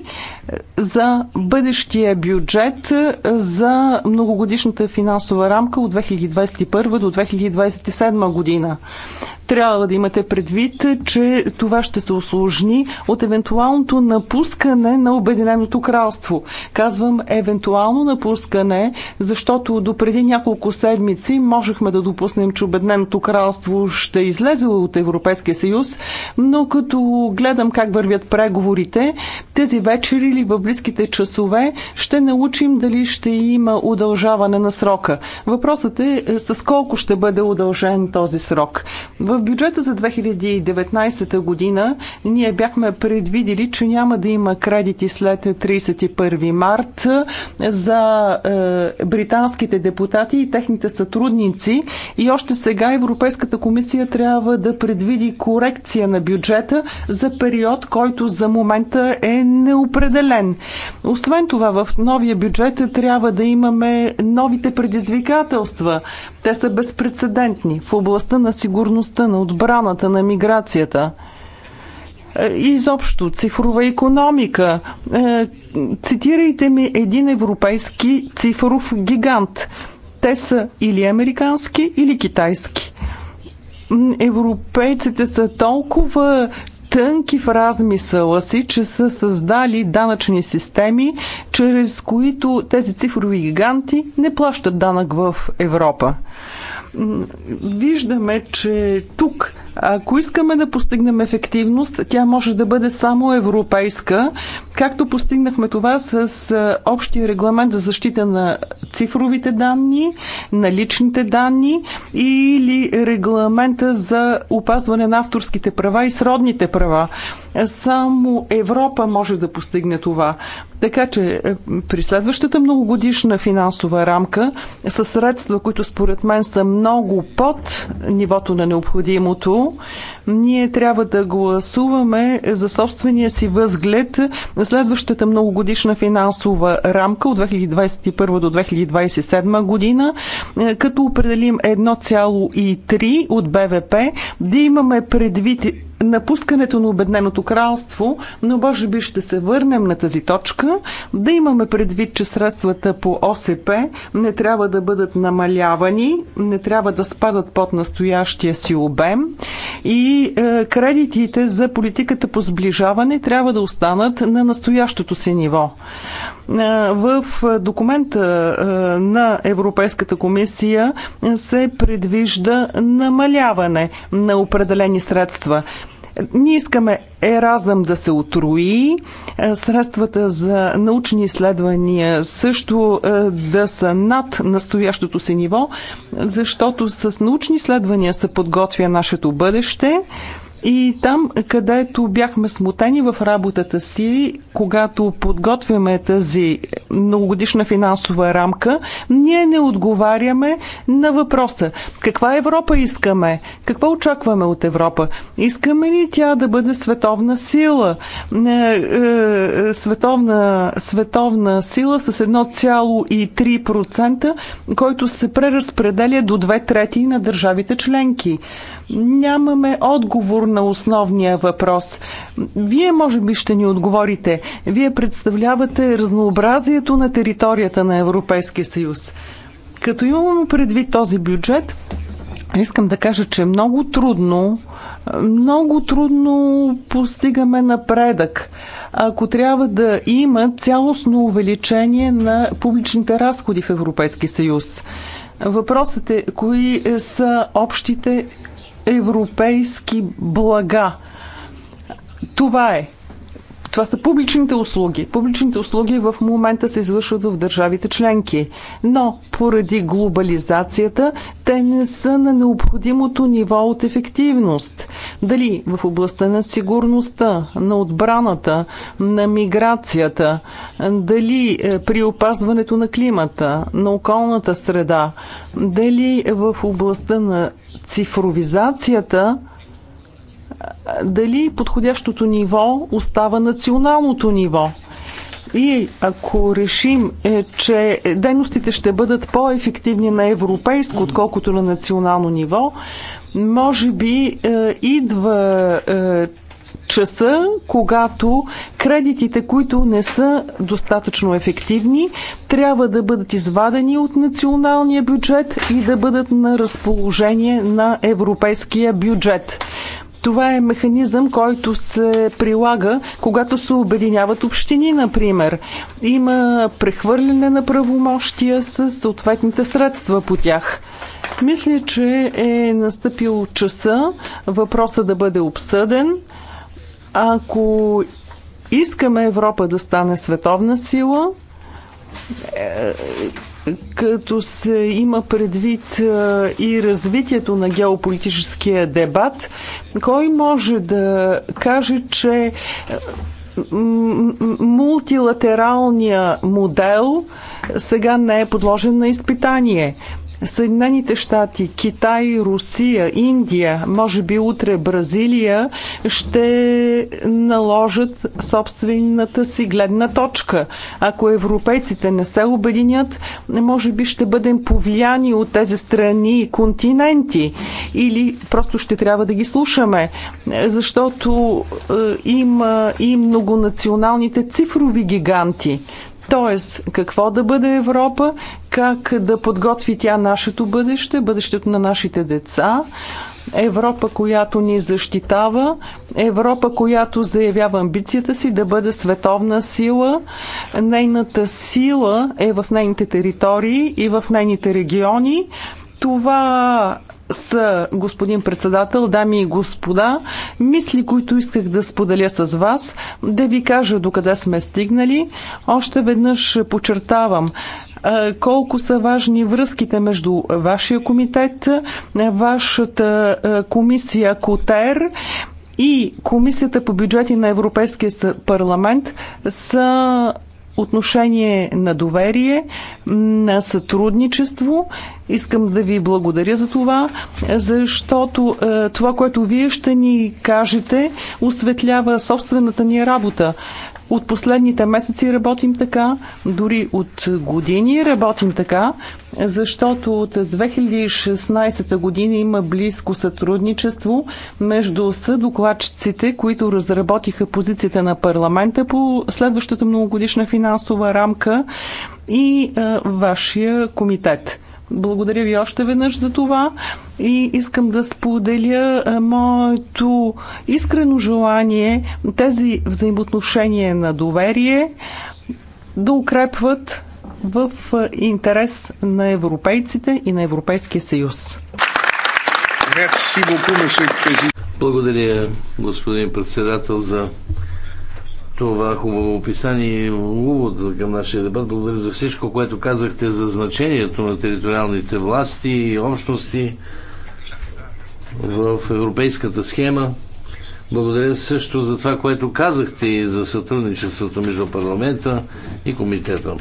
за бъдещия бюджет е, за многогодишната финансова рамка от 2021 до 2027 година. Трябва да имате предвид, че това ще се осложни от евентуалното напускане на Обединеното кралство. Казвам евентуално напускане, защото до преди няколко седмици можехме да допуснем, че Обединеното кралство ще излезе от Европейския съюз, но като гледам как вървят преговорите, тези вечери дали в близките часове ще научим дали ще има удължаване на срока. Въпросът е, е с колко ще бъде удължен този срок. В бюджета за 2019 година ние бяхме предвидили, че няма да има кредити след 31 март е, за е, британските депутати и техните сътрудници и още сега Европейската комисия трябва да предвиди корекция на бюджета за период, който за момента е неопределен определен. Освен това, в новия бюджет трябва да имаме новите предизвикателства. Те са безпредседентни в областта на сигурността, на отбраната, на миграцията е, изобщо цифрова економика. Е, цитирайте ми един европейски цифров гигант. Те са или американски, или китайски. Европейците са толкова тънки в размисъла си, че са създали данъчни системи, чрез които тези цифрови гиганти не плащат данък в Европа виждаме, че тук, ако искаме да постигнем ефективност, тя може да бъде само европейска, както постигнахме това с общия регламент за защита на цифровите данни, на личните данни или регламента за опазване на авторските права и сродните права. Само Европа може да постигне това. Така че е, при следващата многогодишна финансова рамка с средства, които според мен са много под нивото на необходимото, ние трябва да гласуваме за собствения си възглед на следващата многогодишна финансова рамка от 2021 до 2027 година, е, като определим 1,3 от БВП, да имаме предвид напускането на обедненото кралство, но може би ще се върнем на тази точка. Да имаме предвид, че средствата по ОСП не трябва да бъдат намалявани, не трябва да спадат под настоящия си обем и е, кредитите за политиката по сближаване трябва да останат на настоящото си ниво. Е, в документа е, на Европейската комисия се предвижда намаляване на определени средства. Ние искаме Еразъм да се отруи, е, средствата за научни изследвания също е, да са над настоящото си ниво, защото с научни изследвания се подготвя нашето бъдеще. И там, където бяхме смутени в работата си, когато подготвяме тази многогодишна финансова рамка, ние не отговаряме на въпроса каква Европа искаме, какво очакваме от Европа. Искаме ли тя да бъде световна сила? Е, е, световна, световна сила с 1,3%, който се преразпределя до две трети на държавите членки. Нямаме отговор на основния въпрос. Вие може би ще ни отговорите. Вие представлявате разнообразието на територията на Европейския съюз. Като имаме предвид този бюджет, искам да кажа, че много трудно много трудно постигаме напредък. Ако трябва да има цялостно увеличение на публичните разходи в Европейски съюз. Въпросът е кои са общите европейски блага. Това е. Това са публичните услуги. Публичните услуги в момента се извършват в държавите членки, но поради глобализацията те не са на необходимото ниво от ефективност. Дали в областта на сигурността, на отбраната, на миграцията, дали е, при опазването на климата, на околната среда, дали в областта на цифровизацията, дали подходящото ниво остава националното ниво. И ако решим, е, че дейностите ще бъдат по-ефективни на европейско, отколкото на национално ниво, може би е, идва е, часа, когато кредитите, които не са достатъчно ефективни, трябва да бъдат извадени от националния бюджет и да бъдат на разположение на европейския бюджет. Това е механизъм, който се прилага, когато се обединяват общини, например. Има прехвърляне на правомощия с съответните средства по тях. Мисля, че е настъпил часа въпроса да бъде обсъден. Ако искаме Европа да стане световна сила, е, като се има предвид е, и развитието на геополитическия дебат, кой може да каже, че е, мултилатералния модел сега не е подложен на изпитание. Съединените щати, Китай, Русия, Индия, може би утре Бразилия ще наложат собствената си гледна точка. Ако европейците не се обединят, може би ще бъдем повлияни от тези страни и континенти. Или просто ще трябва да ги слушаме, защото е, има и многонационалните цифрови гиганти. Тоест, какво да бъде Европа, как да подготви тя нашето бъдеще, бъдещето на нашите деца, Европа, която ни защитава, Европа, която заявява амбицията си да бъде световна сила. Нейната сила е в нейните територии и в нейните региони. Това са, господин председател, дами и господа, мисли, които исках да споделя с вас, да ви кажа докъде сме стигнали. Още веднъж подчертавам, е, колко са важни връзките между вашия комитет, вашата е, комисия КОТЕР и Комисията по бюджети на Европейския парламент са отношение на доверие, на сътрудничество. Искам да ви благодаря за това, защото е, това, което вие ще ни кажете, осветлява собствената ни работа. От последните месеци работим така, дори от години работим така, защото от 2016 година има близко сътрудничество между съдокладчиците, които разработиха позицията на парламента по следващата многогодишна финансова рамка и вашия комитет. Благодаря ви още веднъж за това и искам да споделя моето искрено желание тези взаимоотношения на доверие да укрепват в интерес на европейците и на Европейския съюз. Благодаря, господин председател, за това хубаво описание и увод към нашия дебат. Благодаря за всичко, което казахте за значението на териториалните власти и общности в европейската схема. Благодаря също за това, което казахте и за сътрудничеството между парламента и комитета.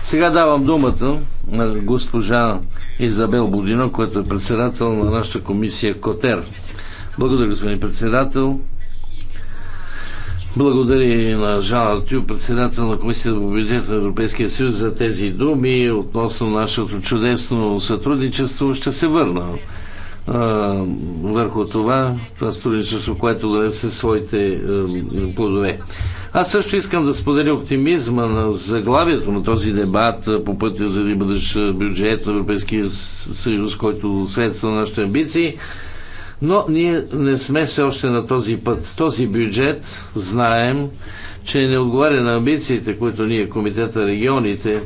Сега давам думата на госпожа Изабел Будино, която е председател на нашата комисия КОТЕР. Благодаря, господин председател. Благодаря и на Жан Артю, председател на Комисията по бюджет на Европейския съюз за тези думи относно нашето чудесно сътрудничество. Ще се върна върху това, това сътрудничество, което донесе своите плодове. Аз също искам да споделя оптимизма на заглавието на този дебат по пътя за да бъдеш бюджет на Европейския съюз, който следства на нашите амбиции. Но ние не сме все още на този път. Този бюджет, знаем, че не отговаря на амбициите, които ние, Комитета регионите,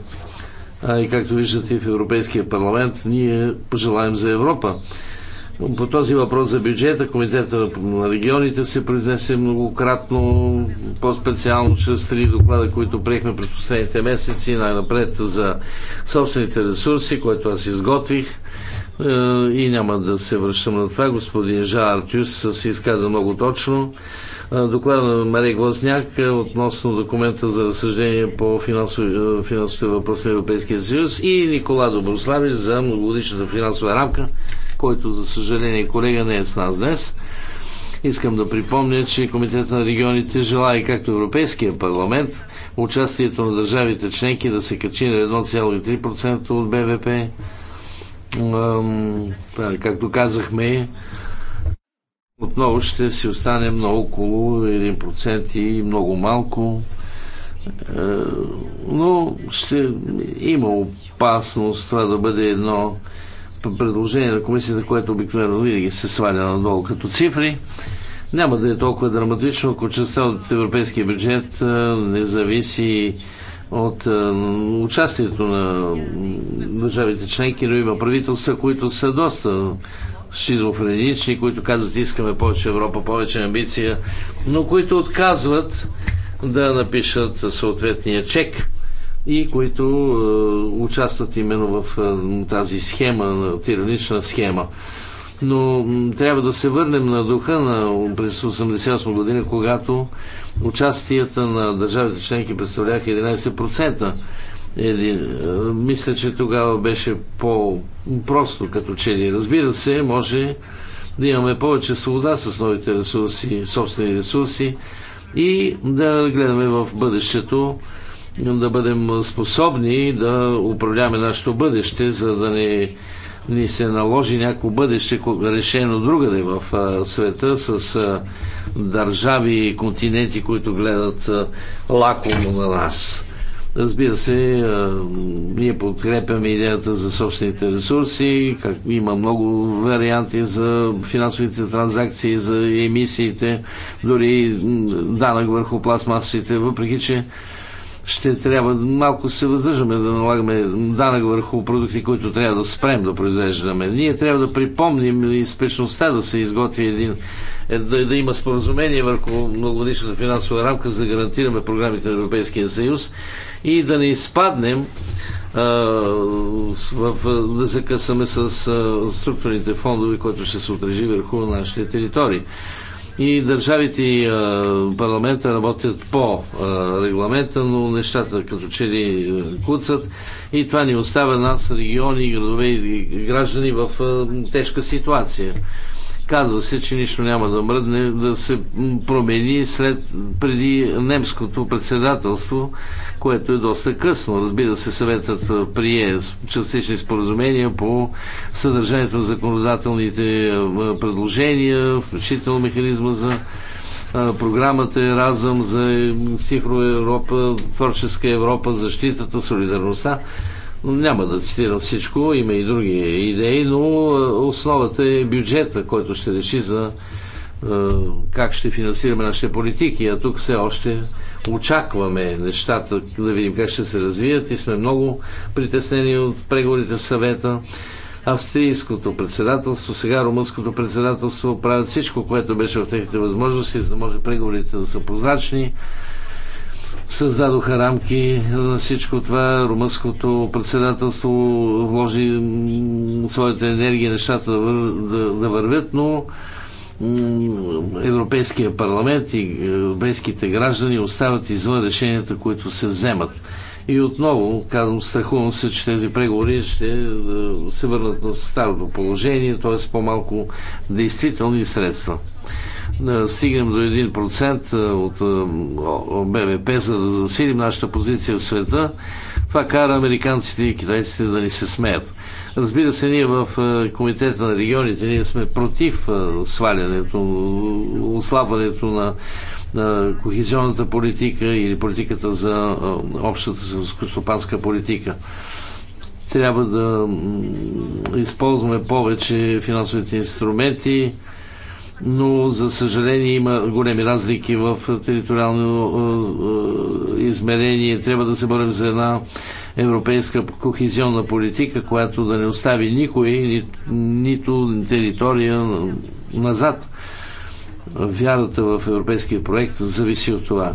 а и както виждате в Европейския парламент, ние пожелаем за Европа. По този въпрос за бюджета, Комитета на регионите се произнесе многократно, по-специално чрез три доклада, които приехме през последните месеци, най-напред за собствените ресурси, които аз изготвих е, и няма да се връщам на това. Господин Жан Артюс се изказа много точно. Е, доклада на Мария Глазняк е относно документа за разсъждение по финансови, финансовите въпроси на Европейския съюз и Никола Доброславич за многогодишната финансова рамка, който, за съжаление, колега не е с нас днес. Искам да припомня, че Комитетът на регионите желая, както Европейския парламент, участието на държавите членки да се качи на 1,3% от БВП е, както казахме, отново ще си остане много около 1% и много малко. Е, но ще има опасност това да бъде едно предложение на комисията, което обикновено винаги се сваля надолу като цифри. Няма да е толкова драматично, ако частта от европейския бюджет е, не зависи от е, участието на държавите членки, но има правителства, които са доста шизофренични, които казват искаме повече Европа, повече амбиция, но които отказват да напишат съответния чек и които е, участват именно в е, тази схема, тиранична схема но трябва да се върнем на духа на през 88 година, когато участията на държавите членки представляха 11%. Еди, е, мисля, че тогава беше по-просто като че ли. Разбира се, може да имаме повече свобода с новите ресурси, собствени ресурси и да гледаме в бъдещето да бъдем способни да управляваме нашето бъдеще, за да не ни се наложи някакво бъдеще, решено другаде в света, с държави и континенти, които гледат лакомо на нас. Разбира се, ние подкрепяме идеята за собствените ресурси, как има много варианти за финансовите транзакции, за емисиите, дори данък върху пластмасите, въпреки че ще трябва малко се въздържаме да налагаме данък върху продукти, които трябва да спрем да произвеждаме. Ние трябва да припомним и спешността да се изготви един е, да, да има споразумение върху многогодишната финансова рамка, за да гарантираме програмите на Европейския съюз и да не изпаднем в, в, да закъсаме с структурните фондове, които ще се отрежи върху нашите територии и държавите и парламента работят по регламента, но нещата като че ли куцат и това ни остава нас, региони, градове и граждани в тежка ситуация. Казва се, че нищо няма да мръдне, да се промени след, преди немското председателство, което е доста късно. Разбира се, съветът прие частични споразумения по съдържанието на законодателните предложения, включително механизма за програмата е разъм за цифрова Европа, творческа Европа, защитата, солидарността. Няма да цитирам всичко, има и други идеи, но е, основата е бюджета, който ще реши за е, как ще финансираме нашите политики. А тук все още очакваме нещата, да видим как ще се развият и сме много притеснени от преговорите в съвета. Австрийското председателство, сега румънското председателство правят всичко, което беше в техните възможности, за да може преговорите да са прозрачни, създадоха рамки на всичко това. Румънското председателство вложи своята енергия нещата да, вър... да, да вървят, но Европейския парламент и е, европейските граждани остават извън решенията, които се вземат. И отново, казвам, страхувам се, че тези преговори ще е, се върнат на старото положение, т.е. по-малко действителни средства. Е, стигнем до 1% е, е, от БВП, за да засилим нашата позиция в света, това кара американците и китайците да ни се смеят. Разбира се, ние в Комитета на регионите ние сме против свалянето, ослабването на на кохезионната политика или политиката за общата селскостопанска политика. Трябва да използваме повече финансовите инструменти, но за съжаление има големи разлики в териториално измерение. Трябва да се борим за една европейска кохезионна политика, която да не остави никой, ни, нито територия назад. Вярата в европейския проект зависи от това.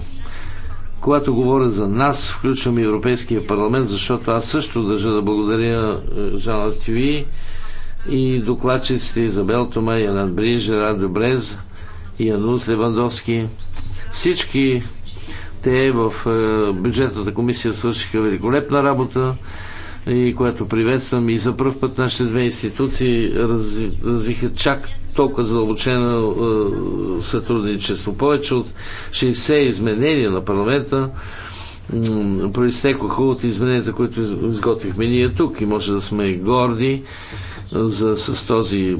Когато говоря за нас, включвам Европейския парламент, защото аз също държа да благодаря Жана Тюи, и докладчиците Изабел Тома, Янат Бри, Жерар Добрез, Янус Левандовски. Всички те в е, бюджетната комисия свършиха великолепна работа и което приветствам и за първ път нашите две институции развиха чак толкова задълбочено е, сътрудничество. Повече от 60 изменения на парламента проистекоха от измененията, които изготвихме ние тук и може да сме горди за, с, този,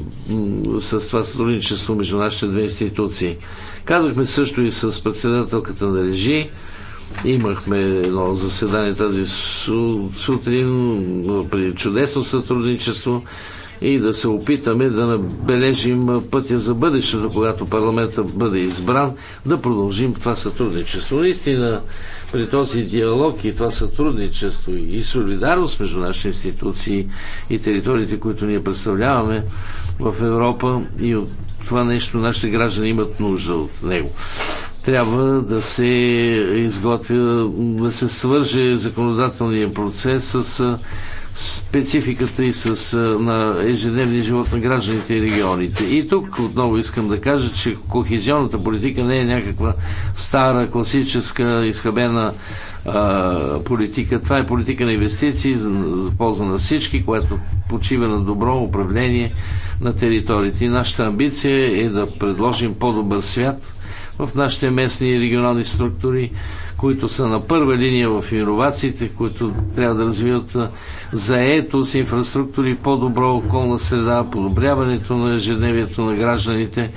с това сътрудничество между нашите две институции. Казахме също и с председателката на режи. Имахме едно заседание тази сутрин при чудесно сътрудничество и да се опитаме да набележим пътя за бъдещето, когато парламента бъде избран, да продължим това сътрудничество. Наистина, при този диалог и това сътрудничество и солидарност между нашите институции и териториите, които ние представляваме в Европа и от това нещо нашите граждани имат нужда от него трябва да се изготвя, да се свърже законодателния процес с спецификата и с, на ежедневния живот на гражданите и регионите. И тук отново искам да кажа, че кохезионната политика не е някаква стара, класическа, изхабена а, политика. Това е политика на инвестиции за, за полза на всички, която почива на добро управление на териториите. И нашата амбиция е да предложим по-добър свят в нашите местни и регионални структури които са на първа линия в иновациите, които трябва да развиват заетост, инфраструктури, по-добра околна среда, подобряването на ежедневието на гражданите,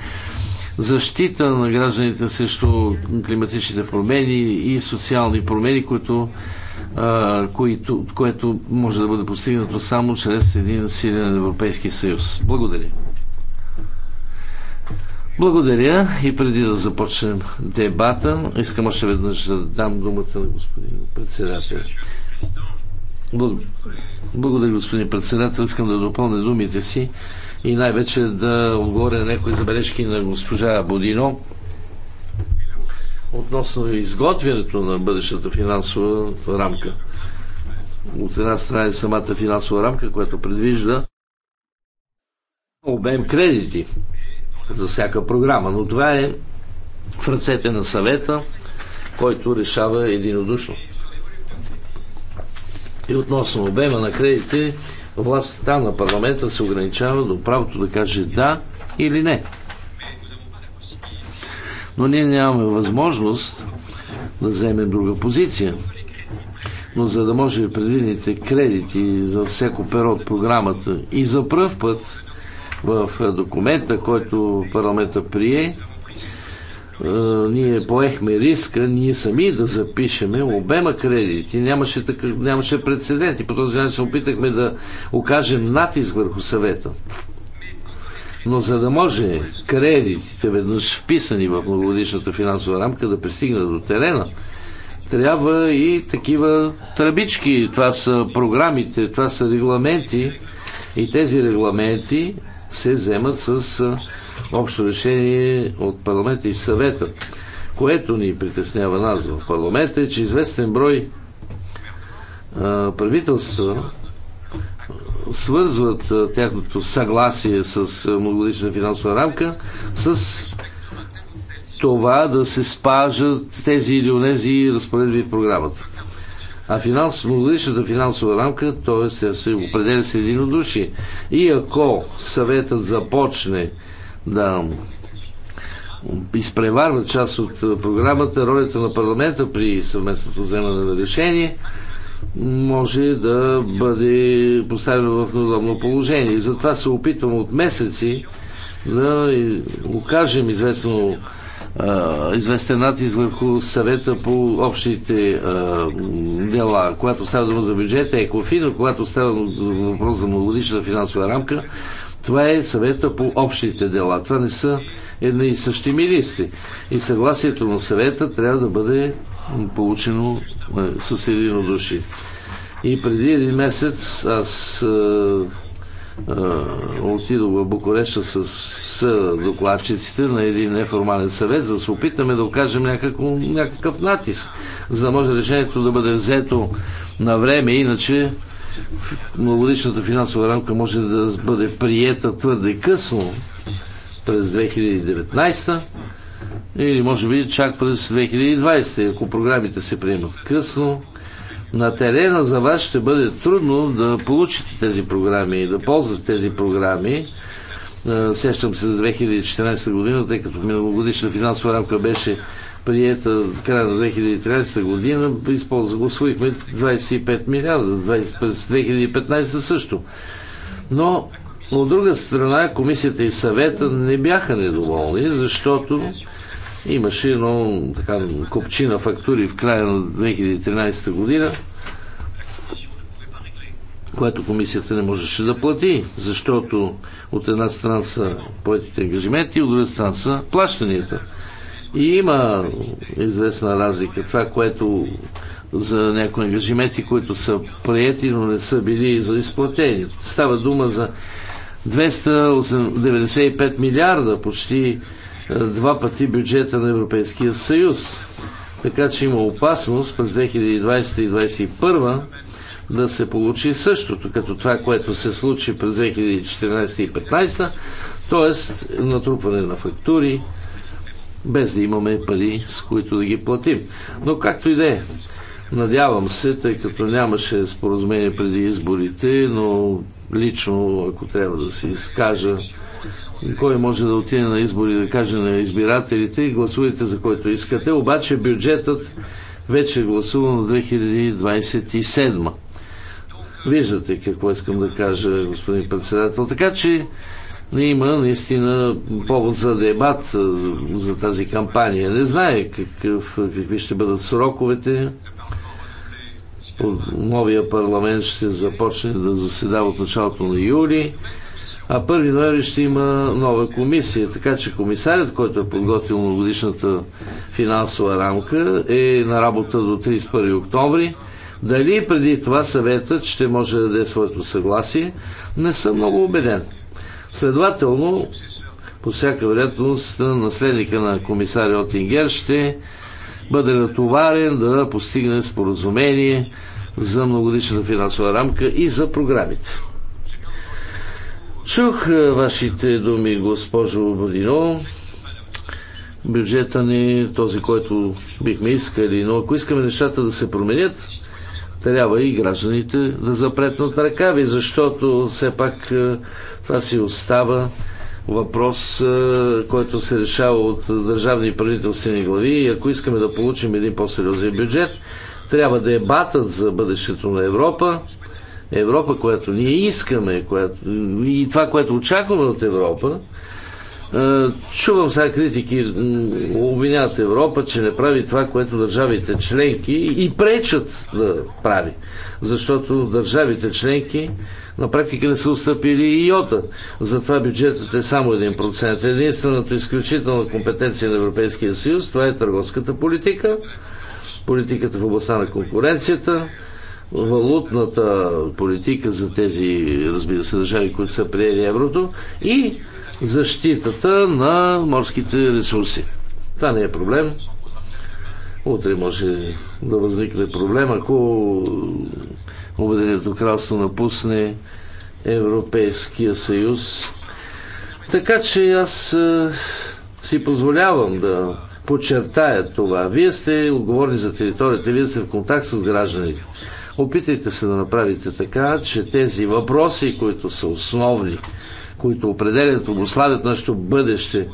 защита на гражданите срещу климатичните промени и социални промени, които които, което може да бъде постигнато само чрез един силен Европейски съюз. Благодаря. Благодаря и преди да започнем дебата, искам още веднъж да дам думата на господин председател. Благодаря, господин председател. Искам да допълня думите си и най-вече да отговоря на някои забележки на госпожа Бодино относно изготвянето на бъдещата финансова рамка. От една страна е самата финансова рамка, която предвижда обем кредити за всяка програма. Но това е в ръцете на съвета, който решава единодушно. И относно обема на кредите, властта на парламента се ограничава до правото да каже да или не. Но ние нямаме възможност да вземем друга позиция. Но за да може предвидените кредити за всяко перо от програмата и за пръв път в документа, който парламента прие, ние поехме риска ние сами да запишеме обема кредити. Нямаше, такъв, нямаше прецедент и по този начин се опитахме да окажем натиск върху съвета. Но за да може кредитите, веднъж вписани в многогодишната финансова рамка, да пристигнат до терена, трябва и такива тръбички. Това са програмите, това са регламенти. И тези регламенти се вземат с общо решение от парламента и съвета. Което ни притеснява нас в парламента е, че известен брой правителства свързват тяхното съгласие с многогодишна финансова рамка с това да се спажат тези или онези разпоредби в програмата а финансово многодишната финансова рамка, т.е. се определя с единодушие. И ако съветът започне да изпреварва част от програмата, ролята на парламента при съвместното вземане на решение може да бъде поставена в неудобно положение. И затова се опитвам от месеци да окажем известно известен натиск върху съвета по общите а, дела. Когато става дума за бюджета, екофина, когато става въпрос за многогодишна финансова рамка, това е съвета по общите дела. Това не са едни и същи милисти. И съгласието на съвета трябва да бъде получено а, е, с единодушие. И преди един месец аз а, е, е, отидох в Букуреща с, с докладчиците на един неформален съвет, за да се опитаме да окажем някакъв, някакъв натиск, за да може решението да бъде взето на време, иначе многодишната финансова рамка може да бъде приета твърде късно през 2019 или може би чак през 2020, ако програмите се приемат късно на терена за вас ще бъде трудно да получите тези програми и да ползвате тези програми. Е, сещам се за 2014 година, тъй като миналогодишна финансова рамка беше приета в края на 2013 година, използвах, освоихме 25 милиарда, 20, през 2015 също. Но от друга страна, комисията и съвета не бяха недоволни, защото Имаше едно така, копчина фактури в края на 2013 година, което комисията не можеше да плати, защото от една страна са поетите ангажименти, от друга страна са плащанията. И има известна разлика. Това, което за някои ангажименти, които са приети, но не са били за изплатени. Става дума за 295 милиарда, почти е, два пъти бюджета на Европейския съюз. Така че има опасност през 2020 и 2021 да се получи същото, като това, което се случи през 2014 и 2015, т.е. натрупване на фактури, без да имаме пари, с които да ги платим. Но както и да е, надявам се, тъй като нямаше споразумение преди изборите, но лично, ако трябва да се изкажа, кой може да отиде на избори да каже на избирателите и гласувайте за който искате. Обаче бюджетът вече е гласуван в 2027. Виждате какво искам да кажа, господин председател. Така че не има наистина повод за дебат за, за тази кампания. Не знае какъв, какви ще бъдат сроковете. Новия парламент ще започне да заседава от началото на юли а 1 ноември ще има нова комисия. Така че комисарят, който е подготвил многогодишната финансова рамка, е на работа до 31 октомври. Дали преди това съветът ще може да даде своето съгласие, не съм много убеден. Следователно, по всяка вероятност, наследника на комисаря Отингер ще бъде натоварен да постигне споразумение за многодишната финансова рамка и за програмите. Чух е, вашите думи, госпожо Бодино. Бюджета ни е този, който бихме искали, но ако искаме нещата да се променят, трябва и гражданите да запретнат ръкави, защото все пак е, това си остава въпрос, е, който се решава от държавни правителствени глави и ако искаме да получим един по-сериозен бюджет, трябва дебатът за бъдещето на Европа Европа, която ние искаме която, и това, което очакваме от Европа, е, чувам сега критики, обвиняват Европа, че не прави това, което държавите членки и пречат да прави. Защото държавите членки на практика не са отстъпили и йота. Затова бюджетът е само 1%. Единственото изключителна компетенция на Европейския съюз, това е търговската политика, политиката в областта на конкуренцията, валутната политика за тези, разбира се, държави, които са приели еврото и защитата на морските ресурси. Това не е проблем. Утре може да възникне проблем, ако Обединеното кралство напусне Европейския съюз. Така че аз е, си позволявам да подчертая това. Вие сте отговорни за територията, вие сте в контакт с гражданите. Опитайте се да направите така, че тези въпроси, които са основни, които определят, обославят нашето бъдеще,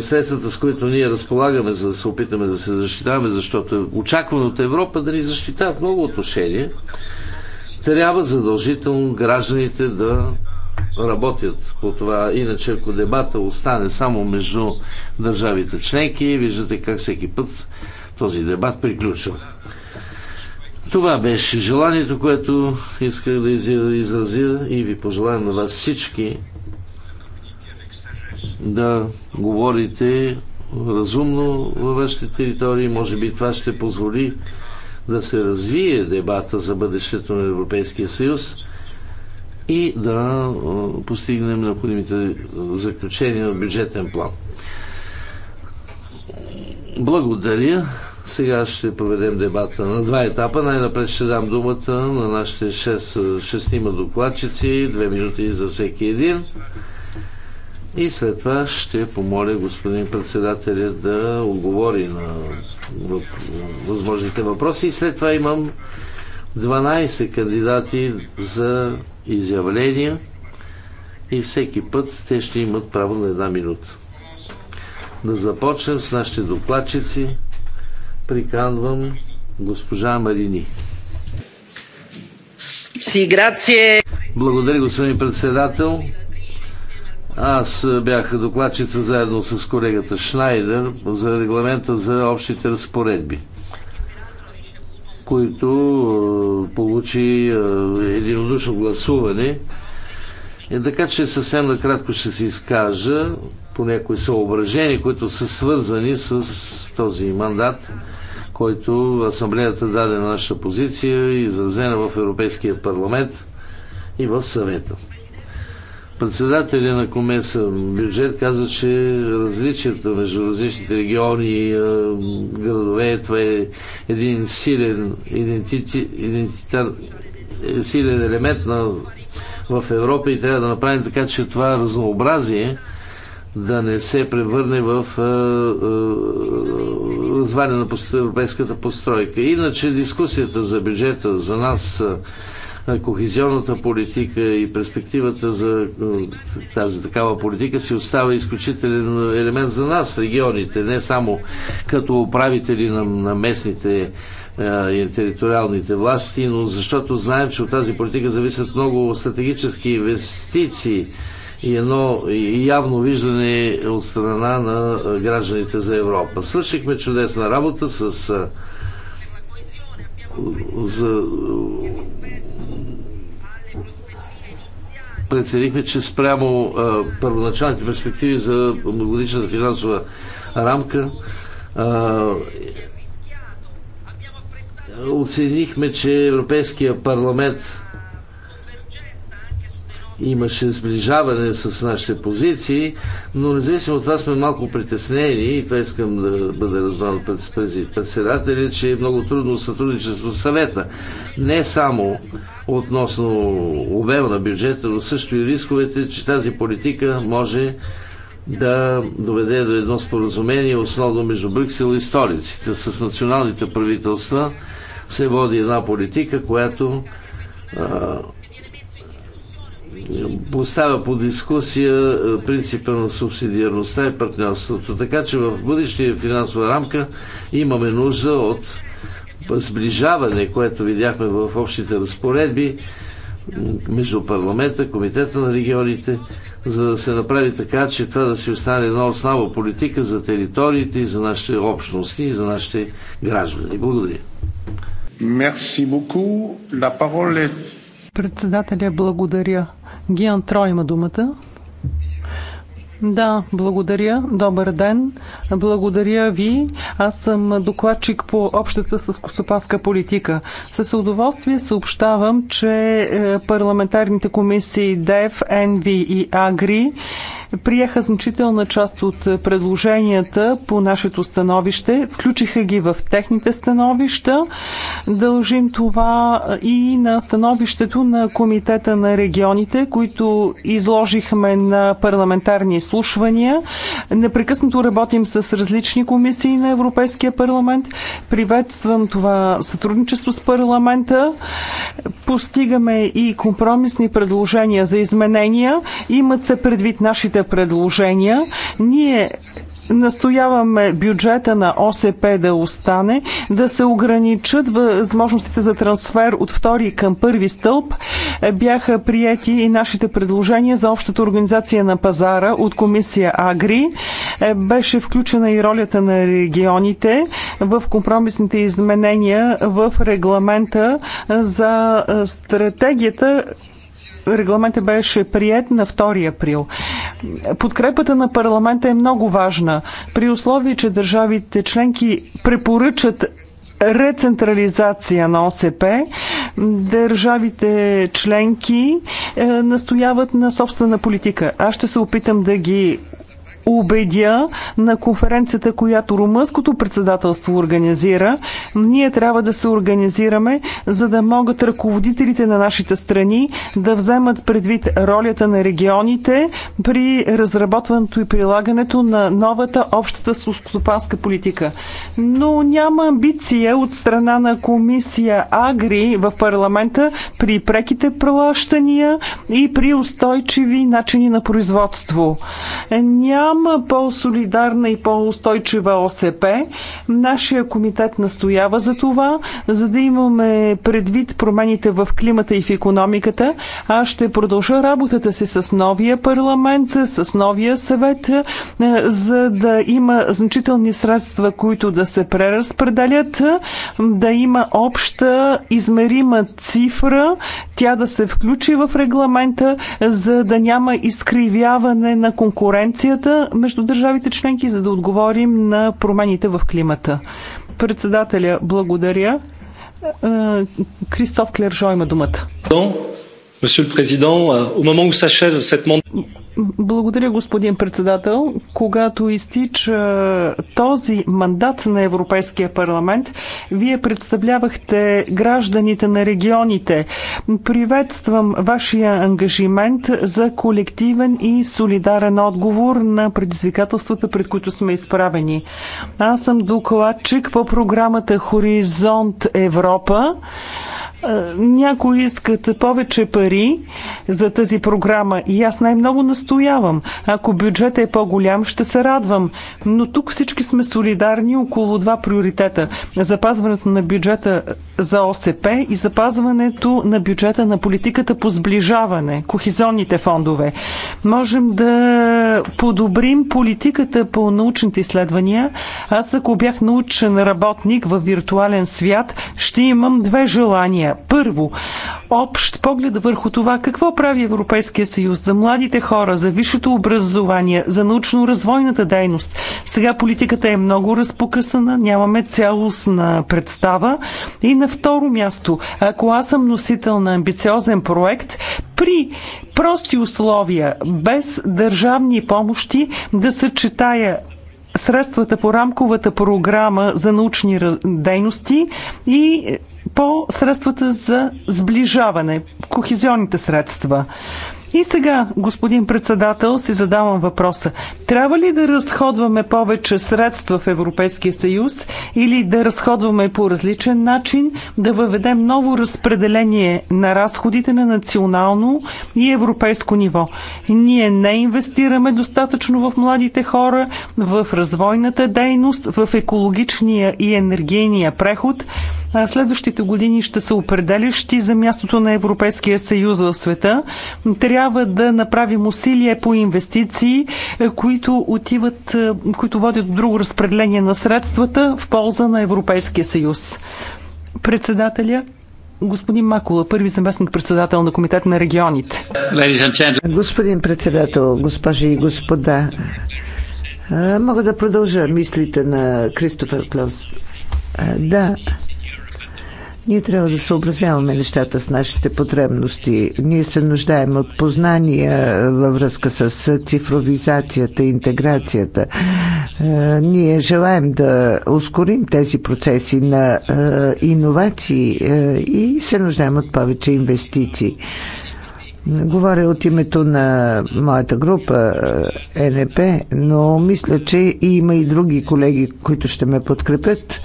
средствата, с които ние разполагаме, за да се опитаме да се защитаваме, защото е очакваме от Европа да ни защитава в много отношения, трябва задължително гражданите да работят по това. Иначе, ако дебата остане само между държавите членки, виждате как всеки път този дебат приключва. Това беше желанието, което исках да изразя и ви пожелавам на вас всички да говорите разумно във вашите територии. Може би това ще позволи да се развие дебата за бъдещето на Европейския съюз и да постигнем необходимите заключения в бюджетен план. Благодаря. Сега ще проведем дебата на два етапа. Най-напред ще дам думата на нашите шест, шестима докладчици, две минути за всеки един. И след това ще помоля господин председателя да отговори на възможните въпроси. И след това имам 12 кандидати за изявления и всеки път те ще имат право на една минута. Да започнем с нашите докладчици. Приканвам госпожа Марини. Си, грация! Благодаря, господин председател. Аз бях докладчица заедно с колегата Шнайдер за регламента за общите разпоредби, които е, получи е, единодушно гласуване. Е, така че съвсем накратко ще се изкажа по някои съображения, които са свързани с този мандат който асамблеята даде на нашата позиция, и изразена в Европейския парламент и в съвета. Председателя на Комеса бюджет каза, че различията между различните региони, и градове, това е един силен, идентити, идентитар, силен елемент на, в Европа и трябва да направим така, че това разнообразие да не се превърне в е, е, звание на европейската постройка. Иначе дискусията за бюджета за нас е, кохезионната политика и перспективата за тази такава политика си остава изключителен елемент за нас, регионите, не само като управители на, на местните и териториалните власти, но защото знаем, че от тази политика зависят много стратегически инвестиции и едно явно виждане от страна на гражданите за Европа. Свършихме чудесна работа с за преценихме, че спрямо а, първоначалните перспективи за многогодишната финансова рамка а, оценихме, че Европейския парламент имаше сближаване с нашите позиции, но независимо от това сме малко притеснени и това искам да бъде разбрано пред председателя, че е много трудно сътрудничество с съвета. Не само относно обема на бюджета, но също и рисковете, че тази политика може да доведе до едно споразумение, основно между Брюксел и столиците. С националните правителства се води една политика, която поставя по дискусия е, принципа на субсидиарността и партньорството. Така че в бъдещия финансова рамка имаме нужда от сближаване, което видяхме в общите разпоредби между парламента, комитета на регионите, за да се направи така, че това да си остане една основа политика за териториите и за нашите общности и за нашите граждани. Благодаря. Мерси Председателя, благодаря. Гиан Тро има думата. Да, благодаря. Добър ден. Благодаря ви. Аз съм докладчик по общата костопаска политика. С удоволствие съобщавам, че е, парламентарните комисии ДЕВ, ЕНВИ и АГРИ приеха значителна част от предложенията по нашето становище, включиха ги в техните становища. Дължим това и на становището на Комитета на регионите, които изложихме на парламентарни изслушвания. Непрекъснато работим с различни комисии на Европейския парламент. Приветствам това сътрудничество с парламента. Постигаме и компромисни предложения за изменения. Имат се предвид нашите нашите предложения. Ние Настояваме бюджета на ОСП да остане, да се ограничат възможностите за трансфер от втори към първи стълб. Бяха прияти и нашите предложения за общата организация на пазара от комисия Агри. Беше включена и ролята на регионите в компромисните изменения в регламента за стратегията регламентът беше прият на 2 април. Подкрепата на парламента е много важна. При условие, че държавите членки препоръчат рецентрализация на ОСП, държавите членки е, настояват на собствена политика. Аз ще се опитам да ги убедя на конференцията, която румънското председателство организира. Ние трябва да се организираме, за да могат ръководителите на нашите страни да вземат предвид ролята на регионите при разработването и прилагането на новата общата сустопанска политика. Но няма амбиция от страна на комисия Агри в парламента при преките плащания и при устойчиви начини на производство. Няма към по-солидарна и по-устойчива ОСП. Нашия комитет настоява за това, за да имаме предвид промените в климата и в економиката. Аз ще продължа работата си с новия парламент, с новия съвет, е, за да има значителни средства, които да се преразпределят, е, да има обща измерима цифра, тя да се включи в регламента, за да няма изкривяване на конкуренцията, между държавите членки, за да отговорим на промените в климата. Председателя, благодаря. Е, Кристоф Клержо има думата. Monsieur le Président, au moment où s'achève cette mandat... Благодаря, господин председател. Когато изтича този мандат на Европейския парламент, вие представлявахте гражданите на регионите. Приветствам вашия ангажимент за колективен и солидарен отговор на предизвикателствата, пред които сме изправени. Аз съм докладчик по програмата Хоризонт Европа. Е, някои искат повече пари за тази програма и аз най-много настоявам. Ако бюджетът е по-голям, ще се радвам. Но тук всички сме солидарни около два приоритета. Запазването на бюджета за ОСП и запазването на бюджета на политиката по сближаване, кохизонните фондове. Можем да подобрим политиката по научните изследвания. Аз ако бях научен работник в виртуален свят, ще имам две желания нея. Първо, общ поглед върху това какво прави Европейския съюз за младите хора, за висшето образование, за научно-развойната дейност. Сега политиката е много разпокъсана, нямаме цялостна представа. И на второ място, ако аз съм носител на амбициозен проект, при прости условия, без държавни помощи, да съчетая средствата по рамковата програма за научни дейности и по средствата за сближаване, кохезионните средства. И сега, господин председател, си задавам въпроса. Трябва ли да разходваме повече средства в Европейския съюз или да разходваме по различен начин, да въведем ново разпределение на разходите на национално и европейско ниво? Ние не инвестираме достатъчно в младите хора, в развойната дейност, в екологичния и енергийния преход а следващите години ще са определящи за мястото на Европейския съюз в света. Трябва трябва да направим усилие по инвестиции, е, които отиват, е, които водят до друго разпределение на средствата в полза на Европейския съюз. Председателя Господин Макула, първи заместник председател на Комитет на регионите. Господин председател, госпожи и господа, е, мога да продължа мислите на Кристофер Клос. Да, ние трябва да съобразяваме нещата с нашите потребности. Ние се нуждаем от познания е, във връзка с е, цифровизацията и интеграцията. Е, ние желаем да ускорим тези процеси на иновации и се нуждаем от повече инвестиции. Говоря от името на моята група НП, но мисля, че има и други колеги, които ще ме подкрепят.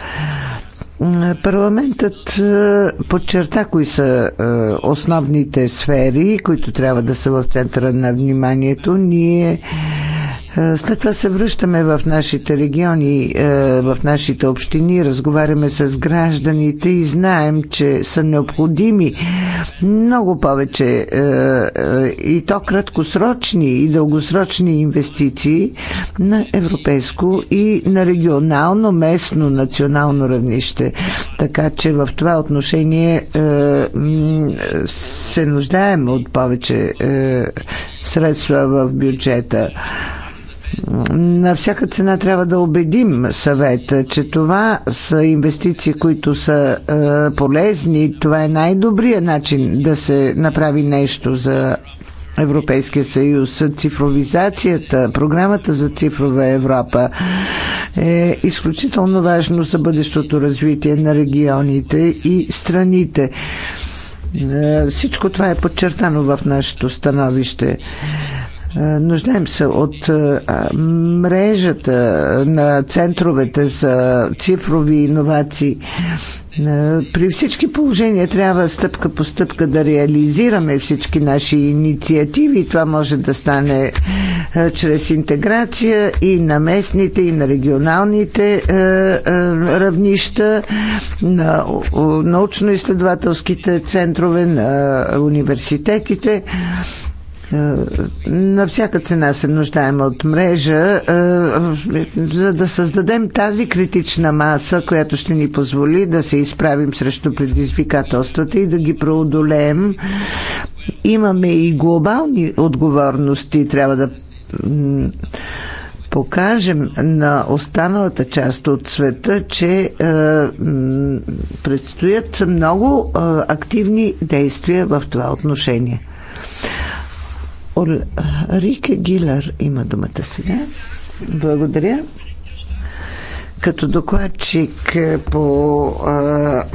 Парламентът е, подчерта кои са е, основните сфери, които трябва да са в центъра на вниманието. Ние е, след това се връщаме в нашите региони, е, в нашите общини, разговаряме с гражданите и знаем, че са необходими много повече е, и то краткосрочни и дългосрочни инвестиции на европейско и на регионално, местно, национално равнище. Така че в това отношение се нуждаем от повече средства в бюджета на всяка цена трябва да убедим съвета, че това са инвестиции, които са е, полезни. Това е най-добрият начин да се направи нещо за Европейския съюз. Цифровизацията, програмата за цифрова Европа е изключително важно за бъдещото развитие на регионите и страните. Е, всичко това е подчертано в нашето становище. Е, нуждаем се от е, мрежата на центровете за цифрови иновации. Е, при всички положения трябва стъпка по стъпка да реализираме всички наши инициативи. Това може да стане чрез интеграция и на местните, и на регионалните равнища, на научно-изследователските центрове, на университетите. На всяка цена се нуждаем от мрежа, е, за да създадем тази критична маса, която ще ни позволи да се изправим срещу предизвикателствата и да ги преодолеем. Имаме и глобални отговорности. Трябва да покажем на останалата част от света, че е, предстоят много е, активни действия в това отношение. Рике Гилер има думата сега. Благодаря. Като докладчик е, по а,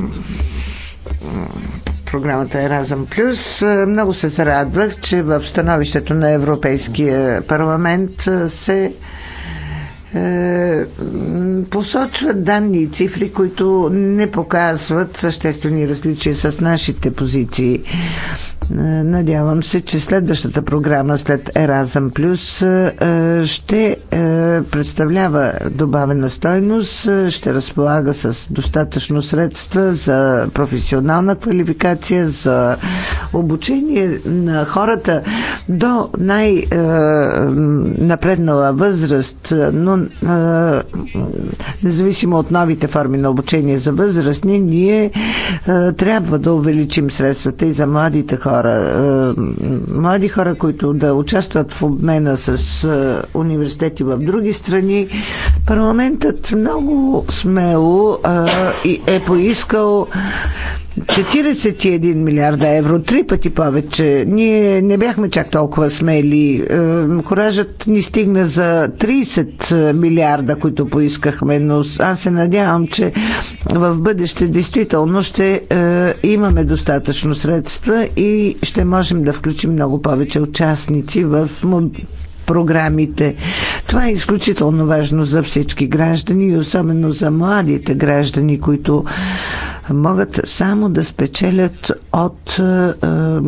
програмата Еразъм Плюс, е, много се зарадвах, че в становището на Европейския парламент е, се посочват данни и цифри, които не показват съществени различия с нашите позиции. Е, надявам се, че следващата програма след Еразъм Плюс е, е, ще представлява добавена стойност, ще разполага с достатъчно средства за професионална квалификация, за обучение на хората до най-напреднала възраст, но независимо от новите форми на обучение за възрастни, ние трябва да увеличим средствата и за младите хора хора, е, млади хора, които да участват в обмена с е, университети в други страни. Парламентът много смело е, е поискал 41 милиарда евро, три пъти повече. Ние не бяхме чак толкова смели. Е, коражът ни стигна за 30 милиарда, които поискахме, но аз се надявам, че в бъдеще действително ще е, имаме достатъчно средства и ще можем да включим много повече участници в програмите. Това е изключително важно за всички граждани и особено за младите граждани, които могат само да спечелят от е, е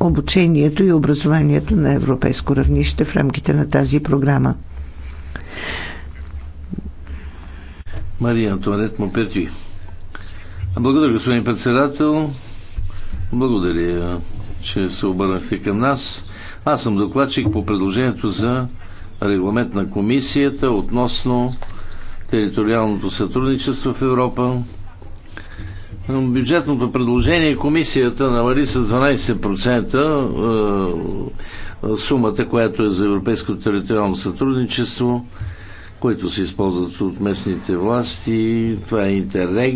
обучението и образованието на европейско равнище в рамките на тази програма. Мария Антуанет Мопертюи. Благодаря, господин председател. Благодаря, че се обърнахте към нас. Аз съм докладчик по предложението за регламент на комисията относно териториалното сътрудничество в Европа. Бюджетното предложение комисията намали с 12% е, е, сумата, която е за европейското териториално сътрудничество които се използват от местните власти. Това е интеррег,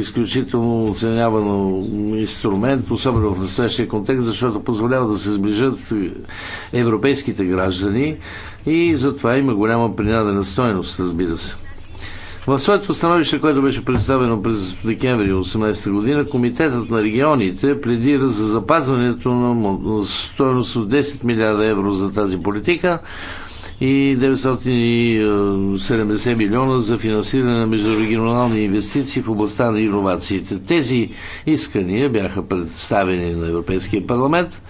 изключително оценявано инструмент, особено в настоящия контекст, защото позволява да се сближат европейските граждани и затова има голяма принадена стоеност, разбира се. В своето становище, което беше представено през декември 2018 година, Комитетът на регионите пледира за запазването на стоеност от 10 милиарда евро за тази политика, и 970 е, милиона за финансиране на междурегионални инвестиции в областта на иновациите. Тези искания бяха представени на Европейския парламент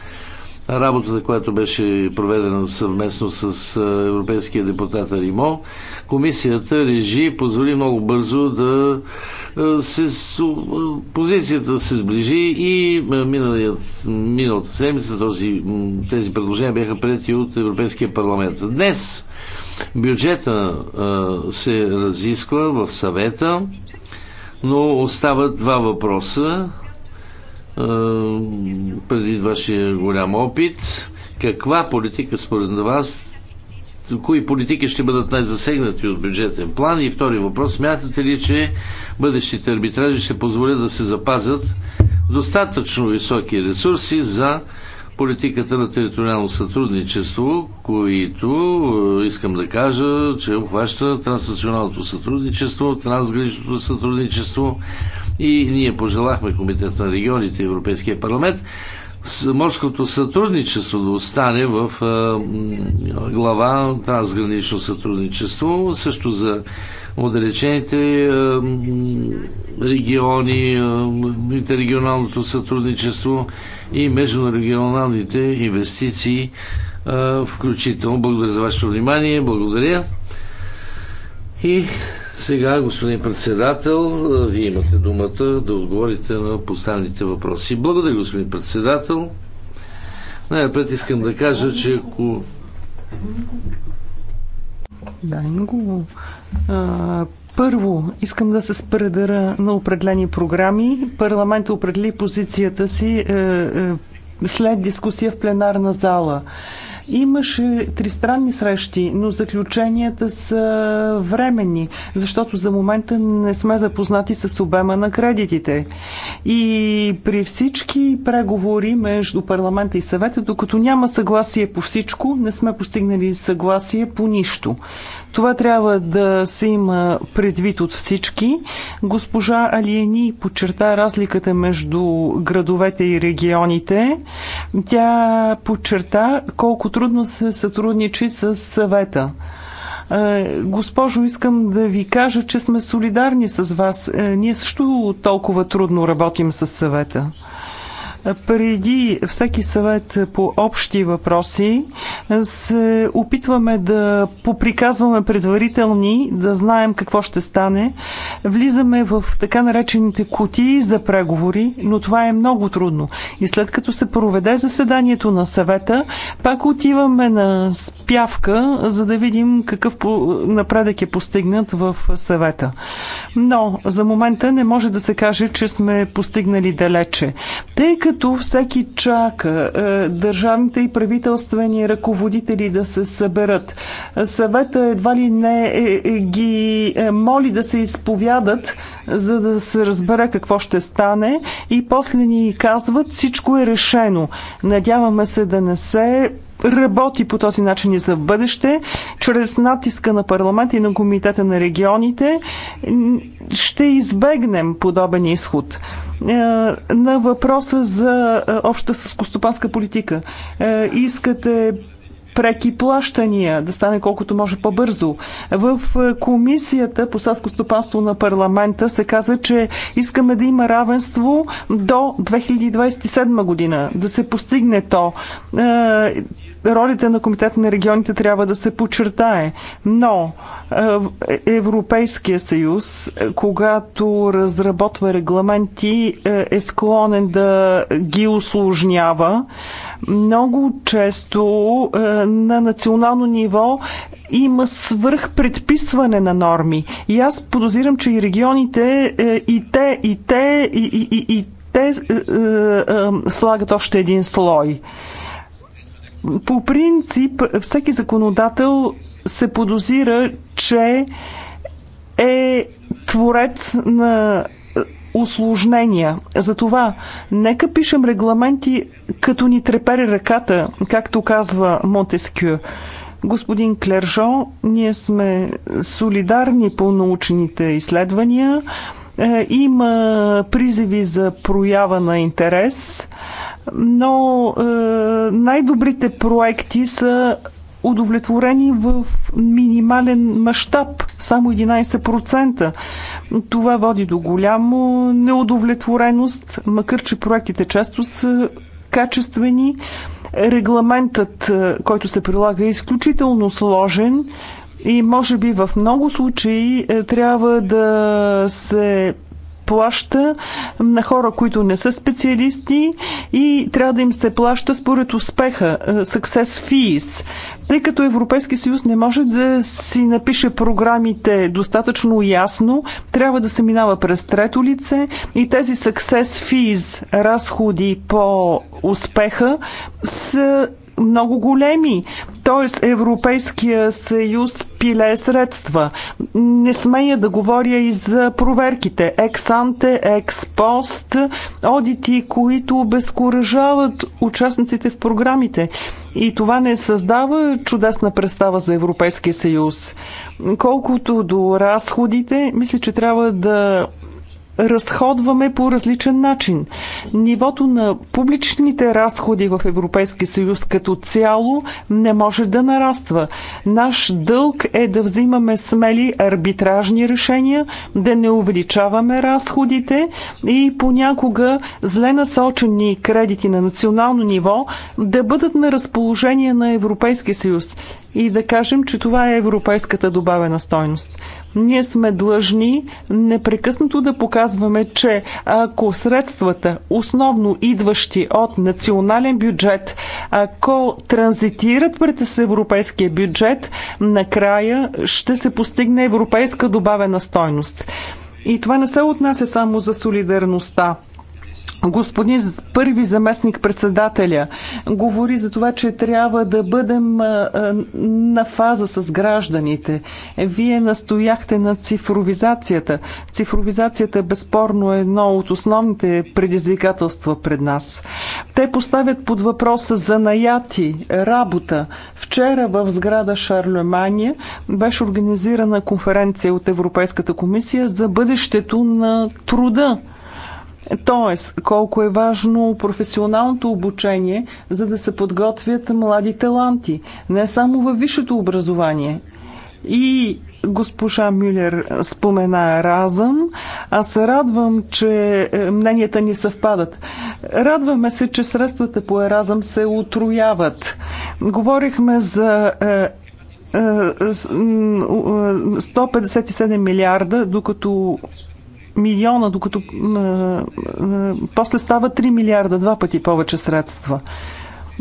работата, която беше проведена съвместно с европейския депутат Римо, комисията режи позволи много бързо да се, позицията да се сближи и миналата седмица този, тези предложения бяха прети от Европейския парламент. Днес бюджета се разисква в съвета, но остават два въпроса е, преди вашия голям опит, каква политика според вас, кои политики ще бъдат най-засегнати от бюджетен план? И втори въпрос, смятате ли, че бъдещите арбитражи ще позволят да се запазят достатъчно високи ресурси за политиката на териториално сътрудничество, които е, искам да кажа, че обхваща транснационалното сътрудничество, трансграничното сътрудничество и ние пожелахме Комитета на регионите и Европейския парламент морското сътрудничество да остане в глава трансгранично сътрудничество, също за отдалечените региони, интеррегионалното сътрудничество и междунарегионалните инвестиции, включително. Благодаря за вашето внимание. Благодаря. И сега, господин председател, вие имате думата да отговорите на поставените въпроси. Благодаря, господин председател. Най-напред искам да кажа, че ако... Да, много. първо, искам да се спредера на определени програми. Парламентът определи позицията си е, е, след дискусия в пленарна зала. Е, Имаше тристранни срещи, но заключенията са временни, защото за момента не сме запознати с обема на кредитите. И при всички преговори между парламента и съвета, докато няма съгласие по всичко, не сме постигнали съгласие по нищо. Това трябва да се има предвид от всички. Госпожа Алиени подчерта разликата между градовете и регионите. Тя подчерта колкото трудно се сътрудничи с съвета. Е, госпожо, искам да ви кажа, че сме солидарни с вас. Е, ние също толкова трудно работим с съвета. Преди всеки съвет по общи въпроси е, се опитваме да поприказваме предварителни, да знаем какво ще стане. Влизаме в така наречените кутии за преговори, но това е много трудно. И след като се проведе заседанието на съвета, пак отиваме на спявка, за да видим какъв напредък е постигнат в съвета. Но за момента не може да се каже, че сме постигнали далече. Тъй като като всеки чака е, държавните и правителствени ръководители да се съберат. Съвета едва ли не е, е, ги моли да се изповядат, за да се разбере какво ще стане и после ни казват всичко е решено. Надяваме се да не се работи по този начин и за бъдеще, чрез натиска на парламента и на комитета на регионите, ще избегнем подобен изход е, на въпроса за е, обща скостопанска политика. Е, искате преки плащания, да стане колкото може по-бързо. В комисията по садско стопанство на парламента се каза, че искаме да има равенство до 2027 година, да се постигне то. Ролите на Комитета на регионите трябва да се подчертае. Но е, Европейския съюз, когато разработва регламенти, е, е склонен да ги усложнява. Много често е, на национално ниво има свръхпредписване на норми. И аз подозирам, че и регионите, и те, и те, и, и, и, и те е, е, слагат още един слой. По принцип, всеки законодател се подозира, че е творец на усложнения. Затова нека пишем регламенти, като ни трепери ръката, както казва Монтескю. Господин Клержо, ние сме солидарни по научните изследвания. Е, има призиви за проява на интерес, но е, най-добрите проекти са удовлетворени в минимален мащаб, само 11%. Това води до голямо неудовлетвореност, макар че проектите често са качествени. Регламентът, е, който се прилага, е изключително сложен и може би в много случаи е, трябва да се плаща на хора, които не са специалисти и трябва да им се плаща според успеха, е, success fees. Тъй като Европейски съюз не може да си напише програмите достатъчно ясно, трябва да се минава през трето лице и тези success fees, разходи по успеха, са много големи. Тоест Европейския съюз пиле средства. Не смея да говоря и за проверките. Ексанте, експост, одити, които обезкуражават участниците в програмите. И това не създава чудесна представа за Европейския съюз. Колкото до разходите, мисля, че трябва да разходваме по различен начин. Нивото на публичните разходи в Европейския съюз като цяло не може да нараства. Наш дълг е да взимаме смели арбитражни решения, да не увеличаваме разходите и понякога зле насочени кредити на национално ниво да бъдат на разположение на Европейския съюз и да кажем, че това е европейската добавена стойност. Ние сме длъжни непрекъснато да показваме, че ако средствата, основно идващи от национален бюджет, ако транзитират пред европейския бюджет, накрая ще се постигне европейска добавена стойност. И това не се отнася само за солидарността господин първи заместник председателя говори за това, че трябва да бъдем на фаза с гражданите. Вие настояхте на цифровизацията. Цифровизацията безспорно е едно от основните предизвикателства пред нас. Те поставят под въпроса за наяти, работа. Вчера в сграда Шарлемания беше организирана конференция от Европейската комисия за бъдещето на труда. Тоест, колко е важно професионалното обучение, за да се подготвят млади таланти, не само във висшето образование. И госпожа Мюлер спомена разъм. Аз се радвам, че е, мненията ни съвпадат. Радваме се, че средствата по еразъм се отрояват. Говорихме за 157 е, е, милиарда, докато милиона, докато а, а, после става 3 милиарда, два пъти повече средства.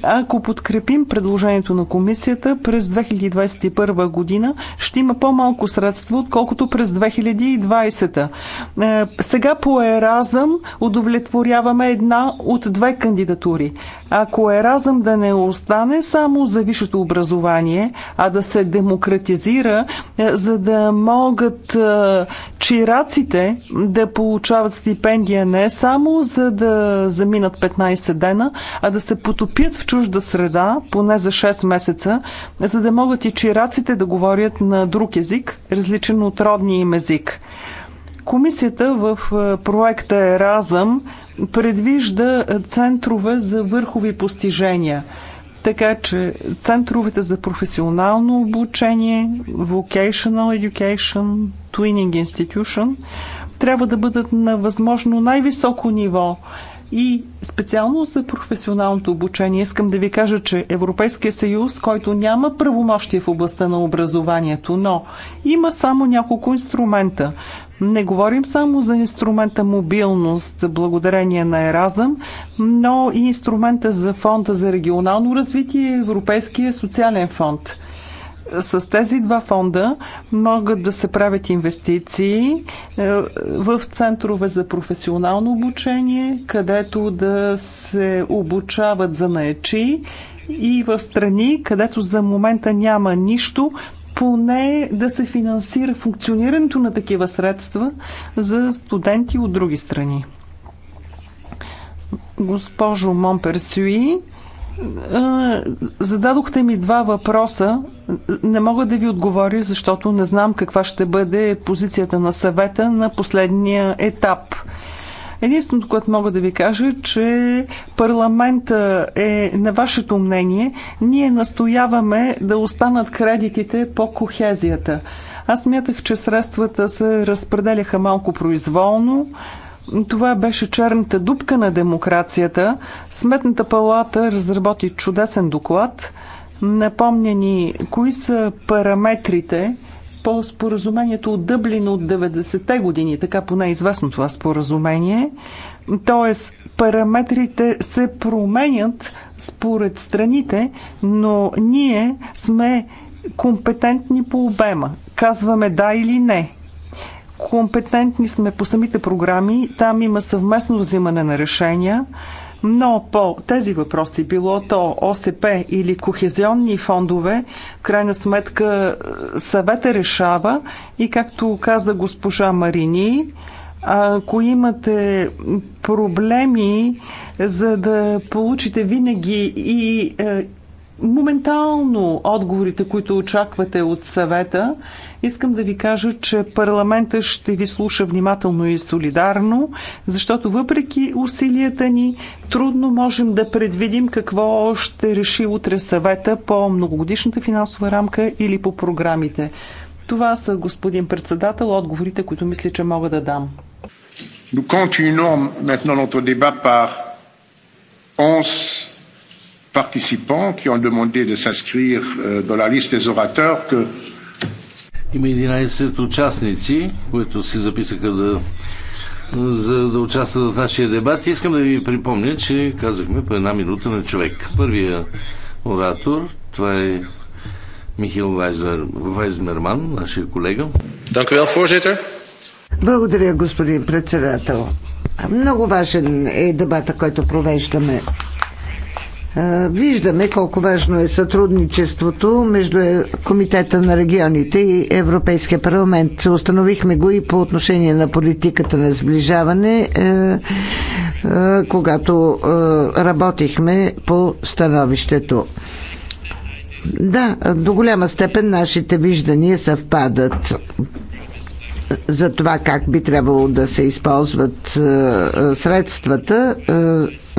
Ако подкрепим предложението на комисията, през 2021 година ще има по-малко средства, отколкото през 2020. Е, сега по Еразъм удовлетворяваме една от две кандидатури. Ако е разъм да не остане само за висшето образование, а да се демократизира, е, за да могат е, чираците да получават стипендия не само за да заминат 15 дена, а да се потопят в чужда среда поне за 6 месеца, за да могат и чираците да говорят на друг език, различен от родния им език. Комисията в е, проекта Еразъм предвижда центрове за върхови постижения. Така че центровете за професионално обучение, Vocational Education, Twinning Institution трябва да бъдат на възможно най-високо ниво. И специално за професионалното обучение искам да ви кажа, че Европейския съюз, който няма правомощие в областта на образованието, но има само няколко инструмента. Не говорим само за инструмента мобилност, благодарение на Еразъм, но и инструмента за фонда за регионално развитие Европейския социален фонд. С тези два фонда могат да се правят инвестиции е, в центрове за професионално обучение, където да се обучават за наечи и в страни, където за момента няма нищо, поне да се финансира функционирането на такива средства за студенти от други страни. Госпожо Монперсюи, зададохте ми два въпроса. Не мога да ви отговоря, защото не знам каква ще бъде позицията на съвета на последния етап – Единственото, което мога да ви кажа, че парламента е на вашето мнение. Ние настояваме да останат кредитите по кохезията. Аз мятах, че средствата се разпределяха малко произволно. Това беше черната дупка на демокрацията. Сметната палата разработи чудесен доклад. Напомня ни кои са параметрите, по споразумението от Дъблин от 90-те години, така поне е известно това споразумение. Тоест, параметрите се променят според страните, но ние сме компетентни по обема. Казваме да или не. Компетентни сме по самите програми. Там има съвместно взимане на решения. Но по тези въпроси, било то ОСП или кохезионни фондове, крайна сметка е, съвета решава и както каза госпожа Марини, ако имате проблеми, за да получите винаги и е, моментално отговорите, които очаквате от съвета. Искам да ви кажа, че парламента ще ви слуша внимателно и солидарно, защото въпреки усилията ни, трудно можем да предвидим какво ще реши утре съвета по многогодишната финансова рамка или по програмите. Това са, господин председател, отговорите, които мисля, че мога да дам. Nous continuons maintenant notre débat par 11 participants qui ont demandé de s'inscrire euh, dans la liste des orateurs que има 11 участници, които се записаха да, за да участват в нашия дебат. Искам да ви припомня, че казахме по една минута на човек. Първия оратор, това е Михил Вайзмер, Вайзмерман, нашия колега. Благодаря, господин председател. Много важен е дебата, който провеждаме Виждаме колко важно е сътрудничеството между е, Комитета на регионите и Европейския парламент. Установихме го и по отношение на политиката на сближаване, е, е, когато работихме по становището. Да, до голяма степен нашите виждания съвпадат за това как би трябвало да се използват е, е, средствата е,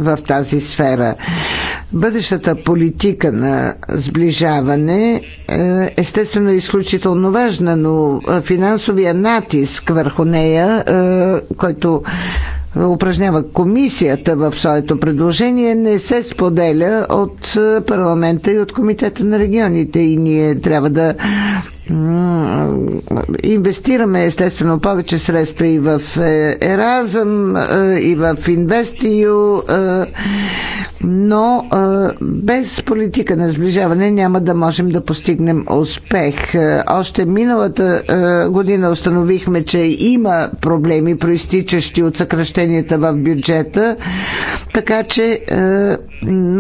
в тази сфера. Бъдещата политика на сближаване естествено е изключително важна, но финансовия натиск върху нея, който упражнява комисията в своето предложение, не се споделя от парламента и от комитета на регионите и ние трябва да инвестираме естествено повече средства и в е, Еразъм, е, и в Инвестию, е, но без политика на сближаване няма да можем да постигнем успех. Още миналата година установихме, че има проблеми, проистичащи от съкръщенията в бюджета, така че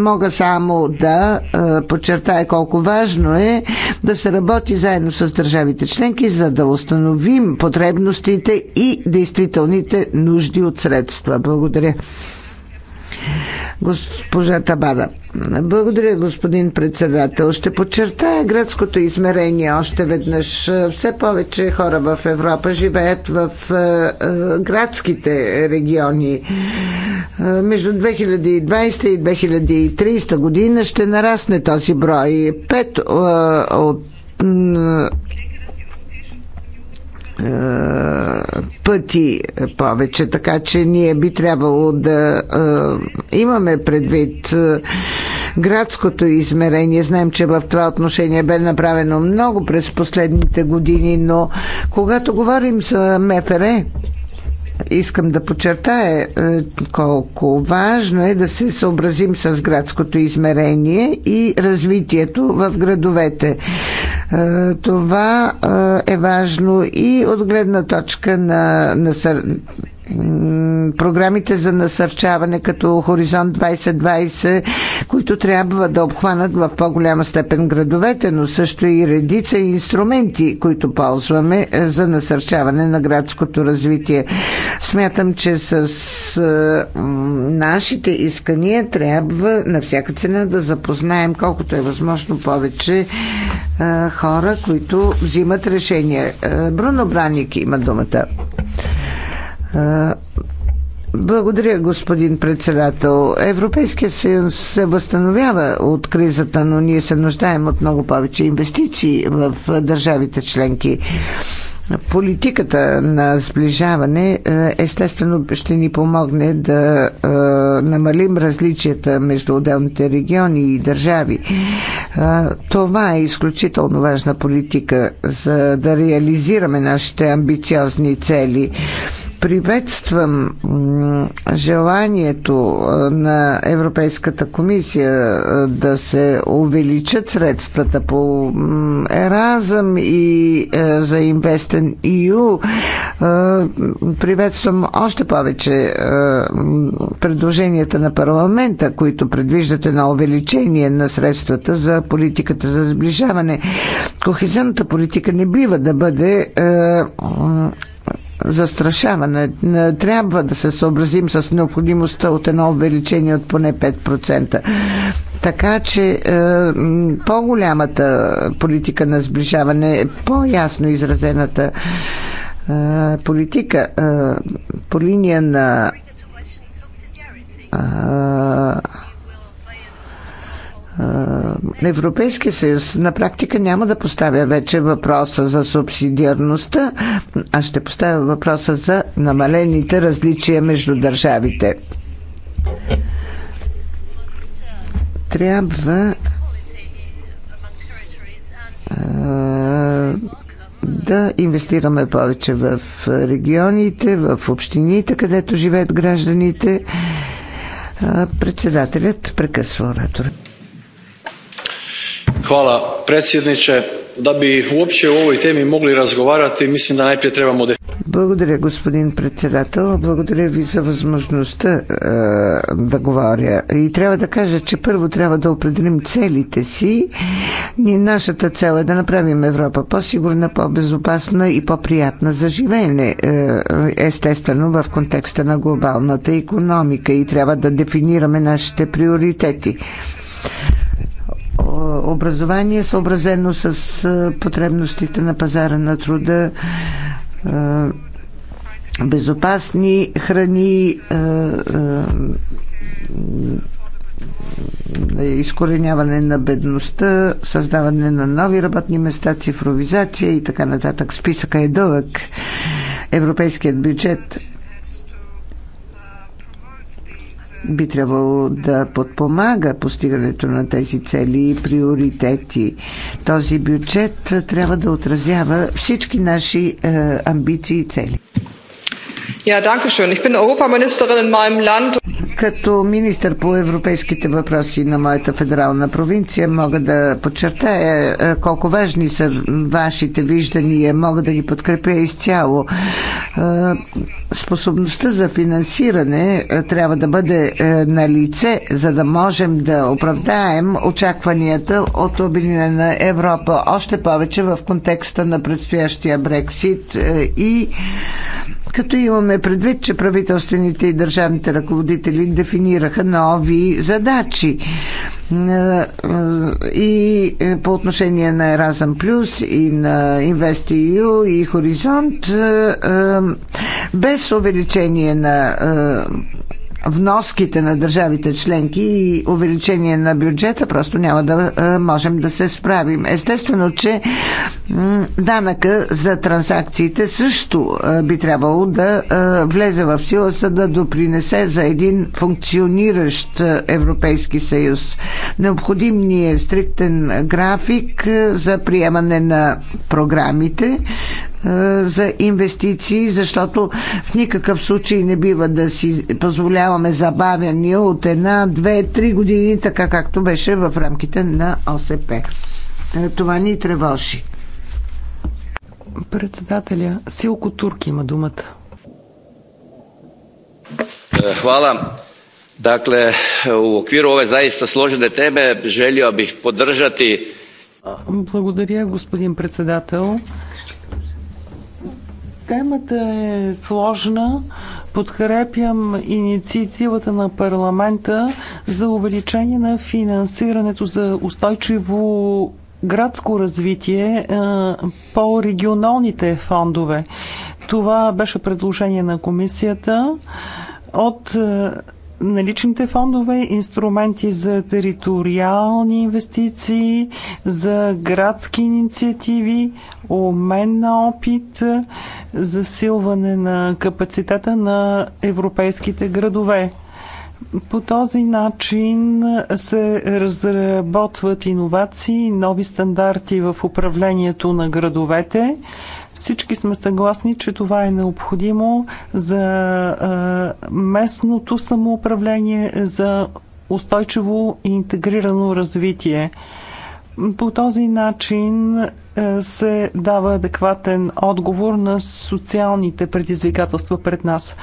Мога само да подчертая колко важно е да се работи заедно с държавите членки, за да установим потребностите и действителните нужди от средства. Благодаря. Госпожа Табада. Благодаря, господин председател. Ще подчертая градското измерение още веднъж. Все повече хора в Европа живеят в е, е, градските региони. Е, между 2020 и 2030 година ще нарасне този брой. Пет от пъти повече, така че ние би трябвало да е, имаме предвид е, градското измерение. Знаем, че в това отношение бе направено много през последните години, но когато говорим за МФР, искам да подчертая колко важно е да се съобразим с градското измерение и развитието в градовете. Е, това е, е важно и от гледна точка на, на програмите за насърчаване като Хоризонт 2020, които трябва да обхванат в по-голяма степен градовете, но също и редица инструменти, които ползваме е, за насърчаване на градското развитие. Смятам, че с е, нашите искания трябва на всяка цена да запознаем колкото е възможно повече е, хора, които взимат решения. Бруно Браник има думата. Благодаря, господин председател. Европейския съюз се възстановява от кризата, но ние се нуждаем от много повече инвестиции в държавите членки. Политиката на сближаване е, естествено ще ни помогне да е, намалим различията между отделните региони и държави. Е, това е изключително важна политика за да реализираме нашите амбициозни цели приветствам желанието на Европейската комисия да се увеличат средствата по Еразъм и за Инвестен ИУ. Приветствам още повече предложенията на парламента, които предвиждат едно увеличение на средствата за политиката за сближаване. Кохезионната политика не бива да бъде застрашаване. Трябва да се съобразим с необходимостта от едно увеличение от поне 5%. Така че е, по-голямата политика на сближаване, е по-ясно изразената е, политика е, по линия на Европейския съюз на практика няма да поставя вече въпроса за субсидиарността, а ще поставя въпроса за намалените различия между държавите. Трябва да инвестираме повече в регионите, в общините, където живеят гражданите. Председателят прекъсва оратора. Hvala predsjedniče. Da bi uopće o ovoj temi mogli razgovarati, mislim da najprije trebamo... Благодаря, господин председател. Благодаря ви за възможността е, да говоря. И трябва да кажа, че първо трябва да определим целите си. Ние, нашата цел е да направим Европа по-сигурна, по-безопасна и по-приятна за живеене. Е, естествено, в контекста на глобалната економика и трябва да дефинираме нашите приоритети образование, съобразено с потребностите на пазара на труда, безопасни храни, изкореняване на бедността, създаване на нови работни места, цифровизация и така нататък. Списъка е дълъг. Европейският бюджет би трябвало да подпомага постигането на тези цели и приоритети. Този бюджет трябва да отразява всички наши е, амбиции и цели. Като министър по европейските въпроси на моята федерална провинция мога да подчертая е, колко важни са вашите виждания, мога да ги подкрепя изцяло. Е, способността за финансиране е, трябва да бъде на лице, за да можем да оправдаем очакванията от Обединена Европа, още повече в контекста на предстоящия Брексит и като имаме предвид, че правителствените и държавните ръководители дефинираха нови задачи е, е, и е, по отношение на Erasmus Plus и на InvestEU и Хоризонт без увеличение на вноските на държавите членки и увеличение на бюджета, просто няма да е, можем да се справим. Естествено, че данъка за транзакциите също е, би трябвало да е, влезе в сила, за да допринесе за един функциониращ Европейски съюз. Необходим ни е стриктен график за приемане на програмите, за инвестиции, защото в никакъв случай не бива да си позволява нямаме забавяния от една, две, три години, така както беше в рамките на ОСП. Е, това ни тревожи. Председателя Силко Турки има думата. Е, хвала. Dakle, u okviru ove zaista složene teme želio bih podržati... Благодаря, господин председател. Темата е сложна. Подкрепям инициативата на парламента за увеличение на финансирането за устойчиво градско развитие е, по регионалните фондове. Това беше предложение на комисията от е, наличните фондове, инструменти за териториални инвестиции, за градски инициативи, обмен на опит, засилване на капацитета на европейските градове. По този начин се разработват иновации, нови стандарти в управлението на градовете. Всички сме съгласни, че това е необходимо за местното самоуправление, за устойчиво и интегрирано развитие. По този начин е, се дава адекватен отговор на социалните предизвикателства пред нас.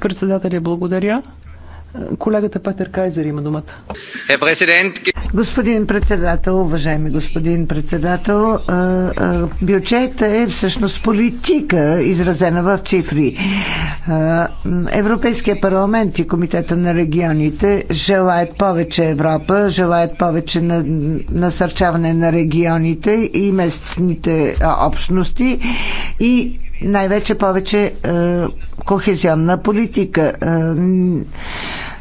Председателя, благодаря. Колегата Петър Кайзер има думата. Е, господин председател, уважаеми господин председател, бюджета е всъщност политика, изразена в цифри. Европейския парламент и Комитета на регионите желаят повече Европа, желаят повече насърчаване на регионите и местните общности и най-вече повече е, кохезионна политика. Е,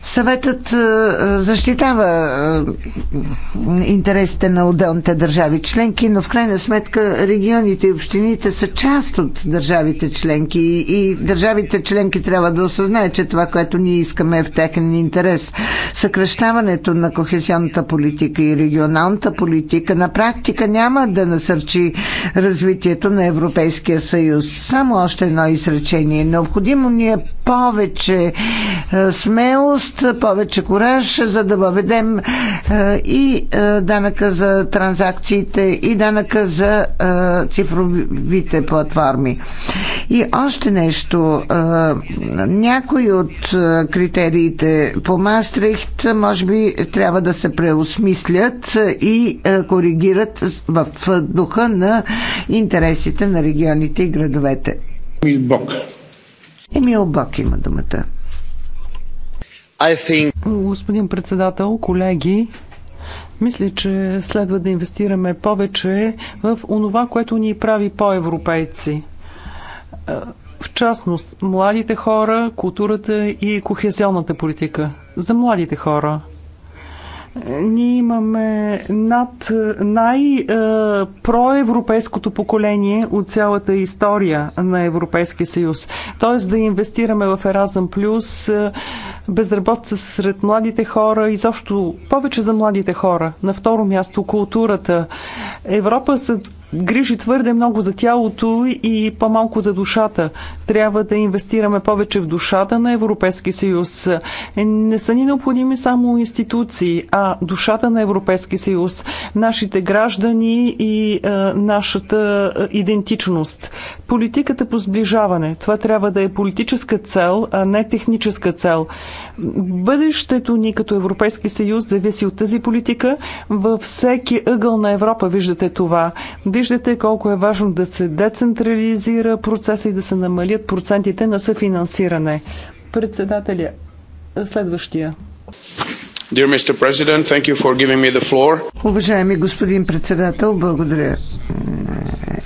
Съветът е, е, защитава е, интересите на отделните държави членки, но в крайна сметка регионите и общините са част от държавите членки и държавите членки трябва да осъзнаят, че това, което ние искаме е в техен интерес. Съкръщаването на кохесионната политика и регионалната политика на практика няма да насърчи развитието на Европейския съюз. Само още едно изречение. Необходимо ни е повече смелост смелост, повече кораж, за да въведем е, и е, данъка за транзакциите, и данъка за е, цифровите платформи. И още нещо. Някои от критериите по Мастрихт може би трябва да се преосмислят и коригират в духа на интересите на регионите и градовете. Емил Бок. Емил Бок има думата think... Господин председател, колеги, мисля, че следва да инвестираме повече в онова, което ни прави по-европейци. Е, в частност, младите хора, културата и кохезионната политика. За младите хора – ние имаме над най-проевропейското е, поколение от цялата история на Европейския съюз. Тоест да инвестираме в Еразъм Плюс, е, безработица сред младите хора, изобщо повече за младите хора. На второ място културата. Европа са грижи твърде много за тялото и по-малко за душата. Трябва да инвестираме повече в душата на Европейски съюз. Не са ни необходими само институции, а душата на Европейски съюз, нашите граждани и е, нашата е, идентичност. Политиката по сближаване. Това трябва да е политическа цел, а не техническа цел. Бъдещето ни като Европейски съюз зависи от тази политика. Във всеки ъгъл на Европа виждате това. Виждате колко е важно да се децентрализира процеса и да се намалят процентите на съфинансиране. Председателя, следващия. Уважаеми господин председател, благодаря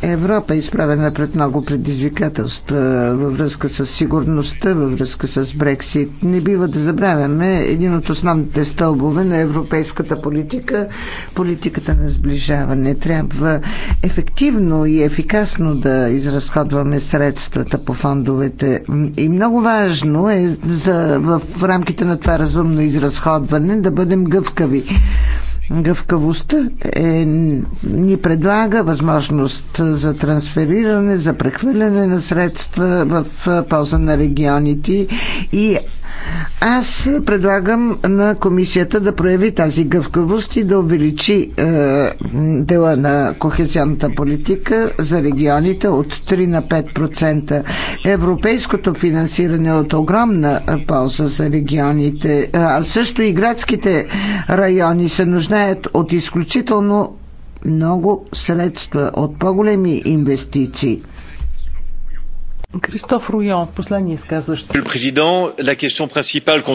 Европа е изправена пред много предизвикателства във връзка с сигурността, във връзка с Брексит. Не бива да забравяме един от основните стълбове на европейската политика, политиката на сближаване. Трябва ефективно и ефикасно да изразходваме средствата по фондовете. И много важно е за, в рамките на това разумно изразходване да бъдем гъвкави Гъвкавостта е, ни предлага възможност за трансфериране, за прехвърляне на средства в полза на регионите и аз предлагам на комисията да прояви тази гъвкавост и да увеличи е, дела на кохезионната политика за регионите от 3 на 5%. Европейското финансиране е от огромна полза за регионите, е, а също и градските райони се нуждаят от изключително много средства, от по-големи инвестиции. Кристоф Руйон, последния изказващ.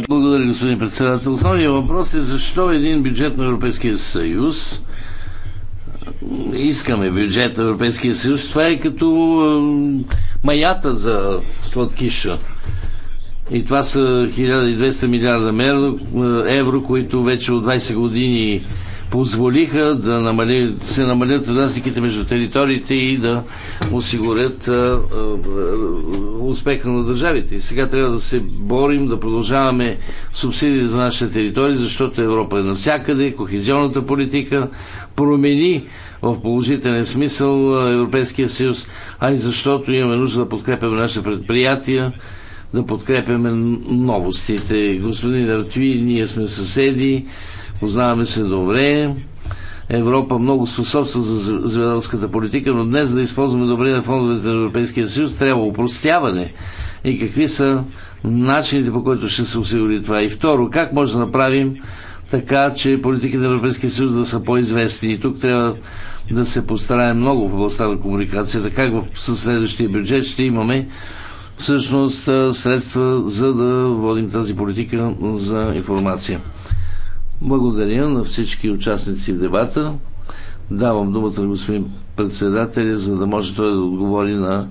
Благодаря, господин председател. Основният въпрос е защо един бюджет на Европейския съюз искаме бюджет на Европейския съюз. Това е като е, маята за сладкиша. И това са 1200 милиарда е, евро, които вече от 20 години позволиха да намали, се намалят разликите между териториите и да осигурят а, а, успеха на държавите. И сега трябва да се борим, да продължаваме субсидии за нашите територии, защото Европа е навсякъде, кохезионната политика промени в положителен смисъл Европейския съюз, а и защото имаме нужда да подкрепяме нашите предприятия, да подкрепяме новостите. Господин Артуи, ние сме съседи, Познаваме се добре. Европа много способства за земеделската политика, но днес да използваме добре на фондовете на Европейския съюз трябва упростяване. И какви са начините по които ще се осигури това? И второ, как може да направим така, че политиките на Европейския съюз да са по-известни? И тук трябва да се постараем много в областта на комуникацията, как в следващия бюджет ще имаме всъщност средства за да водим тази политика за информация. Благодаря на всички участници в дебата. Давам думата на господин председателя, за да може той да отговори на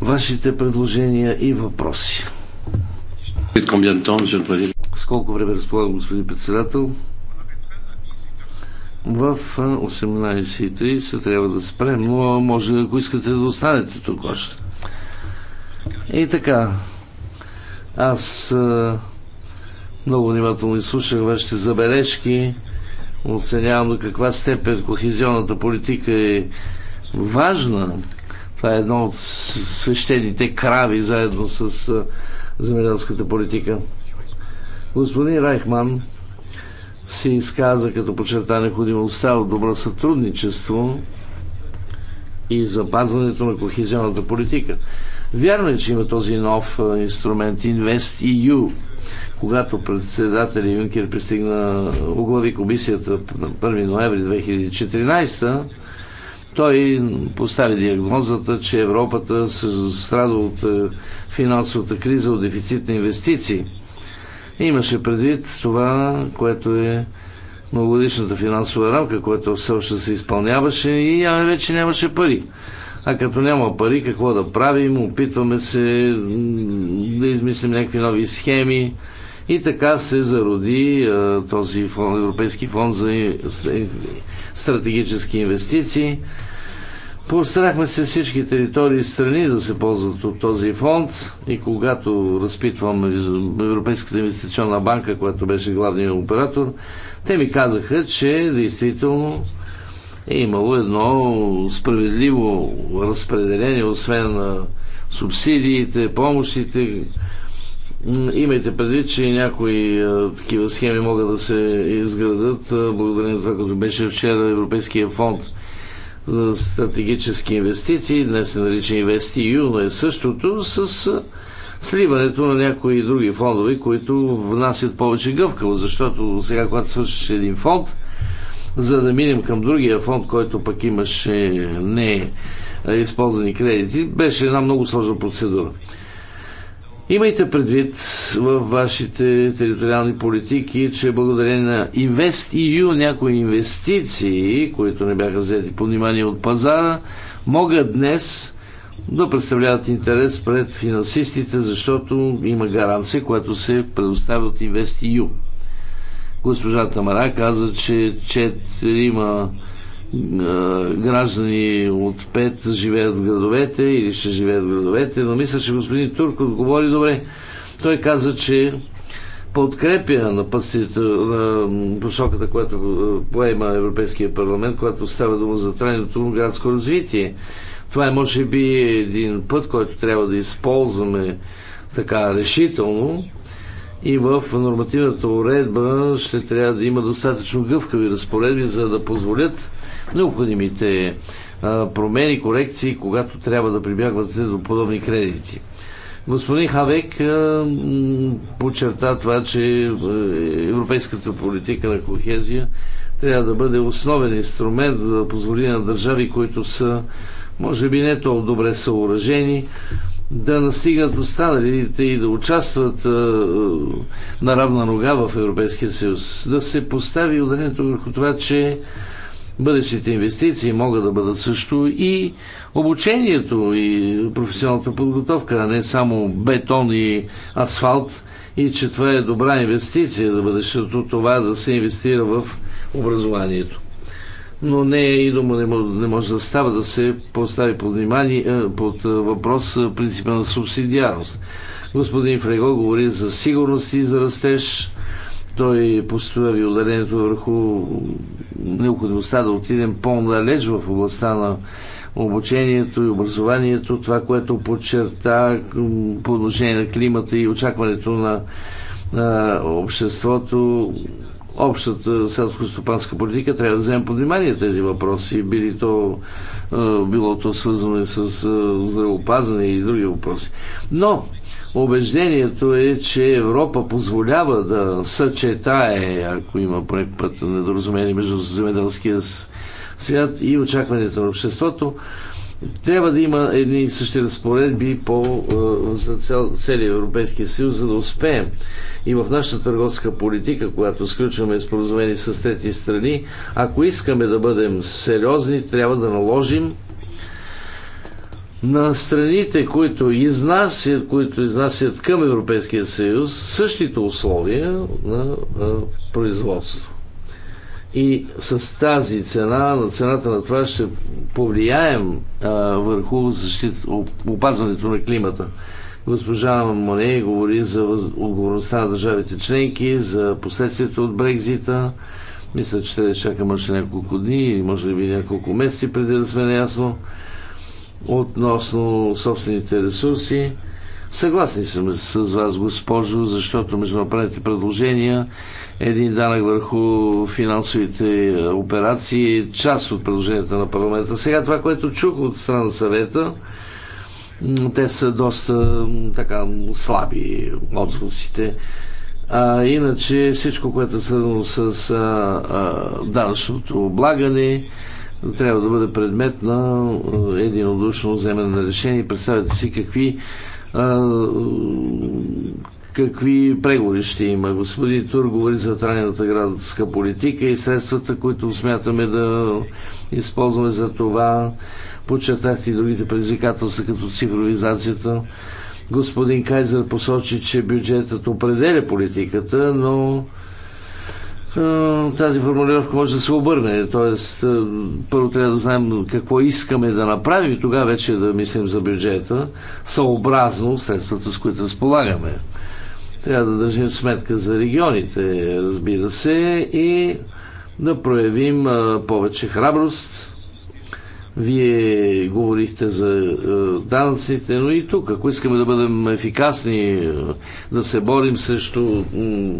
вашите предложения и въпроси. С колко време разполагам, господин председател? В 18.30 трябва да спрем, но може, ако искате, да останете тук още. И така, аз много внимателно изслушах вашите забележки. Оценявам до каква степен кохезионната политика е важна. Това е едно от свещените крави заедно с земеделската политика. Господин Райхман се изказа като почерта необходимостта от добро сътрудничество и запазването на кохезионната политика. Вярно е, че има този нов инструмент InvestEU, когато председател Юнкер пристигна, оглави комисията на 1 ноември 2014 той постави диагнозата, че Европата се страда от е, финансовата криза, от дефицит на инвестиции. И имаше предвид това, което е многогодишната финансова рамка, която все още се изпълняваше и вече нямаше пари. А като няма пари, какво да правим? Опитваме се да измислим някакви нови схеми. И така се зароди а, този фонд, Европейски фонд за стратегически инвестиции. Постарахме се всички територии и страни да се ползват от този фонд и когато разпитвам Европейската инвестиционна банка, която беше главният оператор, те ми казаха, че действително е имало едно справедливо разпределение, освен на субсидиите, помощите. Имайте предвид, че някои такива схеми могат да се изградат благодарение на това, като беше вчера Европейския фонд за стратегически инвестиции, днес се нарича InvestEU, но е същото с сливането на някои други фондове, които внасят повече гъвкаво, защото сега, когато свършиш един фонд, за да минем към другия фонд, който пък имаше не използвани кредити, беше една много сложна процедура. Имайте предвид в вашите териториални политики, че благодарение на InvestEU някои инвестиции, които не бяха взети по внимание от пазара, могат днес да представляват интерес пред финансистите, защото има гаранция, която се предоставя от InvestEU. Госпожа Тамара каза, че четирима граждани от пет живеят в градовете или ще живеят в градовете, но мисля, че господин Турк отговори добре. Той каза, че подкрепя на пъстите, на посоката, която поема Европейския парламент, която става дума за трайното градско развитие. Това е, може би, един път, който трябва да използваме така решително, и в нормативната уредба ще трябва да има достатъчно гъвкави разпоредби, за да позволят необходимите промени, корекции, когато трябва да прибягвате до подобни кредити. Господин Хавек подчерта това, че е, европейската политика на кохезия трябва да бъде основен инструмент за да позволи на държави, които са може би не толкова добре съоръжени, да настигнат останалите и да участват а, на равна нога в Европейския съюз. Да се постави ударението върху това, че бъдещите инвестиции могат да бъдат също и обучението и професионалната подготовка, а не само бетон и асфалт и че това е добра инвестиция за бъдещето, това да се инвестира в образованието но не е и дума не може, не може да става да се постави под, внимание, е, под е, въпрос е, принципа на субсидиарност. Господин Фрего говори за сигурност и за растеж. Той постави ударението върху необходимостта да отидем по-далеч в областта на обучението и образованието, това, което подчерта по отношение на климата и очакването на, на обществото общата селско-стопанска политика трябва да вземе под внимание тези въпроси. Били то, е, било то свързано и с е, здравеопазване и други въпроси. Но убеждението е, че Европа позволява да съчетае, ако има поне път недоразумение между земеделския свят и очакванията на обществото, трябва да има едни и същи разпоредби по, е, за цял, целия Европейския съюз, за да успеем. И в нашата търговска политика, която сключваме споразумени с трети страни, ако искаме да бъдем сериозни, трябва да наложим на страните, които изнасят, които изнасят към Европейския съюз, същите условия на е, производство. И с тази цена, на цената на това ще повлияем а, върху защит, опазването на климата. Госпожа Моне говори за въз... отговорността на държавите членки, за последствията от Брекзита. Мисля, че те чакам чакаме още няколко дни или може би няколко месеци преди да сме наясно относно собствените ресурси. Съгласни съм с вас, госпожо, защото между предложения един данък върху финансовите е, операции, част от предложенията на парламента. Сега това, което чух от страна на съвета, те са доста така слаби отзвуците. А, иначе всичко, което е свързано с а, а, данъчното облагане, трябва да бъде предмет на единодушно вземане на решение. Представете си какви а, какви преговори ще има. Господин Тур говори за трайната градска политика и средствата, които смятаме да използваме за това. Подчертахте и другите предизвикателства, като цифровизацията. Господин Кайзер посочи, че бюджетът определя политиката, но тази формулировка може да се обърне. Тоест, първо трябва да знаем какво искаме да направим и тогава вече да мислим за бюджета, съобразно средствата, с които разполагаме. Трябва да държим сметка за регионите, разбира се, и да проявим повече храброст. Вие говорихте за данъците, но и тук, ако искаме да бъдем ефикасни, да се борим срещу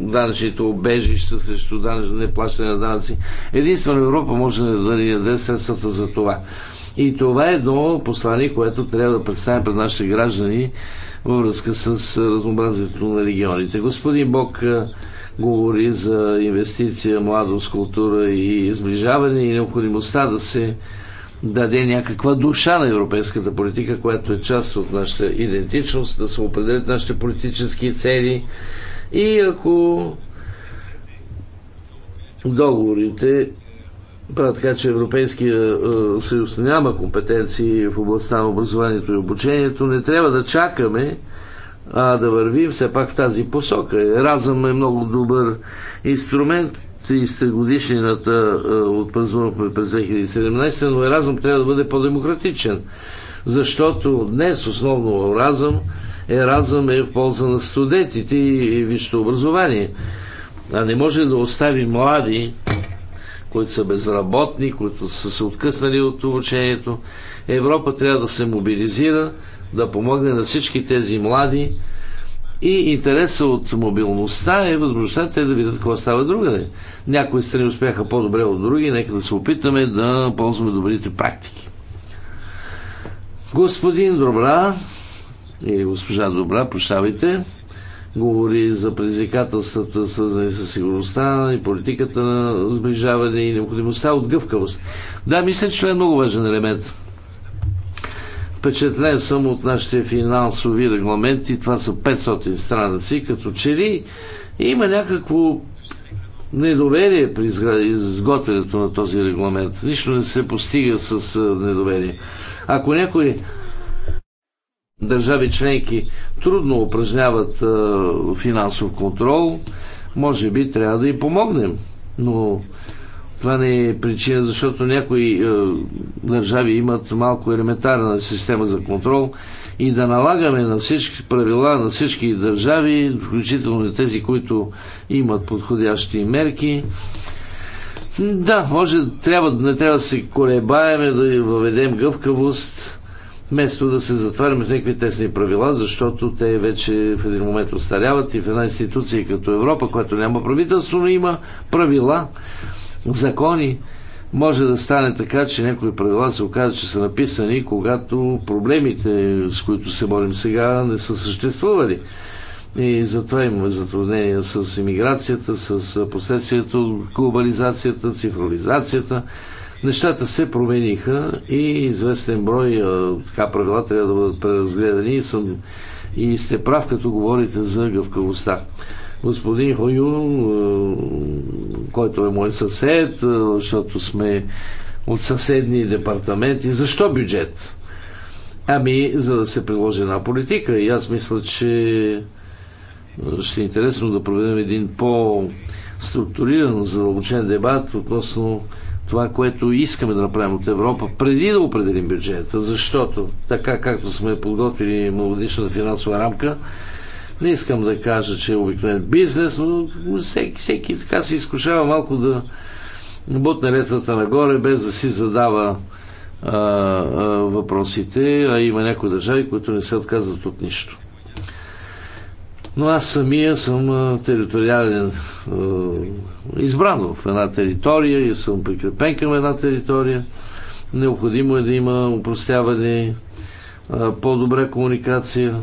данъчните обежища, срещу данъчни неплащане на данъци, единствено Европа може да ни даде средствата за това. И това е едно послание, което трябва да представим пред нашите граждани във връзка с разнообразието на регионите. Господин Бог говори за инвестиция, младост, култура и сближаване и необходимостта да се даде някаква душа на европейската политика, която е част от нашата идентичност, да се определят нашите политически цели. И ако договорите правят така, че Европейския е, съюз няма компетенции в областта на образованието и обучението. Не трябва да чакаме а да вървим все пак в тази посока. Е, разъм е много добър инструмент. 30 годишнината е, отпразнувахме през 2017, но Еразъм трябва да бъде по-демократичен. Защото днес основно Еразъм, Еразъм е в полза на студентите и висшето образование. А не може да остави млади които са безработни, които са се откъснали от обучението. Европа трябва да се мобилизира, да помогне на всички тези млади и интереса от мобилността е възможността те да видят какво става другаде. Някои страни успяха по-добре от други, нека да се опитаме да ползваме добрите практики. Господин Добра, или госпожа Добра, прощавайте, говори за предизвикателствата, свързани с сигурността и политиката на сближаване и необходимостта от гъвкавост. Да, мисля, че това е много важен елемент. Впечатлен съм от нашите финансови регламенти. Това са 500 страници, като че ли има някакво недоверие при изготвянето на този регламент. Нищо не се постига с недоверие. Ако някой държави членки трудно упражняват е, финансов контрол, може би трябва да им помогнем. Но това не е причина, защото някои е, държави имат малко елементарна система за контрол и да налагаме на всички правила, на всички държави, включително и тези, които имат подходящи мерки. Да, може, трябва, не трябва да се колебаеме, да въведем гъвкавост, вместо да се затваряме в някакви тесни правила, защото те вече в един момент остаряват и в една институция като Европа, която няма правителство, но има правила, закони. Може да стане така, че някои правила се окажат, че са написани, когато проблемите, с които се борим сега, не са съществували. И затова имаме затруднения с иммиграцията, с последствията от глобализацията, цифровизацията. Нещата се промениха и известен брой така правила трябва да бъдат преразгледани и, съм, и сте прав, като говорите за гъвкавостта господин Хою, който е мой съсед, защото сме от съседни департаменти. Защо бюджет? Ами, за да се приложи една политика. И аз мисля, че ще е интересно да проведем един по-структуриран, задълбочен дебат относно това, което искаме да направим от Европа, преди да определим бюджета, защото така както сме подготвили многодишната финансова рамка, не искам да кажа, че е обикновен бизнес, но всеки, всеки така се изкушава малко да бутне летвата нагоре, без да си задава а, а, въпросите, а има някои държави, които не се отказват от нищо. Но аз самия съм териториален, избран в една територия и съм прикрепен към една територия. Необходимо е да има упростяване, по-добра комуникация.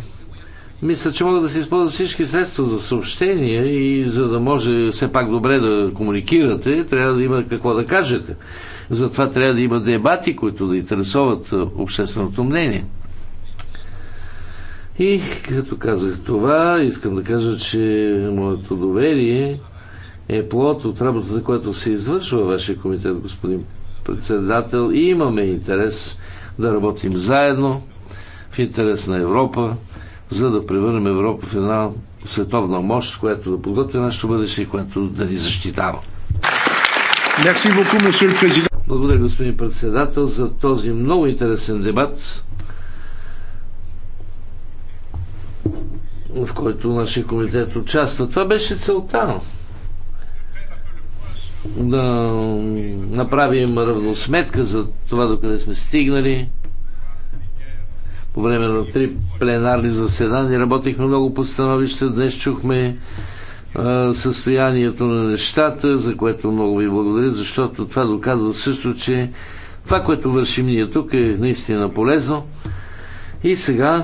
Мисля, че могат да се използват всички средства за съобщения и за да може все пак добре да комуникирате, трябва да има какво да кажете. Затова трябва да има дебати, които да интересуват общественото мнение. И като казах това, искам да кажа, че моето доверие е плод от работата, която се извършва във вашия комитет, господин председател. И имаме интерес да работим заедно в интерес на Европа, за да превърнем Европа в една световна мощ, която да подготвя нашето бъдеще и която да ни защитава. Благодаря, господин председател, за този много интересен дебат. в който нашия комитет участва. Това беше целта. Да направим равносметка за това, докъде сме стигнали. По време на три пленарни заседания работихме много по становища. Днес чухме състоянието на нещата, за което много ви благодаря, защото това доказва също, че това, което вършим ние тук е наистина полезно. И сега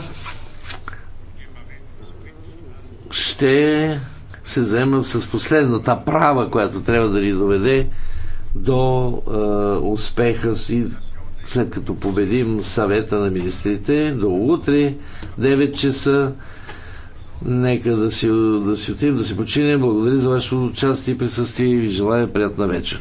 ще се заема с последната права, която трябва да ни доведе до е, успеха си, след като победим съвета на министрите, до утре, 9 часа. Нека да си, да си отидем, да си починем. Благодаря за вашето участие и присъствие и ви желая приятна вечер.